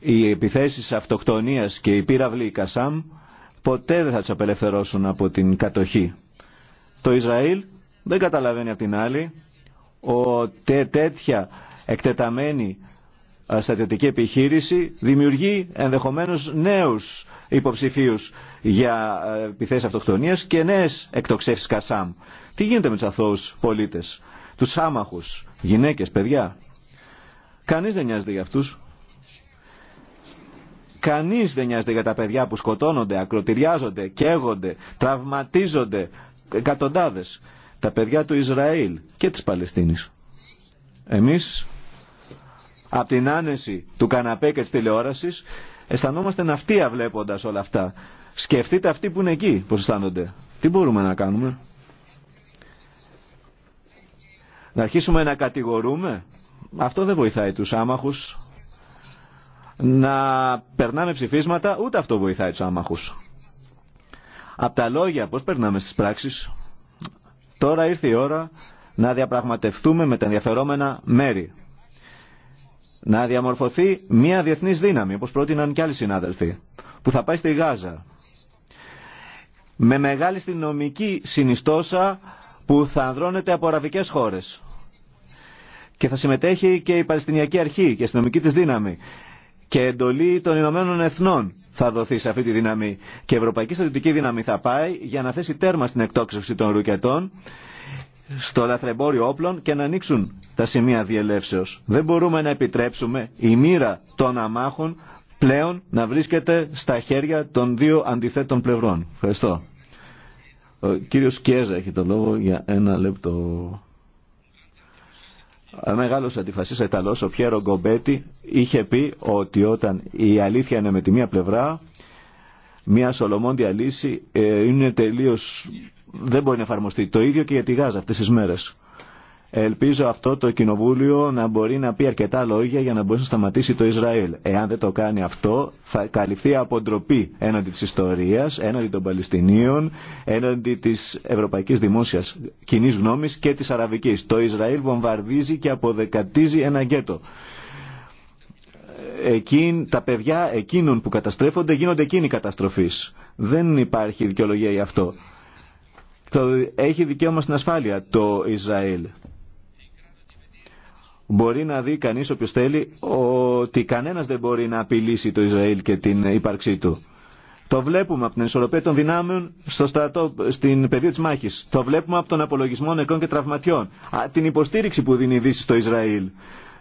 Speaker 3: οι επιθέσεις αυτοκτονίας και οι πύραυλοι Κασάμ ποτέ δεν θα τους απελευθερώσουν από την κατοχή. Το Ισραήλ δεν καταλαβαίνει απ' την άλλη ότι τέτοια εκτεταμένη στρατιωτική επιχείρηση δημιουργεί ενδεχομένως νέους υποψηφίους για επιθέσεις αυτοκτονίας και νέες εκτοξεύσεις Κασάμ. Τι γίνεται με τους αθώους πολίτες, τους άμαχους, γυναίκες, παιδιά. Κανείς δεν νοιάζεται για αυτούς. Κανείς δεν νοιάζεται για τα παιδιά που σκοτώνονται, ακροτηριάζονται, καίγονται, τραυματίζονται εκατοντάδες. Τα παιδιά του Ισραήλ και της Παλαιστίνης. Εμείς από την άνεση του καναπέ και της τηλεόρασης αισθανόμαστε ναυτία βλέποντας όλα αυτά. Σκεφτείτε αυτοί που είναι εκεί, πώς αισθάνονται. Τι μπορούμε να κάνουμε. Να αρχίσουμε να κατηγορούμε. Αυτό δεν βοηθάει τους άμαχους. Να περνάμε ψηφίσματα, ούτε αυτό βοηθάει τους άμαχους. Από τα λόγια πώς περνάμε στις πράξεις. Τώρα ήρθε η ώρα να διαπραγματευτούμε με τα ενδιαφερόμενα μέρη. Να διαμορφωθεί μια διεθνής δύναμη, όπως πρότειναν και άλλοι συνάδελφοι, που θα πάει στη Γάζα. Με μεγάλη νομική συνιστόσα που θα ανδρώνεται από αραβικές χώρες. Και θα συμμετέχει και η Παλαιστινιακή Αρχή και η αστυνομική της δύναμη. Και εντολή των Ηνωμένων Εθνών θα δοθεί σε αυτή τη δύναμη. Και η Ευρωπαϊκή Στρατιωτική Δύναμη θα πάει για να θέσει τέρμα στην εκτόξευση των ρουκετών στο λαθρεμπόριο όπλων και να ανοίξουν τα σημεία διελεύσεως. Δεν μπορούμε να επιτρέψουμε η μοίρα των αμάχων πλέον να βρίσκεται στα χέρια των δύο αντιθέτων πλευρών. Ευχαριστώ. Ο κύριος Κιέζα έχει το λόγο για ένα λεπτό. Ε, μεγάλο αντιφασή Ιταλό, ο Πιέρο Γκομπέτη, είχε πει ότι όταν η αλήθεια είναι με τη μία πλευρά, μια σολομόντια λύση ε, είναι τελείω. δεν μπορεί να εφαρμοστεί. Το ίδιο και για τη Γάζα αυτέ τι μέρε. Ελπίζω αυτό το κοινοβούλιο να μπορεί να πει αρκετά λόγια για να μπορεί να σταματήσει το Ισραήλ. Εάν δεν το κάνει αυτό, θα καλυφθεί από ντροπή έναντι τη ιστορία, έναντι των Παλαιστινίων, έναντι τη ευρωπαϊκή δημόσια κοινή γνώμη και τη αραβική. Το Ισραήλ βομβαρδίζει και αποδεκατίζει ένα γκέτο. Εκείν, τα παιδιά εκείνων που καταστρέφονται γίνονται εκείνοι καταστροφή. Δεν υπάρχει δικαιολογία γι' αυτό. Έχει δικαίωμα στην ασφάλεια το Ισραήλ. Μπορεί να δει κανείς όποιος θέλει ότι κανένας δεν μπορεί να απειλήσει το Ισραήλ και την ύπαρξή του. Το βλέπουμε από την ισορροπία των δυνάμεων στο στρατό, στην πεδίο της μάχης. Το βλέπουμε από τον απολογισμό νεκρών και τραυματιών. την υποστήριξη που δίνει η Δύση στο Ισραήλ.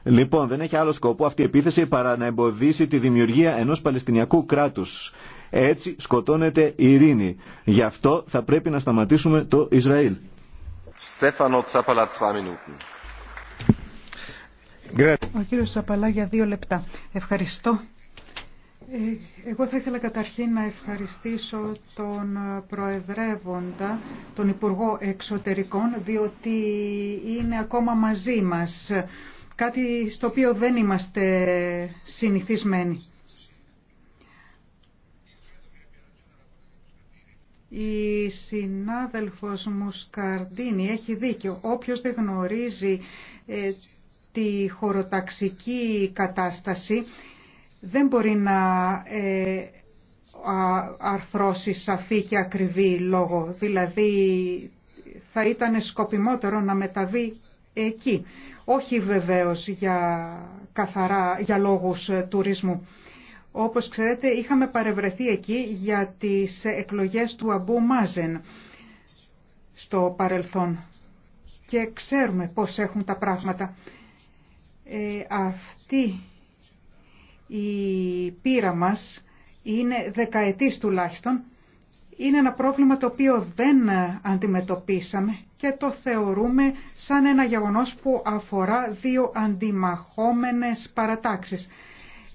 Speaker 3: Λοιπόν, δεν έχει άλλο σκοπό αυτή η επίθεση παρά να εμποδίσει τη δημιουργία ενός Παλαιστινιακού κράτους. Έτσι σκοτώνεται η ειρήνη. Γι' αυτό θα πρέπει να σταματήσουμε το Ισραήλ.
Speaker 7: Στέφανο Τσάπαλα,
Speaker 2: ο κύριος Σαπαλά για δύο λεπτά. Ευχαριστώ. Ε, εγώ θα ήθελα καταρχήν να ευχαριστήσω τον Προεδρεύοντα, τον Υπουργό Εξωτερικών, διότι είναι ακόμα μαζί μας. Κάτι στο οποίο δεν είμαστε συνηθισμένοι. Η συνάδελφος Μουσκαρντίνη έχει δίκιο. Όποιος δεν γνωρίζει ε, τη χωροταξική κατάσταση δεν μπορεί να ε, αρθρώσει σαφή και ακριβή λόγο. Δηλαδή θα ήταν σκοπιμότερο να μεταβεί εκεί. Όχι βεβαίως για, καθαρά, για λόγους ε, τουρισμού. Όπως ξέρετε είχαμε παρευρεθεί εκεί για τις εκλογές του Αμπού Μάζεν στο παρελθόν και ξέρουμε πώς έχουν τα πράγματα. Ε, αυτή η πείρα μας είναι δεκαετής τουλάχιστον. Είναι ένα πρόβλημα το οποίο δεν αντιμετωπίσαμε και το θεωρούμε σαν ένα γεγονός που αφορά δύο αντιμαχόμενες παρατάξεις.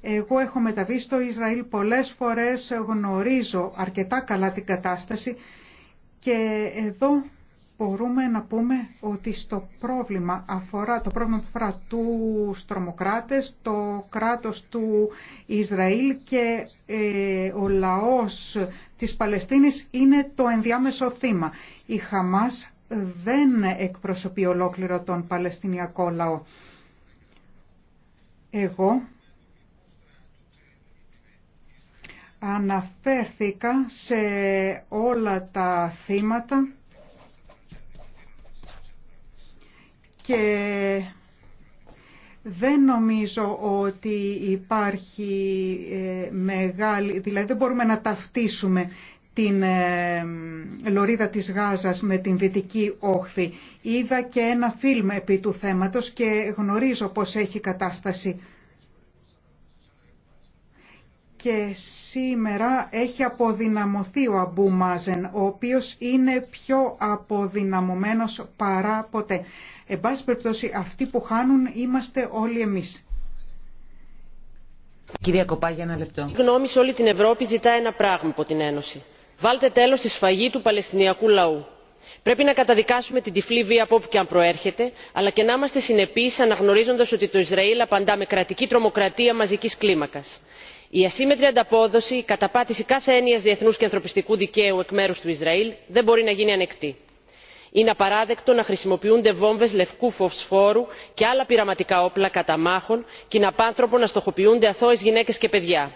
Speaker 2: Εγώ έχω μεταβεί στο Ισραήλ πολλές φορές, γνωρίζω αρκετά καλά την κατάσταση και εδώ μπορούμε να πούμε ότι στο πρόβλημα αφορά, το πρόβλημα αφορά του τρομοκράτες, το κράτος του Ισραήλ και ε, ο λαός της Παλαιστίνης είναι το ενδιάμεσο θύμα. Η Χαμάς δεν εκπροσωπεί ολόκληρο τον Παλαιστινιακό λαό. Εγώ αναφέρθηκα σε όλα τα θύματα και δεν νομίζω ότι υπάρχει ε, μεγάλη, δηλαδή δεν μπορούμε να ταυτίσουμε την ε, λωρίδα της Γάζας με την Δυτική Όχθη. Είδα και ένα φιλμ επί του θέματος και γνωρίζω πώς έχει κατάσταση. Και σήμερα έχει αποδυναμωθεί ο Αμπού Μάζεν, ο οποίος είναι πιο αποδυναμωμένος παρά ποτέ. Εν πάση περιπτώσει, αυτοί που χάνουν είμαστε όλοι εμεί.
Speaker 8: Κυρία Κοπά, ένα λεπτό. Η γνώμη σε όλη την Ευρώπη ζητά ένα πράγμα από την Ένωση. Βάλτε τέλο στη σφαγή του Παλαιστινιακού λαού. Πρέπει να καταδικάσουμε την τυφλή βία από όπου και αν προέρχεται, αλλά και να είμαστε συνεπεί αναγνωρίζοντα ότι το Ισραήλ απαντά με κρατική τρομοκρατία μαζική κλίμακα. Η ασύμετρη ανταπόδοση, η καταπάτηση κάθε έννοια διεθνού και ανθρωπιστικού δικαίου εκ μέρου του Ισραήλ δεν μπορεί να γίνει ανεκτή είναι απαράδεκτο να χρησιμοποιούνται βόμβες λευκού φωσφόρου και άλλα πειραματικά όπλα κατά μάχων και είναι απάνθρωπο να στοχοποιούνται αθώες γυναίκες και παιδιά.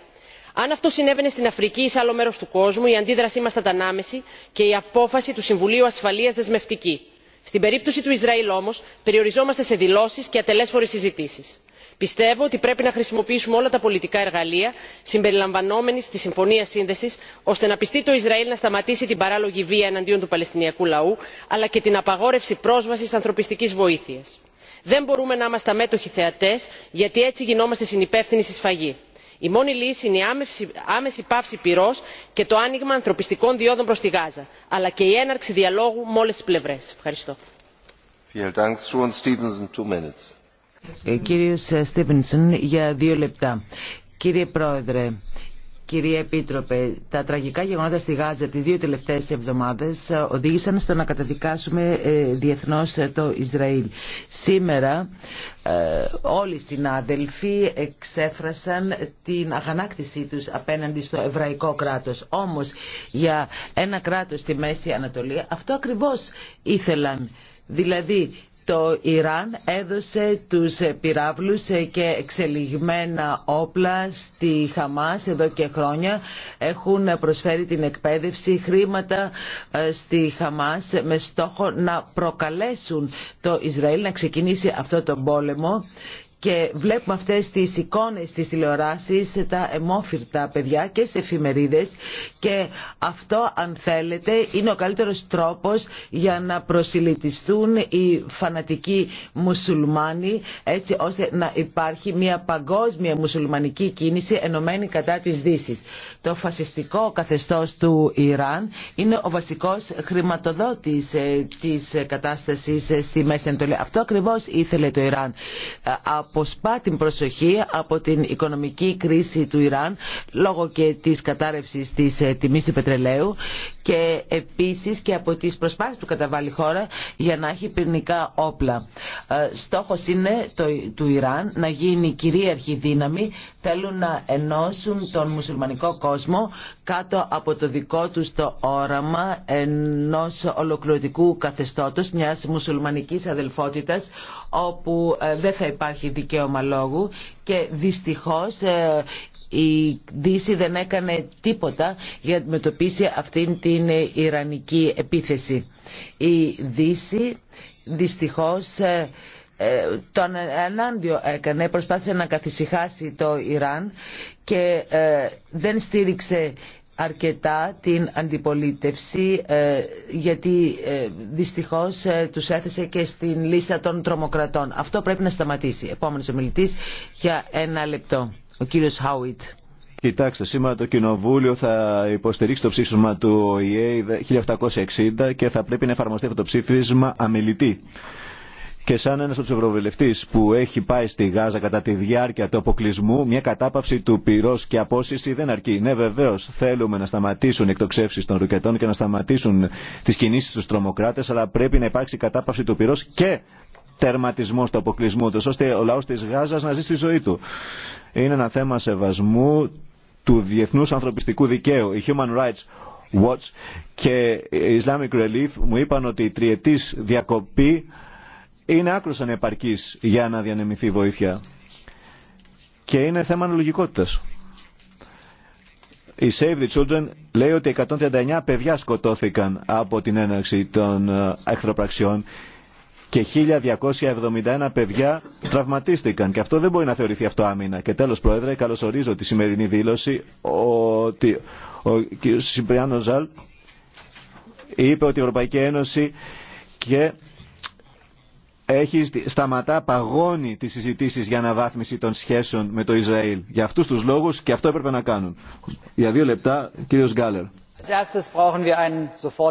Speaker 8: αν αυτό συνέβαινε στην αφρική ή σε άλλο μέρος του κόσμου η αντίδρασή μας θα ήταν άμεση και η απόφαση του συμβουλίου ασφαλείας δεσμευτική. στην περίπτωση του ισραήλ όμως περιοριζόμαστε σε δηλώσεις και ατελέσφορες συζητήσεις πιστεύω ότι πρέπει να χρησιμοποιήσουμε όλα τα πολιτικά εργαλεία συμπεριλαμβανομένης της συμφωνίας σύνδεσης ώστε να πιστεί το ισραήλ να σταματήσει την παράλογη βία εναντίον του παλαιστινιακού λαού αλλά και την απαγόρευση πρόσβασης ανθρωπιστικής βοήθειας. δεν μπορούμε να είμαστε αμέτωχοι θεατές γιατί έτσι γινόμαστε συνυπεύθυνοι στη σφαγή. η μόνη λύση είναι η άμεση πάυση πυρός και το άνοιγμα ανθρωπιστικών διόδων προς τη γάζα αλλά και η έναρξη διαλόγου με όλες τις πλευρές.
Speaker 1: Ε, κύριος ε, Στίβενσον για δύο λεπτά. Κύριε Πρόεδρε, Κύριε Επίτροπε, τα τραγικά γεγονότα στη Γάζα τις δύο τελευταίες εβδομάδες ε, οδήγησαν στο να καταδικάσουμε διεθνώς το Ισραήλ. Σήμερα όλοι οι συνάδελφοι εξέφρασαν την αγανάκτησή τους απέναντι στο εβραϊκό κράτος. Όμως για ένα κράτος στη Μέση Ανατολή αυτό ακριβώς ήθελαν. Δηλαδή το Ιράν έδωσε τους πυράβλους και εξελιγμένα όπλα στη Χαμάς εδώ και χρόνια. Έχουν προσφέρει την εκπαίδευση χρήματα ε, στη Χαμάς με στόχο να προκαλέσουν το Ισραήλ να ξεκινήσει αυτό το πόλεμο και βλέπουμε αυτές τις εικόνες στις τηλεοράσεις, τα εμόφυρτα παιδιά και σε εφημερίδες και αυτό αν θέλετε είναι ο καλύτερος τρόπος για να προσιλητιστούν οι φανατικοί μουσουλμάνοι έτσι ώστε να υπάρχει μια παγκόσμια μουσουλμανική κίνηση ενωμένη κατά της Δύσης. Το φασιστικό καθεστώς του Ιράν είναι ο βασικός χρηματοδότης ε, της κατάστασης ε, στη Μέση Ανατολή. Αυτό ακριβώς ήθελε το Ιράν ε, αποσπά την προσοχή από την οικονομική κρίση του Ιράν λόγω και της κατάρρευσης της ε, τιμής του πετρελαίου και επίσης και από τις προσπάθειες που καταβάλει η χώρα για να έχει πυρηνικά όπλα. Ε, στόχος είναι του Ιράν να γίνει κυρίαρχη δύναμη, θέλουν να ενώσουν τον μουσουλμανικό κόσμο κάτω από το δικό τους το όραμα ενός ολοκληρωτικού καθεστώτος, μιας μουσουλμανικής αδελφότητας όπου ε, δεν θα υπάρχει δικαίωμα λόγου και δυστυχώς ε, η Δύση δεν έκανε τίποτα για να αντιμετωπίσει αυτήν την Ιρανική επίθεση. Η Δύση δυστυχώς ε, το ανάντιο έκανε, προσπάθησε να καθησυχάσει το Ιράν και δεν στήριξε αρκετά την αντιπολίτευση ε, γιατί ε, δυστυχώς ε, τους έθεσε και στην λίστα των τρομοκρατών. Αυτό πρέπει να σταματήσει. Επόμενος ομιλητής για ένα λεπτό. Ο κύριος Χάουιτ.
Speaker 3: Κοιτάξτε, σήμερα το Κοινοβούλιο θα υποστηρίξει το ψήφισμα του ΟΗΕ 1860 και θα πρέπει να εφαρμοστεί αυτό το ψήφισμα αμελητή. Και σαν ένα από του ευρωβουλευτέ που έχει πάει στη Γάζα κατά τη διάρκεια του αποκλεισμού, μια κατάπαυση του πυρό και απόσυση δεν αρκεί. Ναι βεβαίω θέλουμε να σταματήσουν οι εκτοξεύσει των ρουκετών και να σταματήσουν τι κινήσει του τρομοκράτε, αλλά πρέπει να υπάρξει κατάπαυση του πυρό και τερματισμό του αποκλεισμού του, ώστε ο λαό τη Γάζα να ζει στη ζωή του. Είναι ένα θέμα σεβασμού του διεθνού ανθρωπιστικού δικαίου, η Human Rights Watch και η ε, Islamic Relief μου είπαν ότι η τριετή διακοπή είναι άκρως ανεπαρκής για να διανεμηθεί βοήθεια και είναι θέμα αναλογικότητα. Η Save the Children λέει ότι 139 παιδιά σκοτώθηκαν από την έναρξη των ε, εχθροπραξιών και 1.271 παιδιά τραυματίστηκαν. Και αυτό δεν μπορεί να θεωρηθεί αυτό άμυνα. Και τέλος, Πρόεδρε, καλωσορίζω τη σημερινή δήλωση ότι ο κ. Συμπριάνο Ζαλ είπε ότι η Ευρωπαϊκή Ένωση και έχει σταματά, παγώνει τις συζητήσεις για αναβάθμιση των σχέσεων με το Ισραήλ. Για αυτούς τους λόγους και αυτό έπρεπε να κάνουν. Για δύο λεπτά, κύριος Γκάλερ.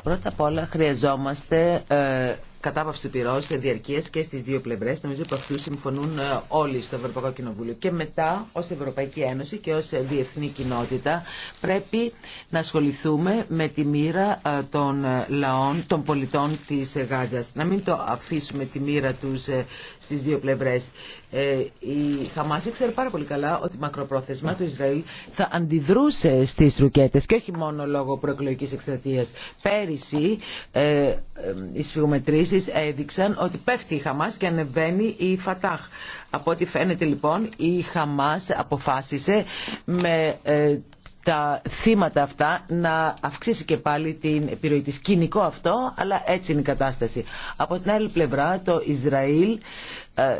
Speaker 1: Πρώτα απ' όλα χρειαζόμαστε ε, κατάπαυση του πυρός σε διαρκείες και στις δύο πλευρές. Νομίζω ότι αυτού συμφωνούν ε, όλοι στο Ευρωπαϊκό Κοινοβούλιο. Και μετά ως Ευρωπαϊκή Ένωση και ως ε, διεθνή κοινότητα πρέπει να ασχοληθούμε με τη μοίρα ε, των λαών, των πολιτών της Γάζας. Να μην το αφήσουμε τη μοίρα τους στις δύο πλευρές. Η Χαμάς ξέρει πάρα πολύ καλά ότι μακροπρόθεσμα το Ισραήλ θα αντιδρούσε στις ρουκέτες και όχι μόνο λόγω προεκλογικής εκστρατείας. Πέρυσι οι σφιγμετρήσεις επιχειρήσεις έδειξαν ότι πέφτει η Χαμάς και ανεβαίνει η Φατάχ. Από ό,τι φαίνεται λοιπόν η Χαμάς αποφάσισε με ε, τα θύματα αυτά να αυξήσει και πάλι την επιρροή της. Κοινικό αυτό, αλλά έτσι είναι η κατάσταση. Από την άλλη πλευρά το Ισραήλ ε,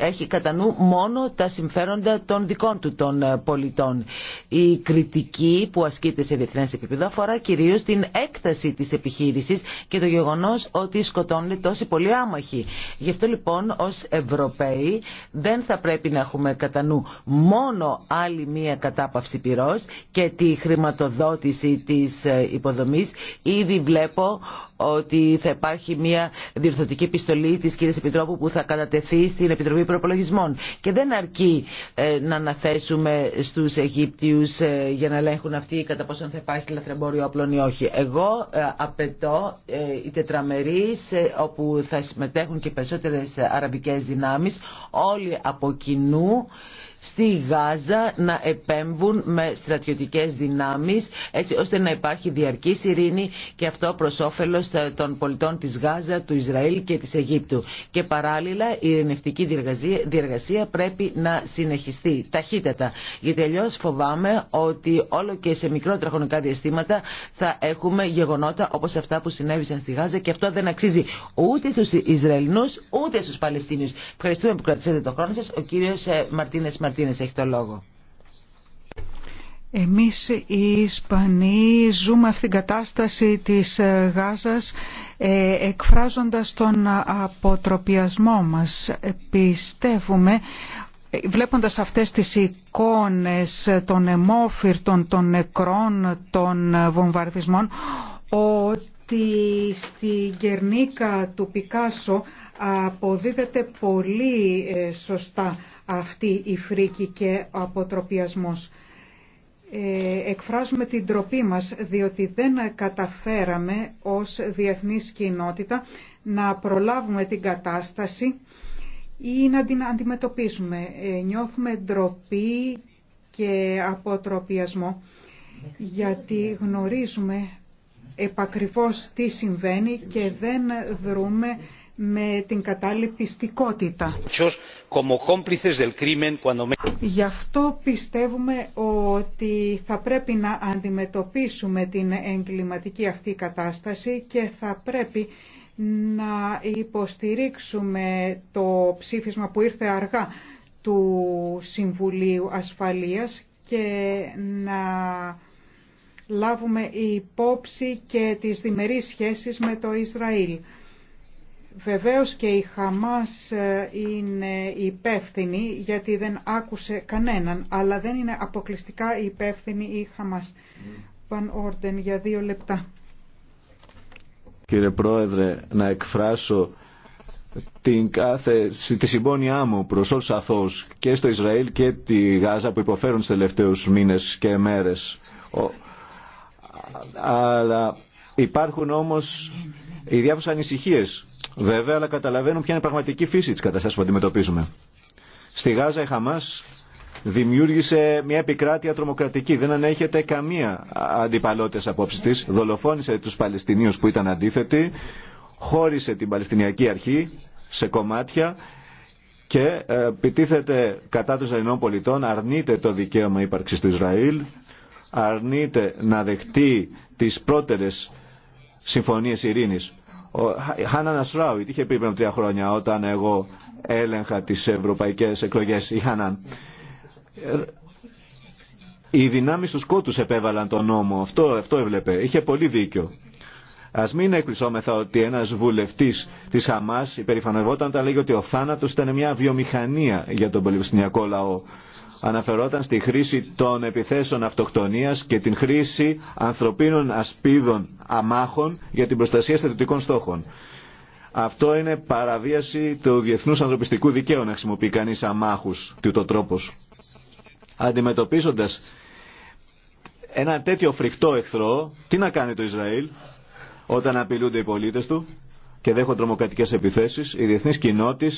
Speaker 1: έχει κατά νου μόνο τα συμφέροντα των δικών του των ε, πολιτών. Η κριτική που ασκείται σε διεθνές επίπεδο αφορά κυρίως την έκταση της επιχείρησης και το γεγονός ότι σκοτώνουν τόσοι πολλοί άμαχοι. Γι' αυτό λοιπόν ως Ευρωπαίοι δεν θα πρέπει να έχουμε κατά νου μόνο άλλη μία κατάπαυση πυρός και τη χρηματοδότηση της ε, υποδομής. Ήδη βλέπω ότι θα υπάρχει μία διορθωτική επιστολή της Επιτρόπου που θα κατατεθεί στην Επιτροπή Προπολογισμών. Και δεν αρκεί ε, να αναθέσουμε στους Αιγύπτιους ε, για να ελέγχουν αυτοί κατά πόσον θα υπάρχει λαθρεμπόριο όπλων ή όχι. Εγώ ε, απαιτώ οι τετραμερείς όπου θα συμμετέχουν και περισσότερες αραβικές δυνάμεις όλοι από κοινού στη Γάζα να επέμβουν με στρατιωτικές δυνάμεις έτσι ώστε να υπάρχει διαρκή ειρήνη και αυτό προς όφελος των πολιτών της Γάζα, του Ισραήλ και της Αιγύπτου. Και παράλληλα η ειρηνευτική διεργασία πρέπει να συνεχιστεί ταχύτατα γιατί αλλιώ φοβάμαι ότι όλο και σε μικρότερα χρονικά διαστήματα θα έχουμε γεγονότα όπως αυτά που συνέβησαν στη Γάζα και αυτό δεν αξίζει ούτε στους Ισραηλινούς ούτε στους Παλαιστίνιους. Ευχαριστούμε που κρατήσατε τον χρόνο σας. Ο κύριος ε, Μαρτίνες Μαρτίνες. Μαρτίνες έχει το
Speaker 2: Εμείς οι Ισπανοί ζούμε αυτήν την κατάσταση της ε, Γάζας ε, εκφράζοντας τον αποτροπιασμό μας. Πιστεύουμε ε, βλέποντας αυτές τις εικόνες των αιμόφυρτων, των νεκρών, των βομβαρδισμών ότι στην Κερνίκα του Πικάσο αποδίδεται πολύ σωστά αυτή η φρίκη και ο αποτροπιασμός. Ε, εκφράζουμε την τροπή μας διότι δεν καταφέραμε ως διεθνής κοινότητα να προλάβουμε την κατάσταση ή να την αντιμετωπίσουμε. Ε, νιώθουμε ντροπή και αποτροπιασμό γιατί γνωρίζουμε επακριβώς τι συμβαίνει και δεν δρούμε με την κατάλληλη πιστικότητα. Γι' αυτό πιστεύουμε ότι θα πρέπει να αντιμετωπίσουμε την εγκληματική αυτή κατάσταση και θα πρέπει να υποστηρίξουμε το ψήφισμα που ήρθε αργά του Συμβουλίου Ασφαλείας και να λάβουμε υπόψη και τις διμερείς σχέσεις με το Ισραήλ. Βεβαίως και η Χαμάς ε, είναι υπεύθυνη γιατί δεν άκουσε κανέναν, αλλά δεν είναι αποκλειστικά υπεύθυνη η Χαμάς. Παν mm. Όρντεν για δύο λεπτά.
Speaker 3: Κύριε Πρόεδρε, να εκφράσω την κάθε, τη συμπόνια μου προς όλους αθώους και στο Ισραήλ και τη Γάζα που υποφέρουν στους τελευταίους μήνες και μέρες. Ο, αλλά υπάρχουν όμως οι διάφορε ανησυχίε. Βέβαια, αλλά καταλαβαίνουν ποια είναι η πραγματική φύση τη κατάσταση που αντιμετωπίζουμε. Στη Γάζα η Χαμά δημιούργησε μια επικράτεια τρομοκρατική. Δεν ανέχεται καμία αντιπαλότητα απόψη τη. Δολοφόνησε του Παλαιστινίου που ήταν αντίθετοι. Χώρισε την Παλαιστινιακή Αρχή σε κομμάτια και ε, επιτίθεται κατά των Ισραηλινών πολιτών, αρνείται το δικαίωμα ύπαρξης του Ισραήλ, αρνείται να δεχτεί τις πρώτερες συμφωνίες ειρήνης. Ο Χάνα Νασράουιτ είχε πει πριν τρία χρόνια όταν εγώ έλεγχα τις ευρωπαϊκές εκλογές. Η Χάναν. Ε, οι δυνάμεις του σκότους επέβαλαν τον νόμο. Αυτό, αυτό έβλεπε. Είχε πολύ δίκιο. Α μην εκπλησόμεθα ότι ένα βουλευτή τη Χαμά υπερηφανευόταν όταν λέγει ότι ο θάνατο ήταν μια βιομηχανία για τον Παλαιστινιακό λαό αναφερόταν στη χρήση των επιθέσεων αυτοκτονίας και την χρήση ανθρωπίνων ασπίδων αμάχων για την προστασία στρατιωτικών στόχων. Αυτό είναι παραβίαση του διεθνούς ανθρωπιστικού δικαίου να χρησιμοποιεί κανείς αμάχους του το τρόπος. Αντιμετωπίζοντας ένα τέτοιο φρικτό εχθρό, τι να κάνει το Ισραήλ όταν απειλούνται οι πολίτες του, και δέχονται τρομοκρατικέ επιθέσει. Η διεθνή κοινότη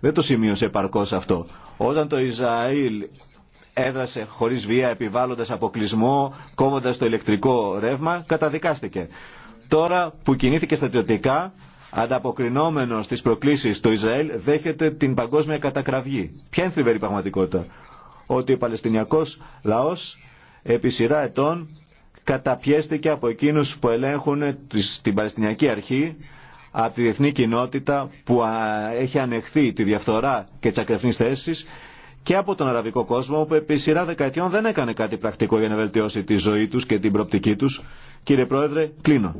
Speaker 3: δεν το σημείωσε επαρκώ αυτό. Όταν το Ισραήλ έδρασε χωρί βία, επιβάλλοντα αποκλεισμό, κόβοντα το ηλεκτρικό ρεύμα, καταδικάστηκε. Τώρα που κινήθηκε στρατιωτικά, ανταποκρινόμενο στι προκλήσει του Ισραήλ, δέχεται την παγκόσμια κατακραυγή. Ποια είναι η θλιβερή πραγματικότητα. Ότι ο Παλαιστινιακό λαό επί σειρά ετών καταπιέστηκε από εκείνους που ελέγχουν την Παλαιστινιακή Αρχή από τη διεθνή κοινότητα που έχει ανεχθεί τη διαφθορά και τι ακρεφνεί θέσει και από τον αραβικό κόσμο που επί σειρά δεκαετιών δεν έκανε κάτι πρακτικό για να βελτιώσει τη ζωή του και την προοπτική του. Κύριε Πρόεδρε, κλείνω.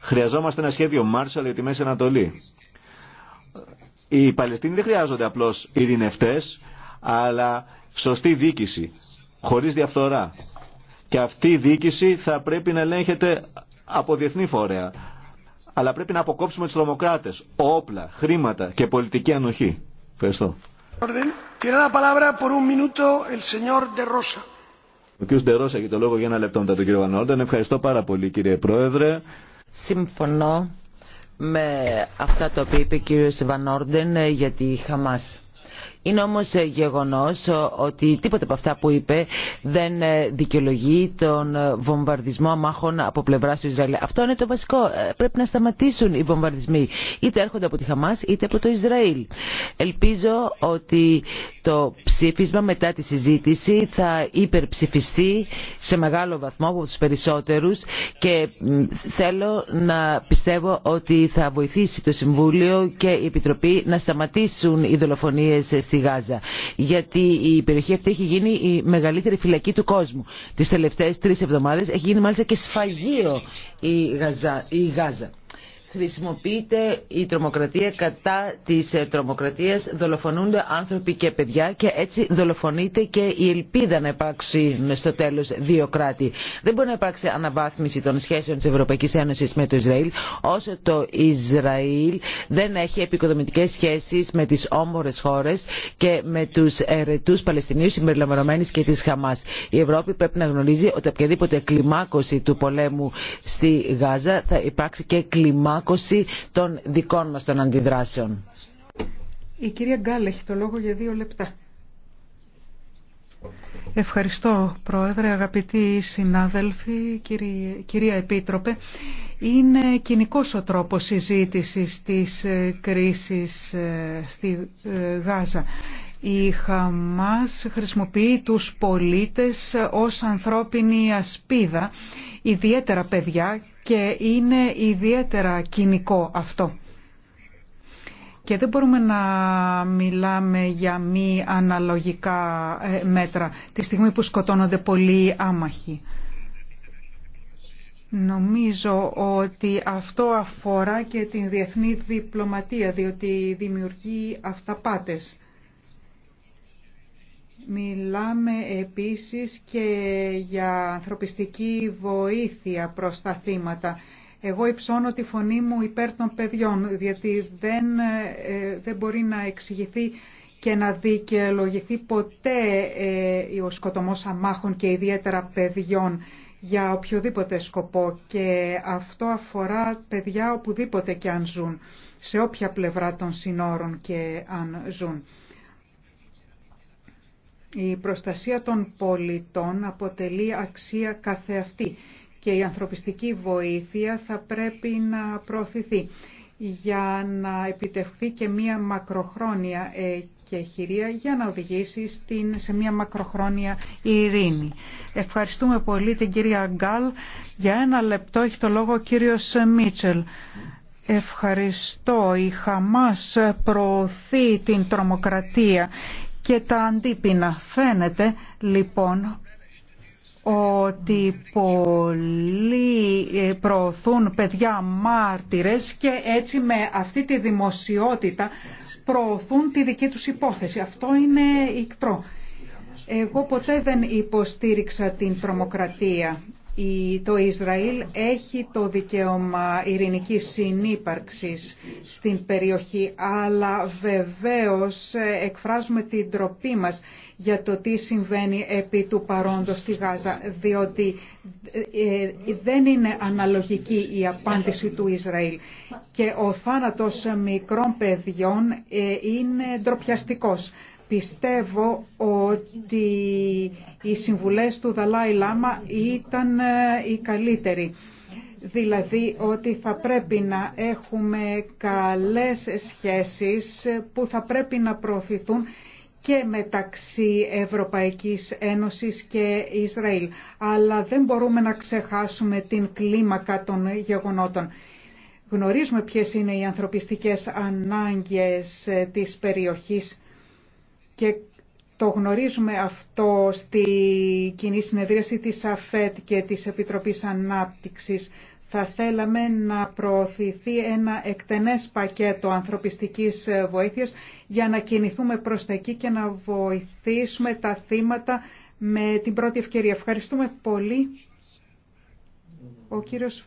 Speaker 3: Χρειαζόμαστε ένα σχέδιο Marshall για τη Μέση Ανατολή. Οι Παλαιστίνοι δεν χρειάζονται απλώ ειρηνευτέ, αλλά σωστή διοίκηση, χωρί διαφθορά. Και αυτή η διοίκηση θα πρέπει να ελέγχεται από διεθνή φορέα αλλά πρέπει να αποκόψουμε τους δημοκρατές, όπλα, χρήματα και πολιτική ανοχή. Ευχαριστώ. Ο κ. Ντερόσα έχει το λόγο για ένα λεπτό μετά τον κ. Βανόρντεν. Ευχαριστώ πάρα πολύ κύριε Πρόεδρε.
Speaker 1: Συμφωνώ με αυτά τα οποία είπε ο κ. Βανόρντεν ε, για τη Χαμάς. Είναι όμως ε, γεγονός ε, ότι τίποτα από αυτά που είπε δεν ε, δικαιολογεί τον βομβαρδισμό αμάχων από πλευρά του Ισραήλ. Αυτό είναι το βασικό. Πρέπει να σταματήσουν οι βομβαρδισμοί. Είτε έρχονται από τη Χαμάς είτε από το Ισραήλ. Ελπίζω ότι το ψήφισμα μετά τη συζήτηση θα υπερψηφιστεί σε μεγάλο βαθμό από τους περισσότερους και θέλω να πιστεύω ότι θα βοηθήσει το Συμβούλιο και η Επιτροπή να σταματήσουν οι δολοφονίες στη Γάζα. Γιατί η περιοχή αυτή έχει γίνει η μεγαλύτερη φυλακή του κόσμου. Τις τελευταίες τρεις εβδομάδες έχει γίνει μάλιστα και σφαγείο η Γάζα. Η Γάζα χρησιμοποιείται η τρομοκρατία κατά της ε, τρομοκρατίας, δολοφονούνται άνθρωποι και παιδιά και έτσι δολοφονείται και η ελπίδα να υπάρξουν στο τέλος δύο κράτη. Δεν μπορεί να υπάρξει αναβάθμιση των σχέσεων της Ευρωπαϊκής Ένωσης με το Ισραήλ όσο το Ισραήλ δεν έχει επικοδομητικές σχέσεις με τις όμορες χώρες και με τους ερετούς Παλαιστινίους συμπεριλαμβανομένης και της Χαμάς. Η Ευρώπη πρέπει να γνωρίζει ότι οποιαδήποτε κλιμάκωση του πολέμου στη Γάζα θα υπάρξει και κλιμάκωση κλιμάκωση των δικών μας των αντιδράσεων. Η
Speaker 2: κυρία Γκάλ έχει το λόγο για δύο λεπτά. Ευχαριστώ Πρόεδρε, αγαπητοί συνάδελφοι, κυρία, κυρία Επίτροπε. Είναι κοινικός ο τρόπος συζήτησης της ε, κρίσης ε, στη ε, Γάζα. Η Χαμάς χρησιμοποιεί τους πολίτες ως ανθρώπινη ασπίδα, ιδιαίτερα παιδιά και είναι ιδιαίτερα κοινικό αυτό. Και δεν μπορούμε να μιλάμε για μη αναλογικά ε, μέτρα τη στιγμή που σκοτώνονται πολλοί άμαχοι. Νομίζω ότι αυτό αφορά και την διεθνή διπλωματία, διότι δημιουργεί αυταπάτες. Μιλάμε επίσης και για ανθρωπιστική βοήθεια προς τα θύματα. Εγώ υψώνω τη φωνή μου υπέρ των παιδιών, γιατί δεν, ε, δεν μπορεί να εξηγηθεί και να δικαιολογηθεί ποτέ ε, ο σκοτωμός αμάχων και ιδιαίτερα παιδιών για οποιοδήποτε σκοπό και αυτό αφορά παιδιά οπουδήποτε και αν ζουν, σε όποια πλευρά των συνόρων και αν ζουν. Η προστασία των πολιτών αποτελεί αξία καθεαυτή και η ανθρωπιστική βοήθεια θα πρέπει να προωθηθεί για να επιτευχθεί και μία μακροχρόνια και χειρία για να οδηγήσει στην, σε μία μακροχρόνια ειρήνη. Ευχαριστούμε πολύ την κυρία Γκάλ. Για ένα λεπτό έχει το λόγο ο κύριος Μίτσελ. Ευχαριστώ. Η Χαμάς προωθεί την τρομοκρατία και τα αντίπεινα. Φαίνεται λοιπόν ότι πολλοί ε, προωθούν παιδιά μάρτυρες και έτσι με αυτή τη δημοσιότητα προωθούν τη δική τους υπόθεση. Αυτό είναι ικτρό. Εγώ ποτέ δεν υποστήριξα την τρομοκρατία το Ισραήλ έχει το δικαίωμα ειρηνικής συνύπαρξης στην περιοχή, αλλά βεβαίως ε, εκφράζουμε την τροπή μας για το τι συμβαίνει επί του παρόντος στη Γάζα, διότι ε, ε, δεν είναι αναλογική η απάντηση του Ισραήλ και ο θάνατος μικρών παιδιών είναι ντροπιαστικός. Πιστεύω ότι οι συμβουλές του Δαλάη Λάμα ήταν ε, οι καλύτεροι. Δηλαδή ότι θα πρέπει να έχουμε καλές σχέσεις που θα πρέπει να προωθηθούν και μεταξύ Ευρωπαϊκής Ένωσης και Ισραήλ. Αλλά δεν μπορούμε να ξεχάσουμε την κλίμακα των γεγονότων. Γνωρίζουμε ποιες είναι οι ανθρωπιστικές ανάγκες ε, της περιοχής και το γνωρίζουμε αυτό στη κοινή συνεδρίαση της ΑΦΕΤ και της Επιτροπής Ανάπτυξης. Θα θέλαμε να προωθηθεί ένα εκτενές πακέτο ανθρωπιστικής βοήθειας για να κινηθούμε προς τα εκεί και να βοηθήσουμε τα θύματα με την πρώτη ευκαιρία. Ευχαριστούμε πολύ ο κύριος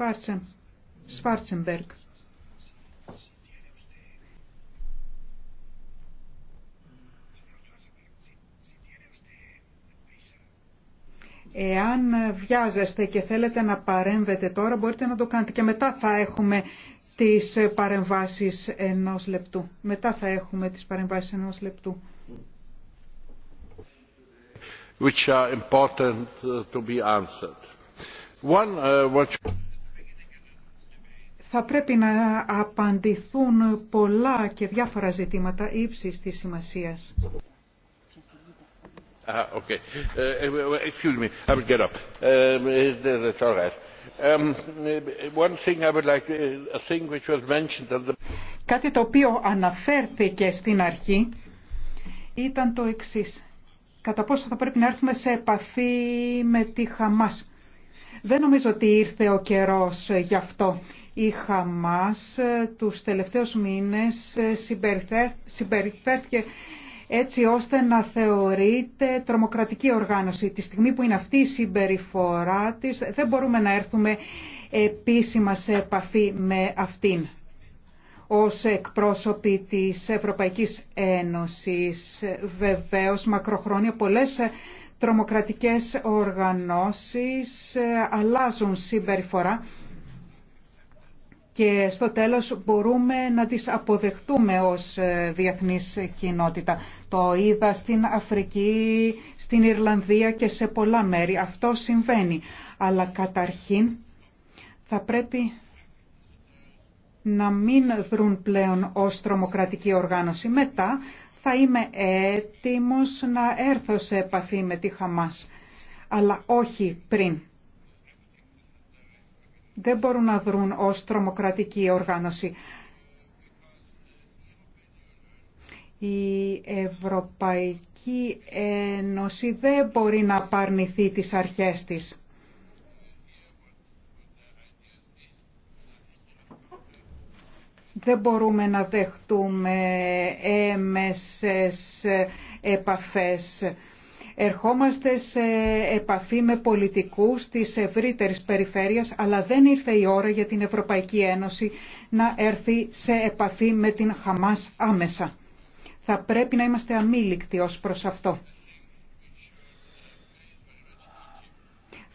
Speaker 2: Σφάρτσεμπεργκ. Εάν βιάζεστε και θέλετε να παρέμβετε τώρα, μπορείτε να το κάνετε και μετά θα έχουμε τις παρεμβάσεις ενός λεπτού. Μετά θα έχουμε τις παρεμβάσεις ενός λεπτού. Θα πρέπει να απαντηθούν πολλά και διάφορα ζητήματα ύψης της σημασίας. Κάτι το οποίο αναφέρθηκε στην αρχή ήταν το εξής. Κατά πόσο θα πρέπει να έρθουμε σε επαφή με τη Χαμάς. Δεν νομίζω ότι ήρθε ο καιρός γι' αυτό. Η Χαμάς ε, τους τελευταίους μήνες ε, συμπεριφέρθηκε έτσι ώστε να θεωρείται τρομοκρατική οργάνωση. Τη στιγμή που είναι αυτή η συμπεριφορά της δεν μπορούμε να έρθουμε επίσημα σε επαφή με αυτήν ως εκπρόσωποι της Ευρωπαϊκής Ένωσης. Βεβαίως, μακροχρόνια πολλές τρομοκρατικές οργανώσεις αλλάζουν συμπεριφορά και στο τέλος μπορούμε να τις αποδεχτούμε ως ε, διεθνής κοινότητα. Το είδα στην Αφρική, στην Ιρλανδία και σε πολλά μέρη. Αυτό συμβαίνει. Αλλά καταρχήν θα πρέπει να μην δρουν πλέον ως τρομοκρατική οργάνωση. Μετά θα είμαι έτοιμος να έρθω σε επαφή με τη Χαμάς, αλλά όχι πριν δεν μπορούν να δρουν ως τρομοκρατική οργάνωση. Η Ευρωπαϊκή Ένωση δεν μπορεί να απαρνηθεί τις αρχές της. Δεν μπορούμε να δεχτούμε έμεσες επαφές ερχόμαστε σε επαφή με πολιτικούς της ευρύτερης περιφέρειας, αλλά δεν ήρθε η ώρα για την Ευρωπαϊκή Ένωση να έρθει σε επαφή με την Χαμάς άμεσα. Θα πρέπει να είμαστε αμήλικτοι ως προς αυτό.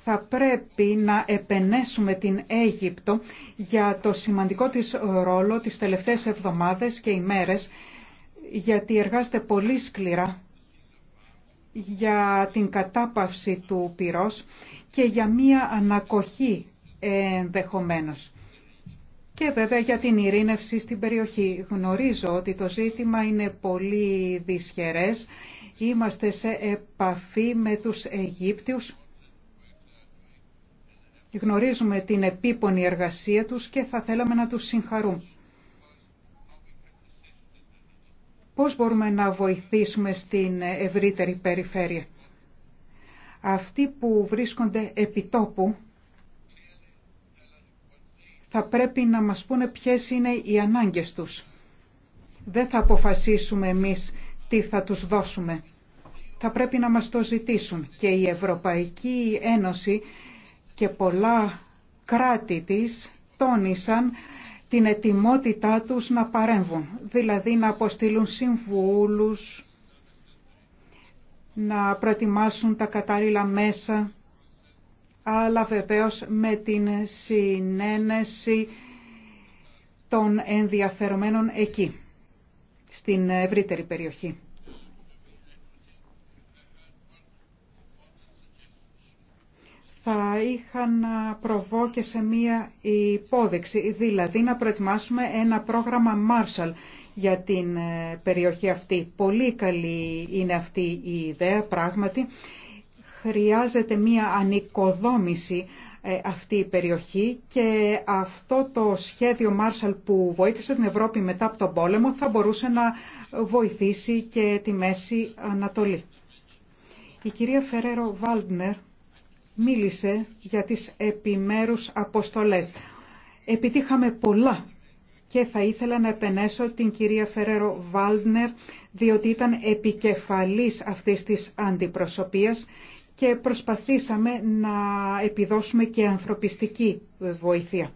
Speaker 2: θα πρέπει να επενέσουμε την Αίγυπτο για το σημαντικό της ρόλο τις τελευταίες εβδομάδες και ημέρες, γιατί εργάζεται πολύ σκληρά για την κατάπαυση του πυρός και για μία ανακοχή ενδεχομένω. Και βέβαια για την ειρήνευση στην περιοχή. Γνωρίζω ότι το ζήτημα είναι πολύ δυσχερές. Είμαστε σε επαφή με τους Αιγύπτιους. Γνωρίζουμε την επίπονη εργασία τους και θα θέλαμε να τους συγχαρούμε. πώς μπορούμε να βοηθήσουμε στην ευρύτερη περιφέρεια. Αυτοί που βρίσκονται επιτόπου θα πρέπει να μας πούνε ποιες είναι οι ανάγκες τους. Δεν θα αποφασίσουμε εμείς τι θα τους δώσουμε. Θα πρέπει να μας το ζητήσουν και η Ευρωπαϊκή Ένωση και πολλά κράτη της τόνισαν την ετοιμότητά τους να παρέμβουν, δηλαδή να αποστείλουν συμβούλους, να προετοιμάσουν τα κατάλληλα μέσα, αλλά βεβαίως με την συνένεση των ενδιαφερομένων εκεί, στην ευρύτερη περιοχή. θα είχα να προβώ και σε μία υπόδειξη, δηλαδή να προετοιμάσουμε ένα πρόγραμμα Marshall για την ε, περιοχή αυτή. Πολύ καλή είναι αυτή η ιδέα, πράγματι. Χρειάζεται μία ανοικοδόμηση ε, αυτή η περιοχή και αυτό το σχέδιο Marshall που βοήθησε την Ευρώπη μετά από τον πόλεμο θα μπορούσε να βοηθήσει και τη Μέση Ανατολή. Η κυρία Φερέρο Βάλντνερ μίλησε για τις επιμέρους αποστολές. Επιτύχαμε πολλά και θα ήθελα να επενέσω την κυρία Φερέρο Βάλντνερ διότι ήταν επικεφαλής αυτής της αντιπροσωπείας και προσπαθήσαμε να επιδώσουμε και ανθρωπιστική βοήθεια.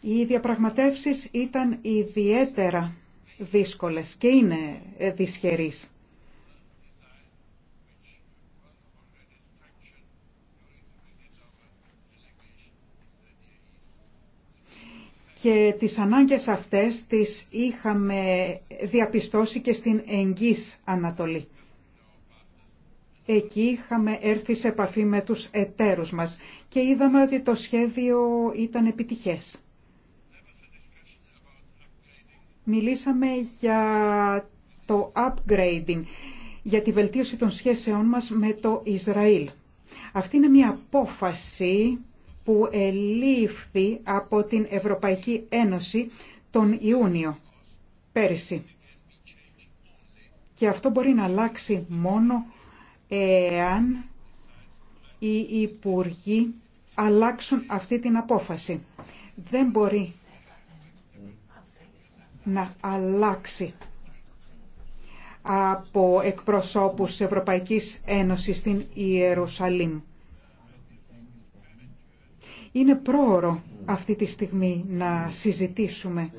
Speaker 2: Οι διαπραγματεύσεις ήταν ιδιαίτερα δύσκολες και είναι δυσχερείς. και τις ανάγκες αυτές τις είχαμε διαπιστώσει και στην Εγγύς Ανατολή. Εκεί είχαμε έρθει σε επαφή με τους εταίρους μας και είδαμε ότι το σχέδιο ήταν επιτυχές. Μιλήσαμε για το upgrading, για τη βελτίωση των σχέσεών μας με το Ισραήλ. Αυτή είναι μια απόφαση που ελήφθη από την Ευρωπαϊκή Ένωση τον Ιούνιο πέρυσι. Και αυτό μπορεί να αλλάξει μόνο εάν οι Υπουργοί αλλάξουν αυτή την απόφαση. Δεν μπορεί να αλλάξει από εκπροσώπους Ευρωπαϊκής Ένωσης στην Ιερουσαλήμ. Είναι πρόωρο αυτή τη στιγμή να συζητήσουμε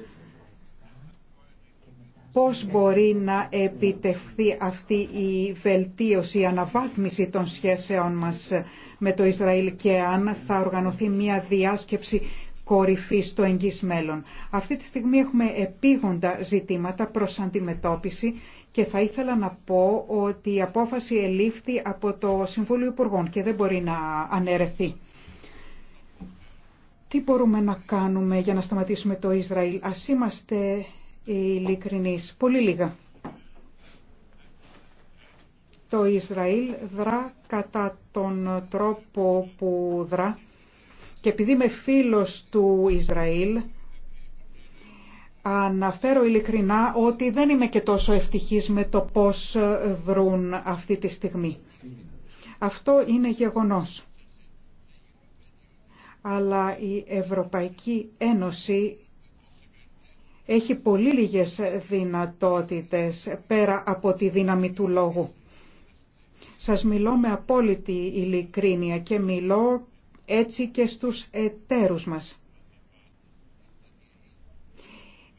Speaker 2: πώς μπορεί να επιτευχθεί αυτή η βελτίωση, η αναβάθμιση των σχέσεων μας με το Ισραήλ και αν θα οργανωθεί μια διάσκεψη κορυφή στο εγγύς μέλλον. Αυτή τη στιγμή έχουμε επίγοντα ζητήματα προς αντιμετώπιση και θα ήθελα να πω ότι η απόφαση ελήφθη από το Συμβούλιο Υπουργών και δεν μπορεί να αναιρεθεί. Τι μπορούμε να κάνουμε για να σταματήσουμε το Ισραήλ. Ας είμαστε ειλικρινείς. Πολύ λίγα. Το Ισραήλ δρά κατά τον τρόπο που δρά και επειδή είμαι φίλος του Ισραήλ αναφέρω ειλικρινά ότι δεν είμαι και τόσο ευτυχής με το πώς δρούν αυτή τη στιγμή. Αυτό είναι γεγονός αλλά η Ευρωπαϊκή Ένωση έχει πολύ λίγες δυνατότητες πέρα από τη δύναμη του λόγου. Σας μιλώ με απόλυτη ειλικρίνεια και μιλώ έτσι και στους εταίρους μας.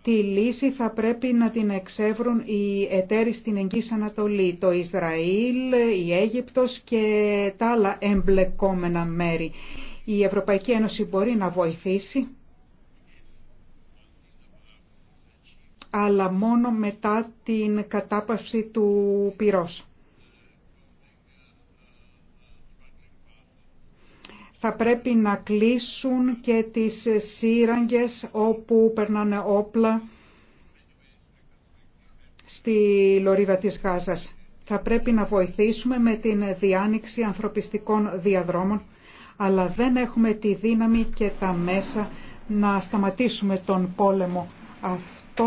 Speaker 2: Τη λύση θα πρέπει να την εξεύρουν οι εταίροι στην Εγγύης Ανατολή, το Ισραήλ, η Αίγυπτος και τα άλλα εμπλεκόμενα μέρη η Ευρωπαϊκή Ένωση μπορεί να βοηθήσει, αλλά μόνο μετά την κατάπαυση του πυρός. θα πρέπει να κλείσουν και τις σύραγγες όπου περνάνε όπλα στη λωρίδα της Γάζας. Θα πρέπει να βοηθήσουμε με την διάνοιξη ανθρωπιστικών διαδρόμων αλλά δεν έχουμε τη δύναμη και τα μέσα να σταματήσουμε τον πόλεμο. Αυτό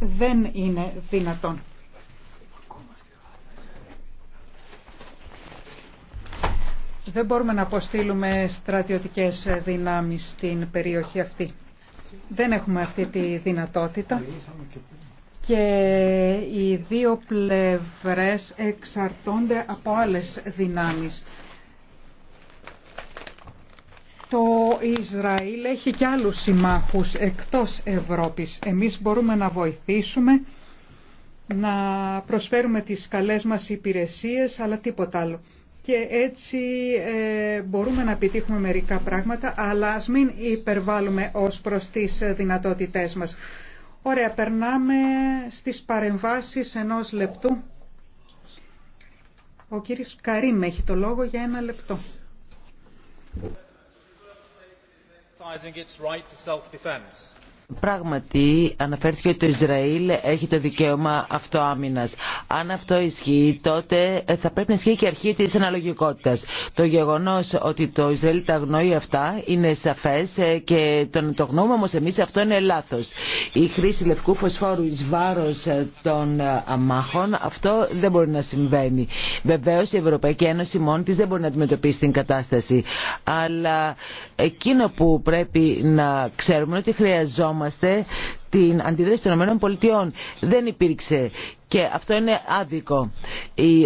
Speaker 2: δεν είναι δυνατόν. Δεν μπορούμε να αποστείλουμε στρατιωτικές δυνάμεις στην περιοχή αυτή. Δεν έχουμε αυτή τη δυνατότητα και οι δύο πλευρές εξαρτώνται από άλλες δυνάμεις το Ισραήλ έχει και άλλους συμμάχους εκτός Ευρώπης. Εμείς μπορούμε να βοηθήσουμε, να προσφέρουμε τις καλές μας υπηρεσίες, αλλά τίποτα άλλο. Και έτσι ε, μπορούμε να επιτύχουμε μερικά πράγματα, αλλά ας μην υπερβάλλουμε ως προς τις δυνατότητές μας. Ωραία, περνάμε στις παρεμβάσεις ενός λεπτού. Ο κύριος Καρίμ έχει το λόγο για ένα λεπτό
Speaker 5: exercising its right to self defence.
Speaker 1: Πράγματι αναφέρθηκε ότι το Ισραήλ έχει το δικαίωμα αυτοάμυνας. Αν αυτό ισχύει τότε ε, θα πρέπει να ισχύει και η αρχή της αναλογικότητας. Το γεγονός ότι το Ισραήλ τα αγνοεί αυτά είναι σαφές ε, και το να το γνώμη όμως εμείς αυτό είναι λάθος. Η χρήση λευκού φωσφόρου εις βάρος ε, των αμάχων αυτό δεν μπορεί να συμβαίνει. Βεβαίως η Ευρωπαϊκή Ένωση μόνη της δεν μπορεί να αντιμετωπίσει την κατάσταση. Αλλά εκείνο που πρέπει να ξέρουμε ότι χρειαζόμαστε που την αντιδράστηκε ο μένοντας πολιτιών δεν επιρρίξει. Και αυτό είναι άδικο.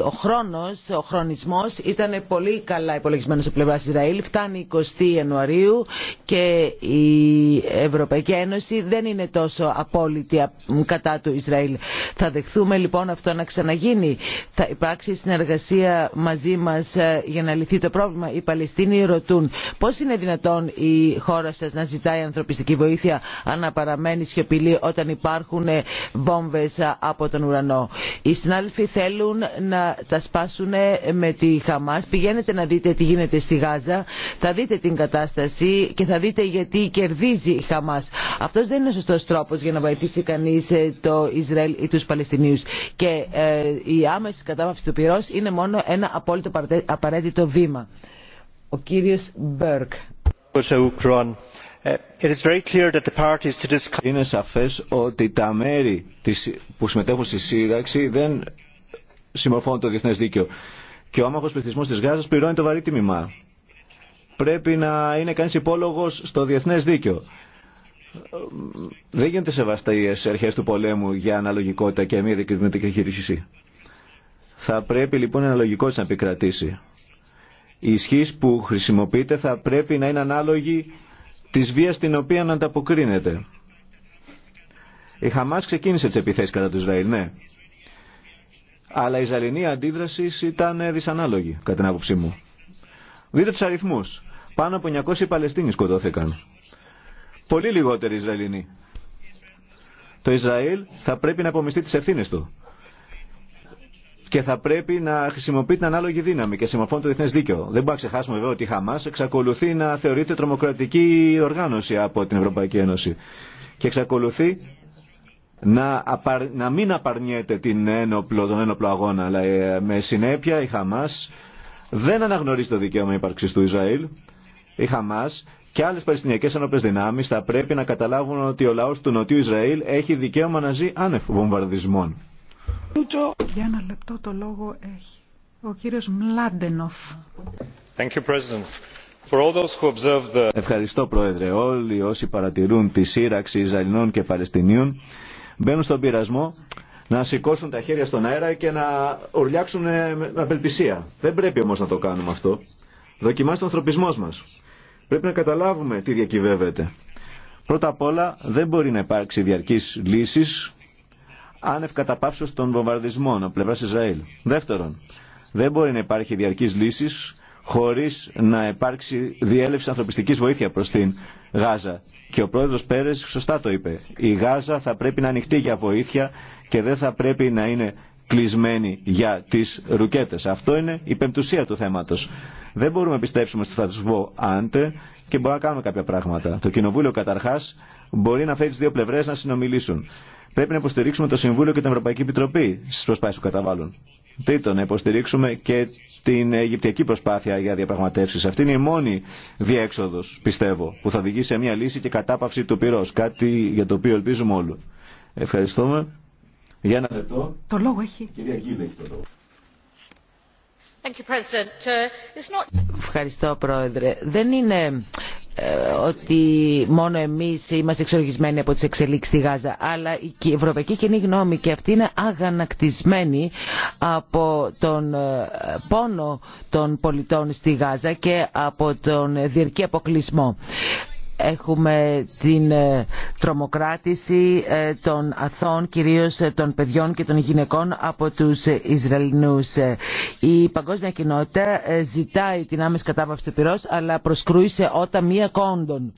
Speaker 1: Ο χρόνος, ο χρονισμός ήταν πολύ καλά υπολογισμένος από πλευρά Ισραήλ. Φτάνει 20 Ιανουαρίου και η Ευρωπαϊκή Ένωση δεν είναι τόσο απόλυτη κατά του Ισραήλ. Θα δεχθούμε λοιπόν αυτό να ξαναγίνει. Θα υπάρξει συνεργασία μαζί μας ε, για να λυθεί το πρόβλημα. Οι Παλαιστίνοι ρωτούν πώς είναι δυνατόν η χώρα σας να ζητάει ανθρωπιστική βοήθεια αν παραμένει σιωπηλή όταν υπάρχουν ε, βόμβες ε, από τον ουρανό. Οι συνάδελφοι θέλουν να τα σπάσουν με τη Χαμάς. Πηγαίνετε να δείτε τι γίνεται στη Γάζα, θα δείτε την κατάσταση και θα δείτε γιατί κερδίζει η Χαμάς. Αυτός δεν είναι ο σωστός τρόπος για να βοηθήσει κανείς ε, το Ισραήλ ή τους Παλαιστινίους. Και ε, η άμεση κατάβαση του πυρός είναι μόνο ένα απόλυτο απαραίτητο βήμα. Ο κύριος
Speaker 3: Μπέρκ. Είναι σαφές ότι τα μέρη που συμμετέχουν στη σύραξη δεν συμμορφώνουν το διεθνές δίκαιο. Και ο άμαχος πληθυσμός της Γάζας πληρώνει το βαρύ τίμημα. Πρέπει να είναι κανείς υπόλογος στο διεθνές δίκαιο. Δεν γίνεται σεβαστά αρχές του πολέμου για αναλογικότητα και μη δικαιωματική χειρίση. Θα πρέπει λοιπόν η αναλογικότητα να επικρατήσει. Η ισχύ που χρησιμοποιείται θα πρέπει να είναι ανάλογη της βίας την οποία να ανταποκρίνεται. Η Χαμάς ξεκίνησε τις επιθέσεις κατά του Ισραήλ, ναι. Αλλά η Ισραηλινή αντίδραση ήταν δυσανάλογη, κατά την άποψή μου. Δείτε τους αριθμούς. Πάνω από 900 Παλαιστίνοι σκοτώθηκαν. Πολύ λιγότεροι Ισραηλινοί. Το Ισραήλ θα πρέπει να απομειστεί τις ευθύνες του και θα πρέπει να χρησιμοποιεί την ανάλογη δύναμη και συμμορφώνει το διεθνέ δίκαιο. Δεν μπορούμε να ξεχάσουμε βέβαια ότι η Χαμά εξακολουθεί να θεωρείται τρομοκρατική οργάνωση από την Ευρωπαϊκή Ένωση και εξακολουθεί να, να μην απαρνιέται την ένοπλο, τον ένοπλο αγώνα, αλλά ε, με συνέπεια η Χαμά δεν αναγνωρίζει το δικαίωμα ύπαρξη του Ισραήλ. Η Χαμά και άλλε παλαιστινιακέ ένοπλε δυνάμει θα πρέπει να καταλάβουν ότι ο λαό του Νοτιού Ισραήλ έχει δικαίωμα να ζει άνευ βομβαρδισμών.
Speaker 2: Για ένα λεπτό το λόγο έχει ο κύριος Μλάντενοφ.
Speaker 3: Ευχαριστώ Πρόεδρε. Όλοι όσοι παρατηρούν τη σύραξη Ισραηλινών και Παλαιστινίων μπαίνουν στον πειρασμό να σηκώσουν τα χέρια στον αέρα και να ουρλιάξουν με απελπισία. Δεν πρέπει όμως να το κάνουμε αυτό. Δοκιμάστε τον ανθρωπισμό μας. Πρέπει να καταλάβουμε τι διακυβεύεται. Πρώτα απ' όλα δεν μπορεί να υπάρξει διαρκής λύσης άνευ των βομβαρδισμών από πλευρά Ισραήλ. Δεύτερον, δεν μπορεί να υπάρχει διαρκή λύση χωρί να υπάρξει διέλευση ανθρωπιστική βοήθεια προ την Γάζα. Και ο πρόεδρο Πέρε σωστά το είπε. Η Γάζα θα πρέπει να ανοιχτεί για βοήθεια και δεν θα πρέπει να είναι κλεισμένη για τι ρουκέτε. Αυτό είναι η πεμπτουσία του θέματο. Δεν μπορούμε να πιστέψουμε στο θα του πω άντε και μπορούμε να κάνουμε κάποια πράγματα. Το Κοινοβούλιο καταρχά μπορεί να φέρει τι δύο πλευρέ να συνομιλήσουν. Πρέπει να υποστηρίξουμε το Συμβούλιο και την Ευρωπαϊκή Επιτροπή στι προσπάθειε που καταβάλουν. Τρίτον, να υποστηρίξουμε και την Αιγυπτιακή προσπάθεια για διαπραγματεύσει. Αυτή είναι η μόνη διέξοδο, πιστεύω, που θα οδηγήσει σε μια λύση και κατάπαυση του πυρό. Κάτι για το οποίο ελπίζουμε όλοι. Ευχαριστούμε. Για Το
Speaker 1: Ευχαριστώ, Πρόεδρε. Δεν είναι ε, ότι μόνο εμείς είμαστε εξοργισμένοι από τις εξελίξεις στη Γάζα αλλά η ευρωπαϊκή κοινή γνώμη και αυτή είναι αγανακτισμένη από τον ε, πόνο των πολιτών στη Γάζα και από τον διαρκή αποκλεισμό. Έχουμε την ε, τρομοκράτηση ε, των αθών, κυρίως ε, των παιδιών και των γυναικών από τους Ισραηλινούς. Η παγκόσμια κοινότητα ζητάει την άμεση κατάβαυση του πυρός, αλλά προσκρούει σε ότα μία κόντων.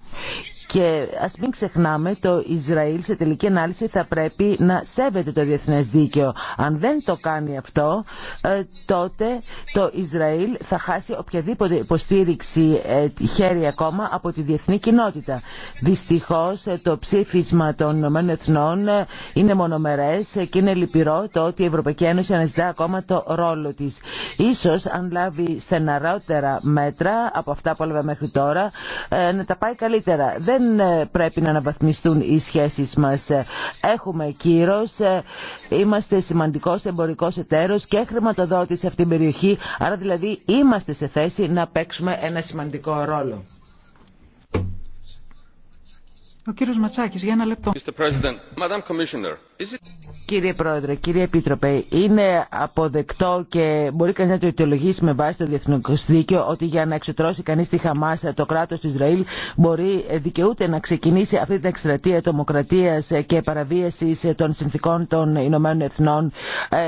Speaker 1: Και ας μην ξεχνάμε, το Ισραήλ σε τελική ανάλυση θα πρέπει να σέβεται το διεθνές δίκαιο. Αν δεν το κάνει αυτό, τότε το Ισραήλ θα χάσει οποιαδήποτε υποστήριξη χέρι ακόμα από τη διεθνή κοινότητα. Δυστυχώ, Δυστυχώς ε, το ψήφισμα των ΗΕ είναι μονομερές ε, και είναι λυπηρό το ότι η Ευρωπαϊκή Ένωση αναζητά ακόμα το ρόλο της. Ίσως αν λάβει στεναρότερα μέτρα από αυτά που έλαβε μέχρι τώρα ε, να τα πάει καλύτερα. Δεν πρέπει να αναβαθμιστούν οι σχέσεις μας. Έχουμε κύρος, είμαστε σημαντικός εμπορικός εταίρος και χρηματοδότης σε αυτήν την περιοχή, άρα δηλαδή είμαστε σε θέση να παίξουμε ένα σημαντικό ρόλο.
Speaker 2: Ο Mr. President, Madam Commissioner,
Speaker 1: Κύριε Πρόεδρε, κύριε Επίτροπε, είναι αποδεκτό και μπορεί κανεί να το αιτιολογήσει με βάση το διεθνέ δίκαιο ότι για να εξωτρώσει κανεί τη χαμάσα το κράτο του Ισραήλ, μπορεί ε, δικαιούται να ξεκινήσει αυτή την εκστρατεία τρομοκρατία και παραβίαση των συνθήκων των Ηνωμένων Εθνών ε,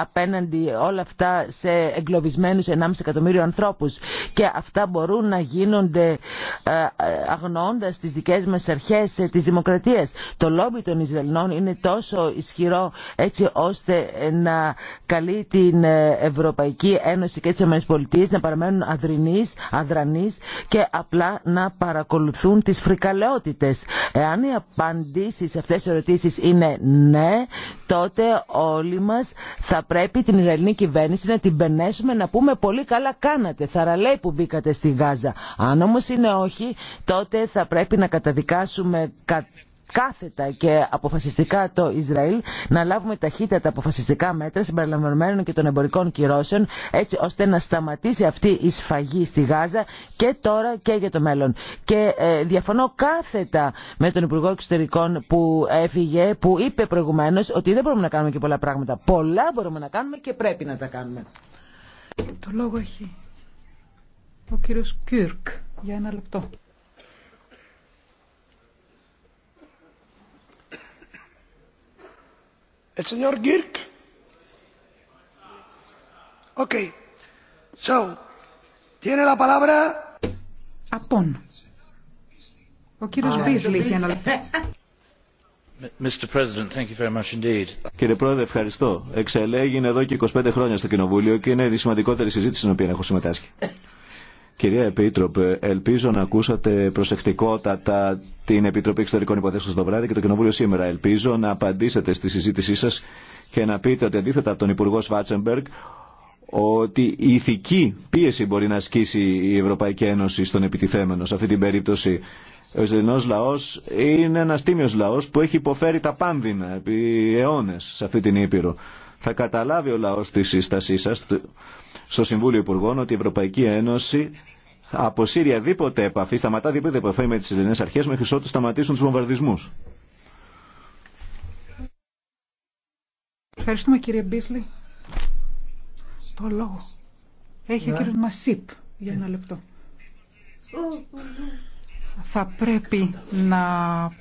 Speaker 1: απέναντι όλα αυτά σε εγκλωβισμένου 1,5 εκατομμύριο ανθρώπου. Και αυτά μπορούν να γίνονται ε, αγνοώντα τι δικέ μα αρχέ τη δημοκρατία. Το λόμπι των Ισραηλινών είναι τόσο τόσο ισχυρό έτσι ώστε ε, να καλεί την ε, Ευρωπαϊκή Ένωση και τις ΗΠΑ να παραμένουν αδρανείς, αδρανείς και απλά να παρακολουθούν τις φρικαλαιότητες. Εάν οι απαντήσεις σε αυτές τις ερωτήσεις είναι ναι, τότε όλοι μας θα πρέπει την ελληνική κυβέρνηση να την πενέσουμε να πούμε πολύ καλά κάνατε, θαραλέει που μπήκατε στη Γάζα. Αν όμως είναι όχι, τότε θα πρέπει να καταδικάσουμε κατά κάθετα και αποφασιστικά το Ισραήλ να λάβουμε ταχύτατα αποφασιστικά μέτρα συμπεριλαμβανομένων και των εμπορικών κυρώσεων έτσι ώστε να σταματήσει αυτή η σφαγή στη Γάζα και τώρα και για το μέλλον. Και ε, διαφωνώ κάθετα με τον Υπουργό Εξωτερικών που έφυγε, που είπε προηγουμένω ότι δεν μπορούμε να κάνουμε και πολλά πράγματα. Πολλά μπορούμε να κάνουμε και πρέπει να τα κάνουμε. Το λόγο έχει ο κύριος Κύρκ
Speaker 2: για ένα λεπτό. Κύριε
Speaker 3: Πρόεδρε, ευχαριστώ. Εξελέγει εδώ και 25 χρόνια στο Κοινοβούλιο και είναι η σημαντικότερη συζήτηση στην οποία έχω συμμετάσχει. Κυρία Επίτροπε, ελπίζω να ακούσατε προσεκτικότατα την Επιτροπή Εξωτερικών Υποθέσεων το βράδυ και το Κοινοβούλιο σήμερα. Ελπίζω να απαντήσετε στη συζήτησή σα και να πείτε ότι αντίθετα από τον Υπουργό Σβάτσεμπεργκ, ότι η ηθική πίεση μπορεί να ασκήσει η Ευρωπαϊκή Ένωση στον επιτιθέμενο. Σε αυτή την περίπτωση, ο Ισραηλινό λαό είναι ένα τίμιο λαό που έχει υποφέρει τα πάνδυνα επί αιώνε σε αυτή την Ήπειρο. Θα καταλάβει ο λαό τη σύστασή σα στο Συμβούλιο Υπουργών ότι η Ευρωπαϊκή Ένωση αποσύρει αδίποτε επαφή, σταματά δίποτε επαφή με τις ελληνικές αρχές μέχρι ότου σταματήσουν τους βομβαρδισμούς.
Speaker 2: Ευχαριστούμε κύριε Μπίσλη. Το λόγο. Έχει ο ναι. κύριος Μασίπ για ένα λεπτό θα πρέπει να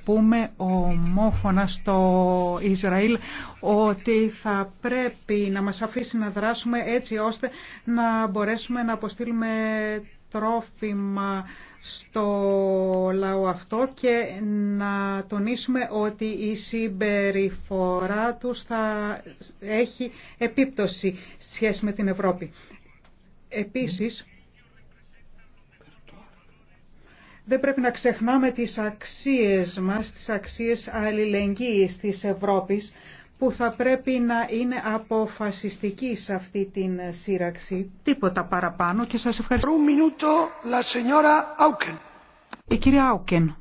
Speaker 2: πούμε ομόφωνα στο Ισραήλ ότι θα πρέπει να μας αφήσει να δράσουμε έτσι ώστε να μπορέσουμε να αποστείλουμε τρόφιμα στο λαό αυτό και να τονίσουμε ότι η συμπεριφορά τους θα έχει επίπτωση σχέση με την Ευρώπη. Επίσης, Δεν πρέπει να ξεχνάμε τις αξίες μας, τις αξίες αλληλεγγύης της Ευρώπης, που θα πρέπει να είναι αποφασιστική σε αυτή την σύραξη. Τίποτα παραπάνω και σας ευχαριστώ. Η κυρία Άουκεν.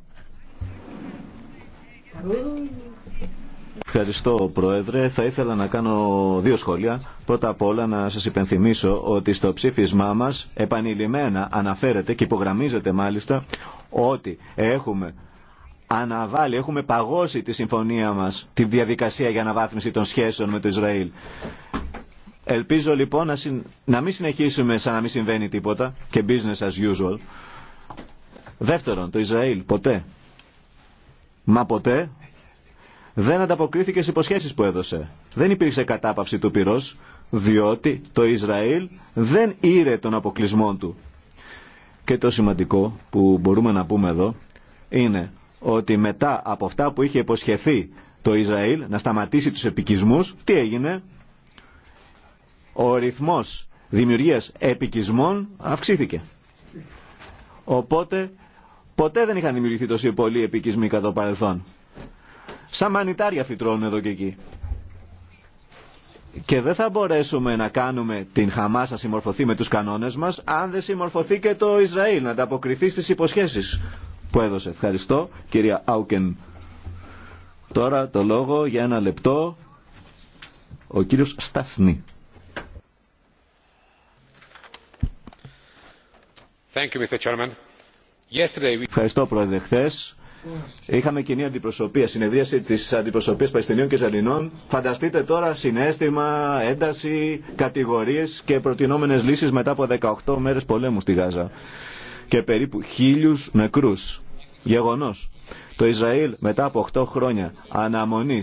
Speaker 3: Ευχαριστώ, Πρόεδρε. Θα ήθελα να κάνω δύο σχόλια. Πρώτα απ' όλα να σας υπενθυμίσω ότι στο ψήφισμά μας επανειλημμένα αναφέρεται και υπογραμμίζεται μάλιστα ότι έχουμε αναβάλει, έχουμε παγώσει τη συμφωνία μας, τη διαδικασία για αναβάθμιση των σχέσεων με το Ισραήλ. Ελπίζω λοιπόν να, να μην συνεχίσουμε σαν να μην συμβαίνει τίποτα και business as usual. Δεύτερον, το Ισραήλ ποτέ, μα ποτέ δεν ανταποκρίθηκε στι υποσχέσει που έδωσε. Δεν υπήρξε κατάπαυση του πυρό, διότι το Ισραήλ δεν ήρε τον αποκλεισμό του. Και το σημαντικό που μπορούμε να πούμε εδώ είναι ότι μετά από αυτά που είχε υποσχεθεί το Ισραήλ να σταματήσει τους επικισμούς, τι έγινε. Ο ρυθμός δημιουργίας επικισμών αυξήθηκε. Οπότε ποτέ δεν είχαν δημιουργηθεί τόσοι πολλοί επικισμοί κατά το παρελθόν. Σαν μανιτάρια φυτρώνουν εδώ και εκεί. Και δεν θα μπορέσουμε να κάνουμε την Χαμάς να συμμορφωθεί με τους κανόνες μας αν δεν συμμορφωθεί και το Ισραήλ να ανταποκριθεί στις υποσχέσεις που έδωσε. Ευχαριστώ κυρία Άουκεν. Τώρα το λόγο για ένα λεπτό ο κύριος Στασνή. Ευχαριστώ πρόεδρε. Χθες Είχαμε κοινή αντιπροσωπεία, συνεδρίαση τη αντιπροσωπεία Παλαιστινίων και Ζαλινών. Φανταστείτε τώρα συνέστημα, ένταση, κατηγορίε και προτινόμενε λύσει μετά από 18 μέρε πολέμου στη Γάζα. Και περίπου χίλιου νεκρού. Γεγονό. Το Ισραήλ μετά από 8 χρόνια αναμονή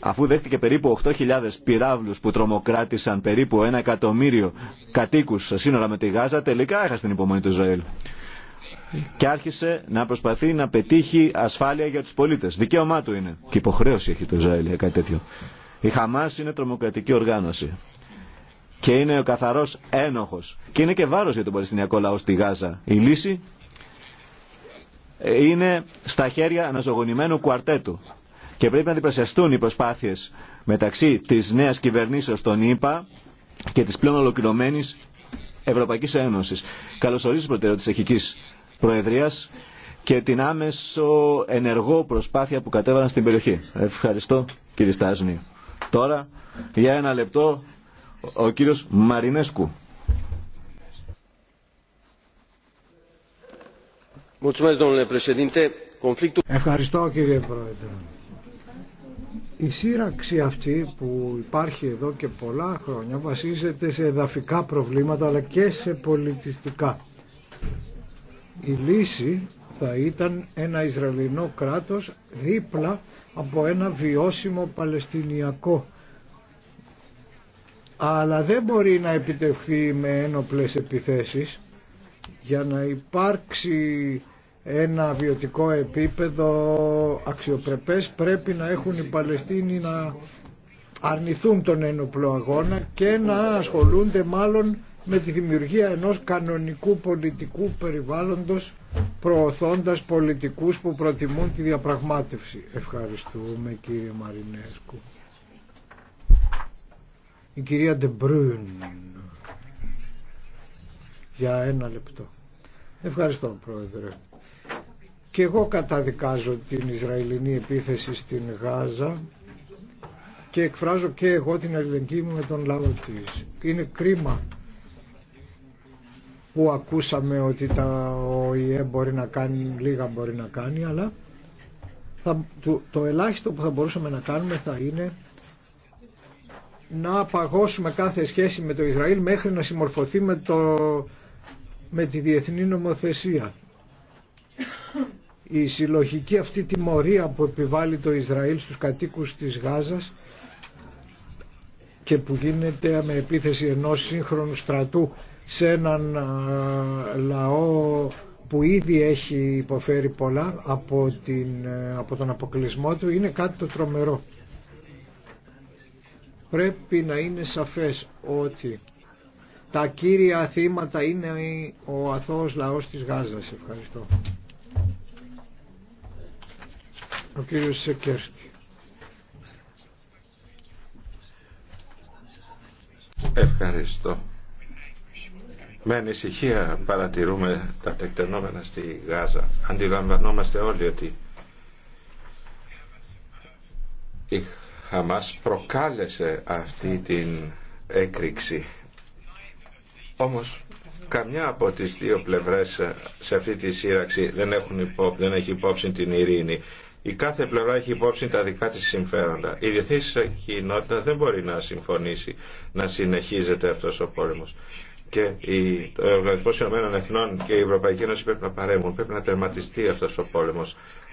Speaker 3: αφού δέχτηκε περίπου 8.000 πυράβλους που τρομοκράτησαν περίπου ένα εκατομμύριο κατοίκους σύνορα με τη Γάζα, τελικά έχασε την υπομονή του Ισραήλ και άρχισε να προσπαθεί να πετύχει ασφάλεια για τους πολίτες. Δικαίωμά του είναι. Και υποχρέωση έχει το Ισραήλ για κάτι τέτοιο. Η Χαμάς είναι τρομοκρατική οργάνωση. Και είναι ο καθαρός ένοχος. Και είναι και βάρος για τον Παλαιστινιακό λαό στη Γάζα. Η λύση είναι στα χέρια αναζωογονημένου κουαρτέτου. Και πρέπει να διπλασιαστούν οι προσπάθειες μεταξύ της νέας κυβερνήσεως των ΗΠΑ και της πλέον ολοκληρωμένης Ευρωπαϊκής Ένωσης. Καλωσορίζω προτεραιότητα της Προεδρίας και την άμεσο ενεργό προσπάθεια που κατέβαλαν στην περιοχή. Ευχαριστώ κύριε Στάζνη. Τώρα για ένα λεπτό ο κύριος Μαρινέσκου.
Speaker 6: Ευχαριστώ κύριε Πρόεδρε. Η σύραξη αυτή που υπάρχει εδώ και πολλά χρόνια βασίζεται σε εδαφικά προβλήματα αλλά και σε πολιτιστικά. Η λύση θα ήταν ένα Ισραηλινό κράτος δίπλα από ένα βιώσιμο Παλαιστινιακό. Αλλά δεν μπορεί να επιτευχθεί με ένοπλες επιθέσεις για να υπάρξει ένα βιωτικό επίπεδο αξιοπρεπές πρέπει να έχουν οι Παλαιστίνοι να αρνηθούν τον ένοπλο αγώνα και να ασχολούνται μάλλον με τη δημιουργία ενός κανονικού πολιτικού περιβάλλοντος προωθώντας πολιτικούς που προτιμούν τη διαπραγμάτευση. Ευχαριστούμε κύριε Μαρινέσκου. Η κυρία Ντεμπρούν για ένα λεπτό. Ευχαριστώ πρόεδρε. Και εγώ καταδικάζω την Ισραηλινή επίθεση στην Γάζα και εκφράζω και εγώ την αλληλεγγύη μου με τον λαό της. Είναι κρίμα που ακούσαμε ότι τα ΟΗΕ μπορεί να κάνει, λίγα μπορεί να κάνει, αλλά θα, το, ελάχιστο που θα μπορούσαμε να κάνουμε θα είναι να παγώσουμε κάθε σχέση με το Ισραήλ μέχρι να συμμορφωθεί με, το, με τη διεθνή νομοθεσία. Η συλλογική αυτή τιμωρία που επιβάλλει το Ισραήλ στους κατοίκους της Γάζας και που γίνεται με επίθεση ενός σύγχρονου στρατού σε έναν λαό που ήδη έχει υποφέρει πολλά από, την, από τον αποκλεισμό του είναι κάτι το τρομερό. Πρέπει να είναι σαφές ότι τα κύρια θύματα είναι ο αθώος λαός της Γάζας. Ευχαριστώ. Ο κύριος Σεκέρτη.
Speaker 9: Ευχαριστώ. Με ανησυχία παρατηρούμε τα τεκτενόμενα στη Γάζα. Αντιλαμβανόμαστε όλοι ότι η Χαμάς προκάλεσε αυτή την έκρηξη. Όμως καμιά από τις δύο πλευρές σε αυτή τη σύραξη δεν, έχουν δεν έχει υπόψη την ειρήνη. Η κάθε πλευρά έχει υπόψη τα δικά της συμφέροντα. Η διεθνής κοινότητα δεν μπορεί να συμφωνήσει να συνεχίζεται αυτός ο πόλεμος και το Οργανισμό Ηνωμένων Εθνών και η Ευρωπαϊκή Ένωση πρέπει να παρέμβουν. Πρέπει να τερματιστεί αυτό ο πόλεμο.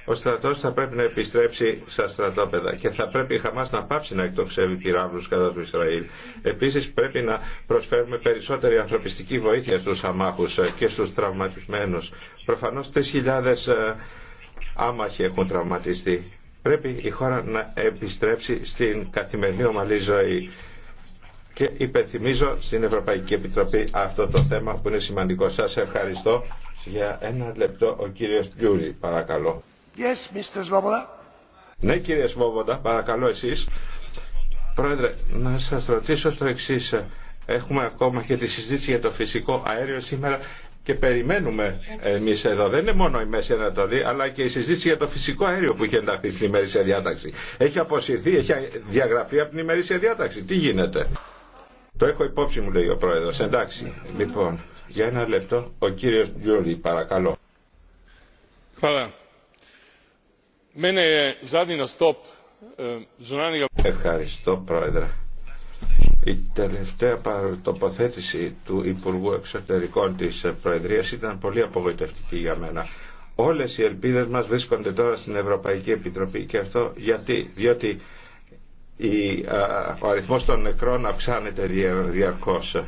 Speaker 9: Ο στρατό θα πρέπει να επιστρέψει στα στρατόπεδα και θα πρέπει η Χαμά να πάψει να εκτοξεύει πυράβλου κατά του Ισραήλ. Επίση πρέπει να προσφέρουμε περισσότερη ανθρωπιστική βοήθεια στου αμάχου ε, και στου τραυματισμένου. Προφανώ 3.000 ε, άμαχοι έχουν τραυματιστεί. Πρέπει η χώρα να επιστρέψει στην καθημερινή ομαλή ζωή και υπενθυμίζω στην Ευρωπαϊκή Επιτροπή αυτό το θέμα που είναι σημαντικό. Σα ευχαριστώ. Για ένα λεπτό ο κύριο Τιούρι, παρακαλώ. Yes, Mr. Ναι κύριε Σβόβοντα, παρακαλώ εσείς. Πρόεδρε, να σας ρωτήσω το εξή Έχουμε ακόμα και τη συζήτηση για το φυσικό αέριο σήμερα και περιμένουμε εμεί εδώ. Δεν είναι μόνο η Μέση Ανατολή, αλλά και η συζήτηση για το φυσικό αέριο που είχε ενταχθεί στην ημερήσια διάταξη. Έχει αποσυρθεί, έχει διαγραφεί από την ημερήσια διάταξη. Τι γίνεται. Το έχω υπόψη μου, λέει ο Πρόεδρος. Εντάξει. Λοιπόν, για ένα λεπτό, ο κύριος Γιώργη, παρακαλώ. E, Ευχαριστώ, Πρόεδρε. Η τελευταία τοποθέτηση του Υπουργού Εξωτερικών της Προεδρίας ήταν πολύ απογοητευτική για μένα. Όλες οι ελπίδες μας βρίσκονται τώρα στην Ευρωπαϊκή Επιτροπή και αυτό γιατί, διότι ο αριθμός των νεκρών αυξάνεται διαρκώς.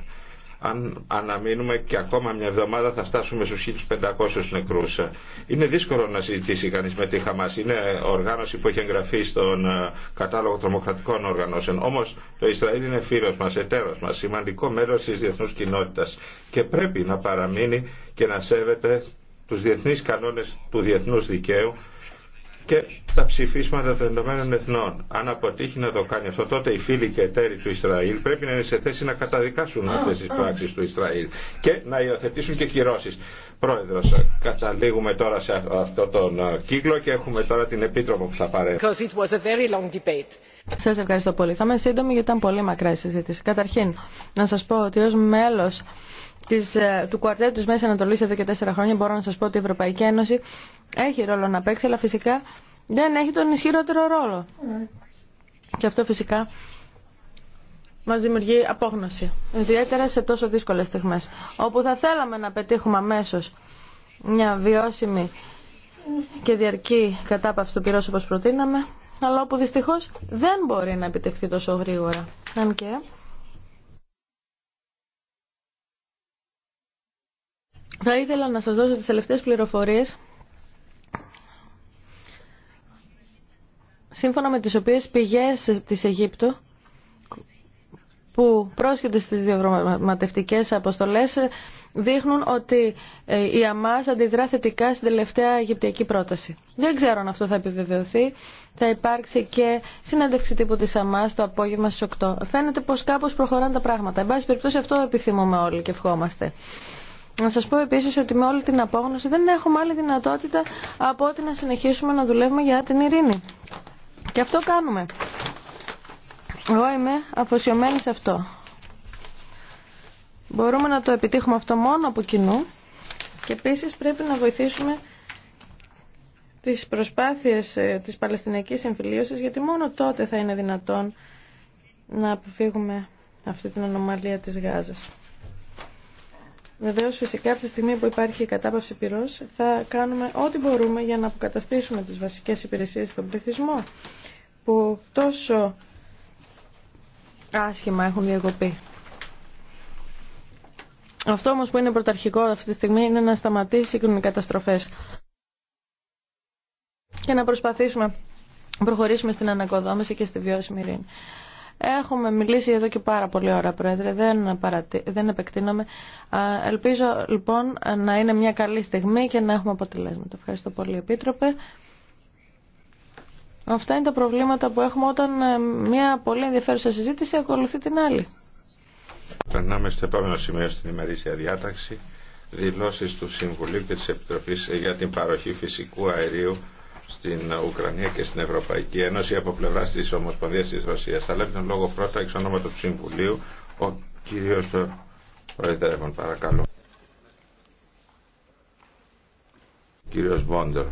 Speaker 9: Αν αναμείνουμε και ακόμα μια εβδομάδα θα φτάσουμε στους 1500 νεκρούς. Είναι δύσκολο να συζητήσει κανείς με τη Χαμάς. Είναι οργάνωση που έχει εγγραφεί στον κατάλογο τρομοκρατικών οργανώσεων. Όμως το Ισραήλ είναι φίλος μας, εταίρος μας, σημαντικό μέλος της διεθνούς κοινότητας και πρέπει να παραμείνει και να σέβεται τους διεθνείς κανόνες του διεθνούς δικαίου και τα ψηφίσματα των Ηνωμένων Εθνών. Αν αποτύχει να το κάνει αυτό, τότε οι φίλοι και εταίροι του Ισραήλ πρέπει να είναι σε θέση να καταδικάσουν αυτέ τι πράξει του Ισραήλ και να υιοθετήσουν και κυρώσει. Πρόεδρο, καταλήγουμε τώρα σε αυτό τον ε, κύκλο και έχουμε τώρα την Επίτροπο που θα παρέμβει.
Speaker 4: Σα ευχαριστώ πολύ. Θα είμαι σύντομη γιατί ήταν πολύ μακρά η συζήτηση. Καταρχήν, να σα πω ότι ω μέλο ε, του κουαρτέτου της Μέσης Ανατολής εδώ και τέσσερα χρόνια μπορώ να σας πω ότι η Ευρωπαϊκή Ένωση έχει ρόλο να παίξει αλλά φυσικά δεν έχει τον ισχυρότερο ρόλο. Και αυτό φυσικά μας δημιουργεί απόγνωση, ιδιαίτερα σε τόσο δύσκολες στιγμές, όπου θα θέλαμε να πετύχουμε αμέσω μια βιώσιμη και διαρκή κατάπαυση του πυρός όπως προτείναμε, αλλά όπου δυστυχώς δεν μπορεί να επιτευχθεί τόσο γρήγορα. Αν Θα ήθελα να σας δώσω τις τελευταίες πληροφορίες σύμφωνα με τις οποίες πηγές της Αιγύπτου που πρόσχεται στις διαβροματευτικές αποστολές δείχνουν ότι ε, η ΑΜΑΣ αντιδρά θετικά στην τελευταία Αιγυπτιακή πρόταση. Δεν ξέρω αν αυτό θα επιβεβαιωθεί. Θα υπάρξει και συνέντευξη τύπου της ΑΜΑΣ το απόγευμα στις 8. Φαίνεται πως κάπως προχωράνε τα πράγματα. Εν πάση περιπτώσει αυτό επιθυμούμε όλοι και ευχόμαστε. Να σας πω επίσης ότι με όλη την απόγνωση δεν έχουμε άλλη δυνατότητα από ότι να συνεχίσουμε να δουλεύουμε για την ειρήνη. Και αυτό κάνουμε. Εγώ είμαι αφοσιωμένη σε αυτό. Μπορούμε να το επιτύχουμε αυτό μόνο από κοινού και επίσης πρέπει να βοηθήσουμε τις προσπάθειες ε, της Παλαιστινιακής εμφυλίωσης γιατί μόνο τότε θα είναι δυνατόν να αποφύγουμε αυτή την ανομαλία της Γάζας. Βεβαίω, φυσικά, από τη στιγμή που υπάρχει η κατάπαυση πυρό, θα κάνουμε ό,τι μπορούμε για να αποκαταστήσουμε τι βασικέ υπηρεσίε στον πληθυσμό, που τόσο άσχημα έχουν διακοπεί. Αυτό όμω που είναι πρωταρχικό αυτή τη στιγμή είναι να σταματήσει οι καταστροφές και να προσπαθήσουμε να προχωρήσουμε στην ανακοδόμηση και στη βιώσιμη ειρήνη. Έχουμε μιλήσει εδώ και πάρα πολλή ώρα, Πρόεδρε. Δεν, παρατη... δεν επεκτείνομαι. Ελπίζω λοιπόν να είναι μια καλή στιγμή και να έχουμε αποτελέσματα. Ευχαριστώ πολύ, Επίτροπε. Αυτά είναι τα προβλήματα που έχουμε όταν ε, μια πολύ ενδιαφέρουσα συζήτηση ακολουθεί την άλλη.
Speaker 9: Περνάμε στο επόμενο σημείο στην ημερήσια διάταξη. Δηλώσεις του Συμβουλίου και της Επιτροπής για την παροχή φυσικού αερίου στην Ουκρανία και στην Ευρωπαϊκή Ένωση από πλευρά τη Ομοσπονδία τη Ρωσία. Θα λέμε τον λόγο πρώτα εξ ονόματο του Συμβουλίου ο κύριο Προεδρεύων. Παρακαλώ. Κύριος Βόντερ.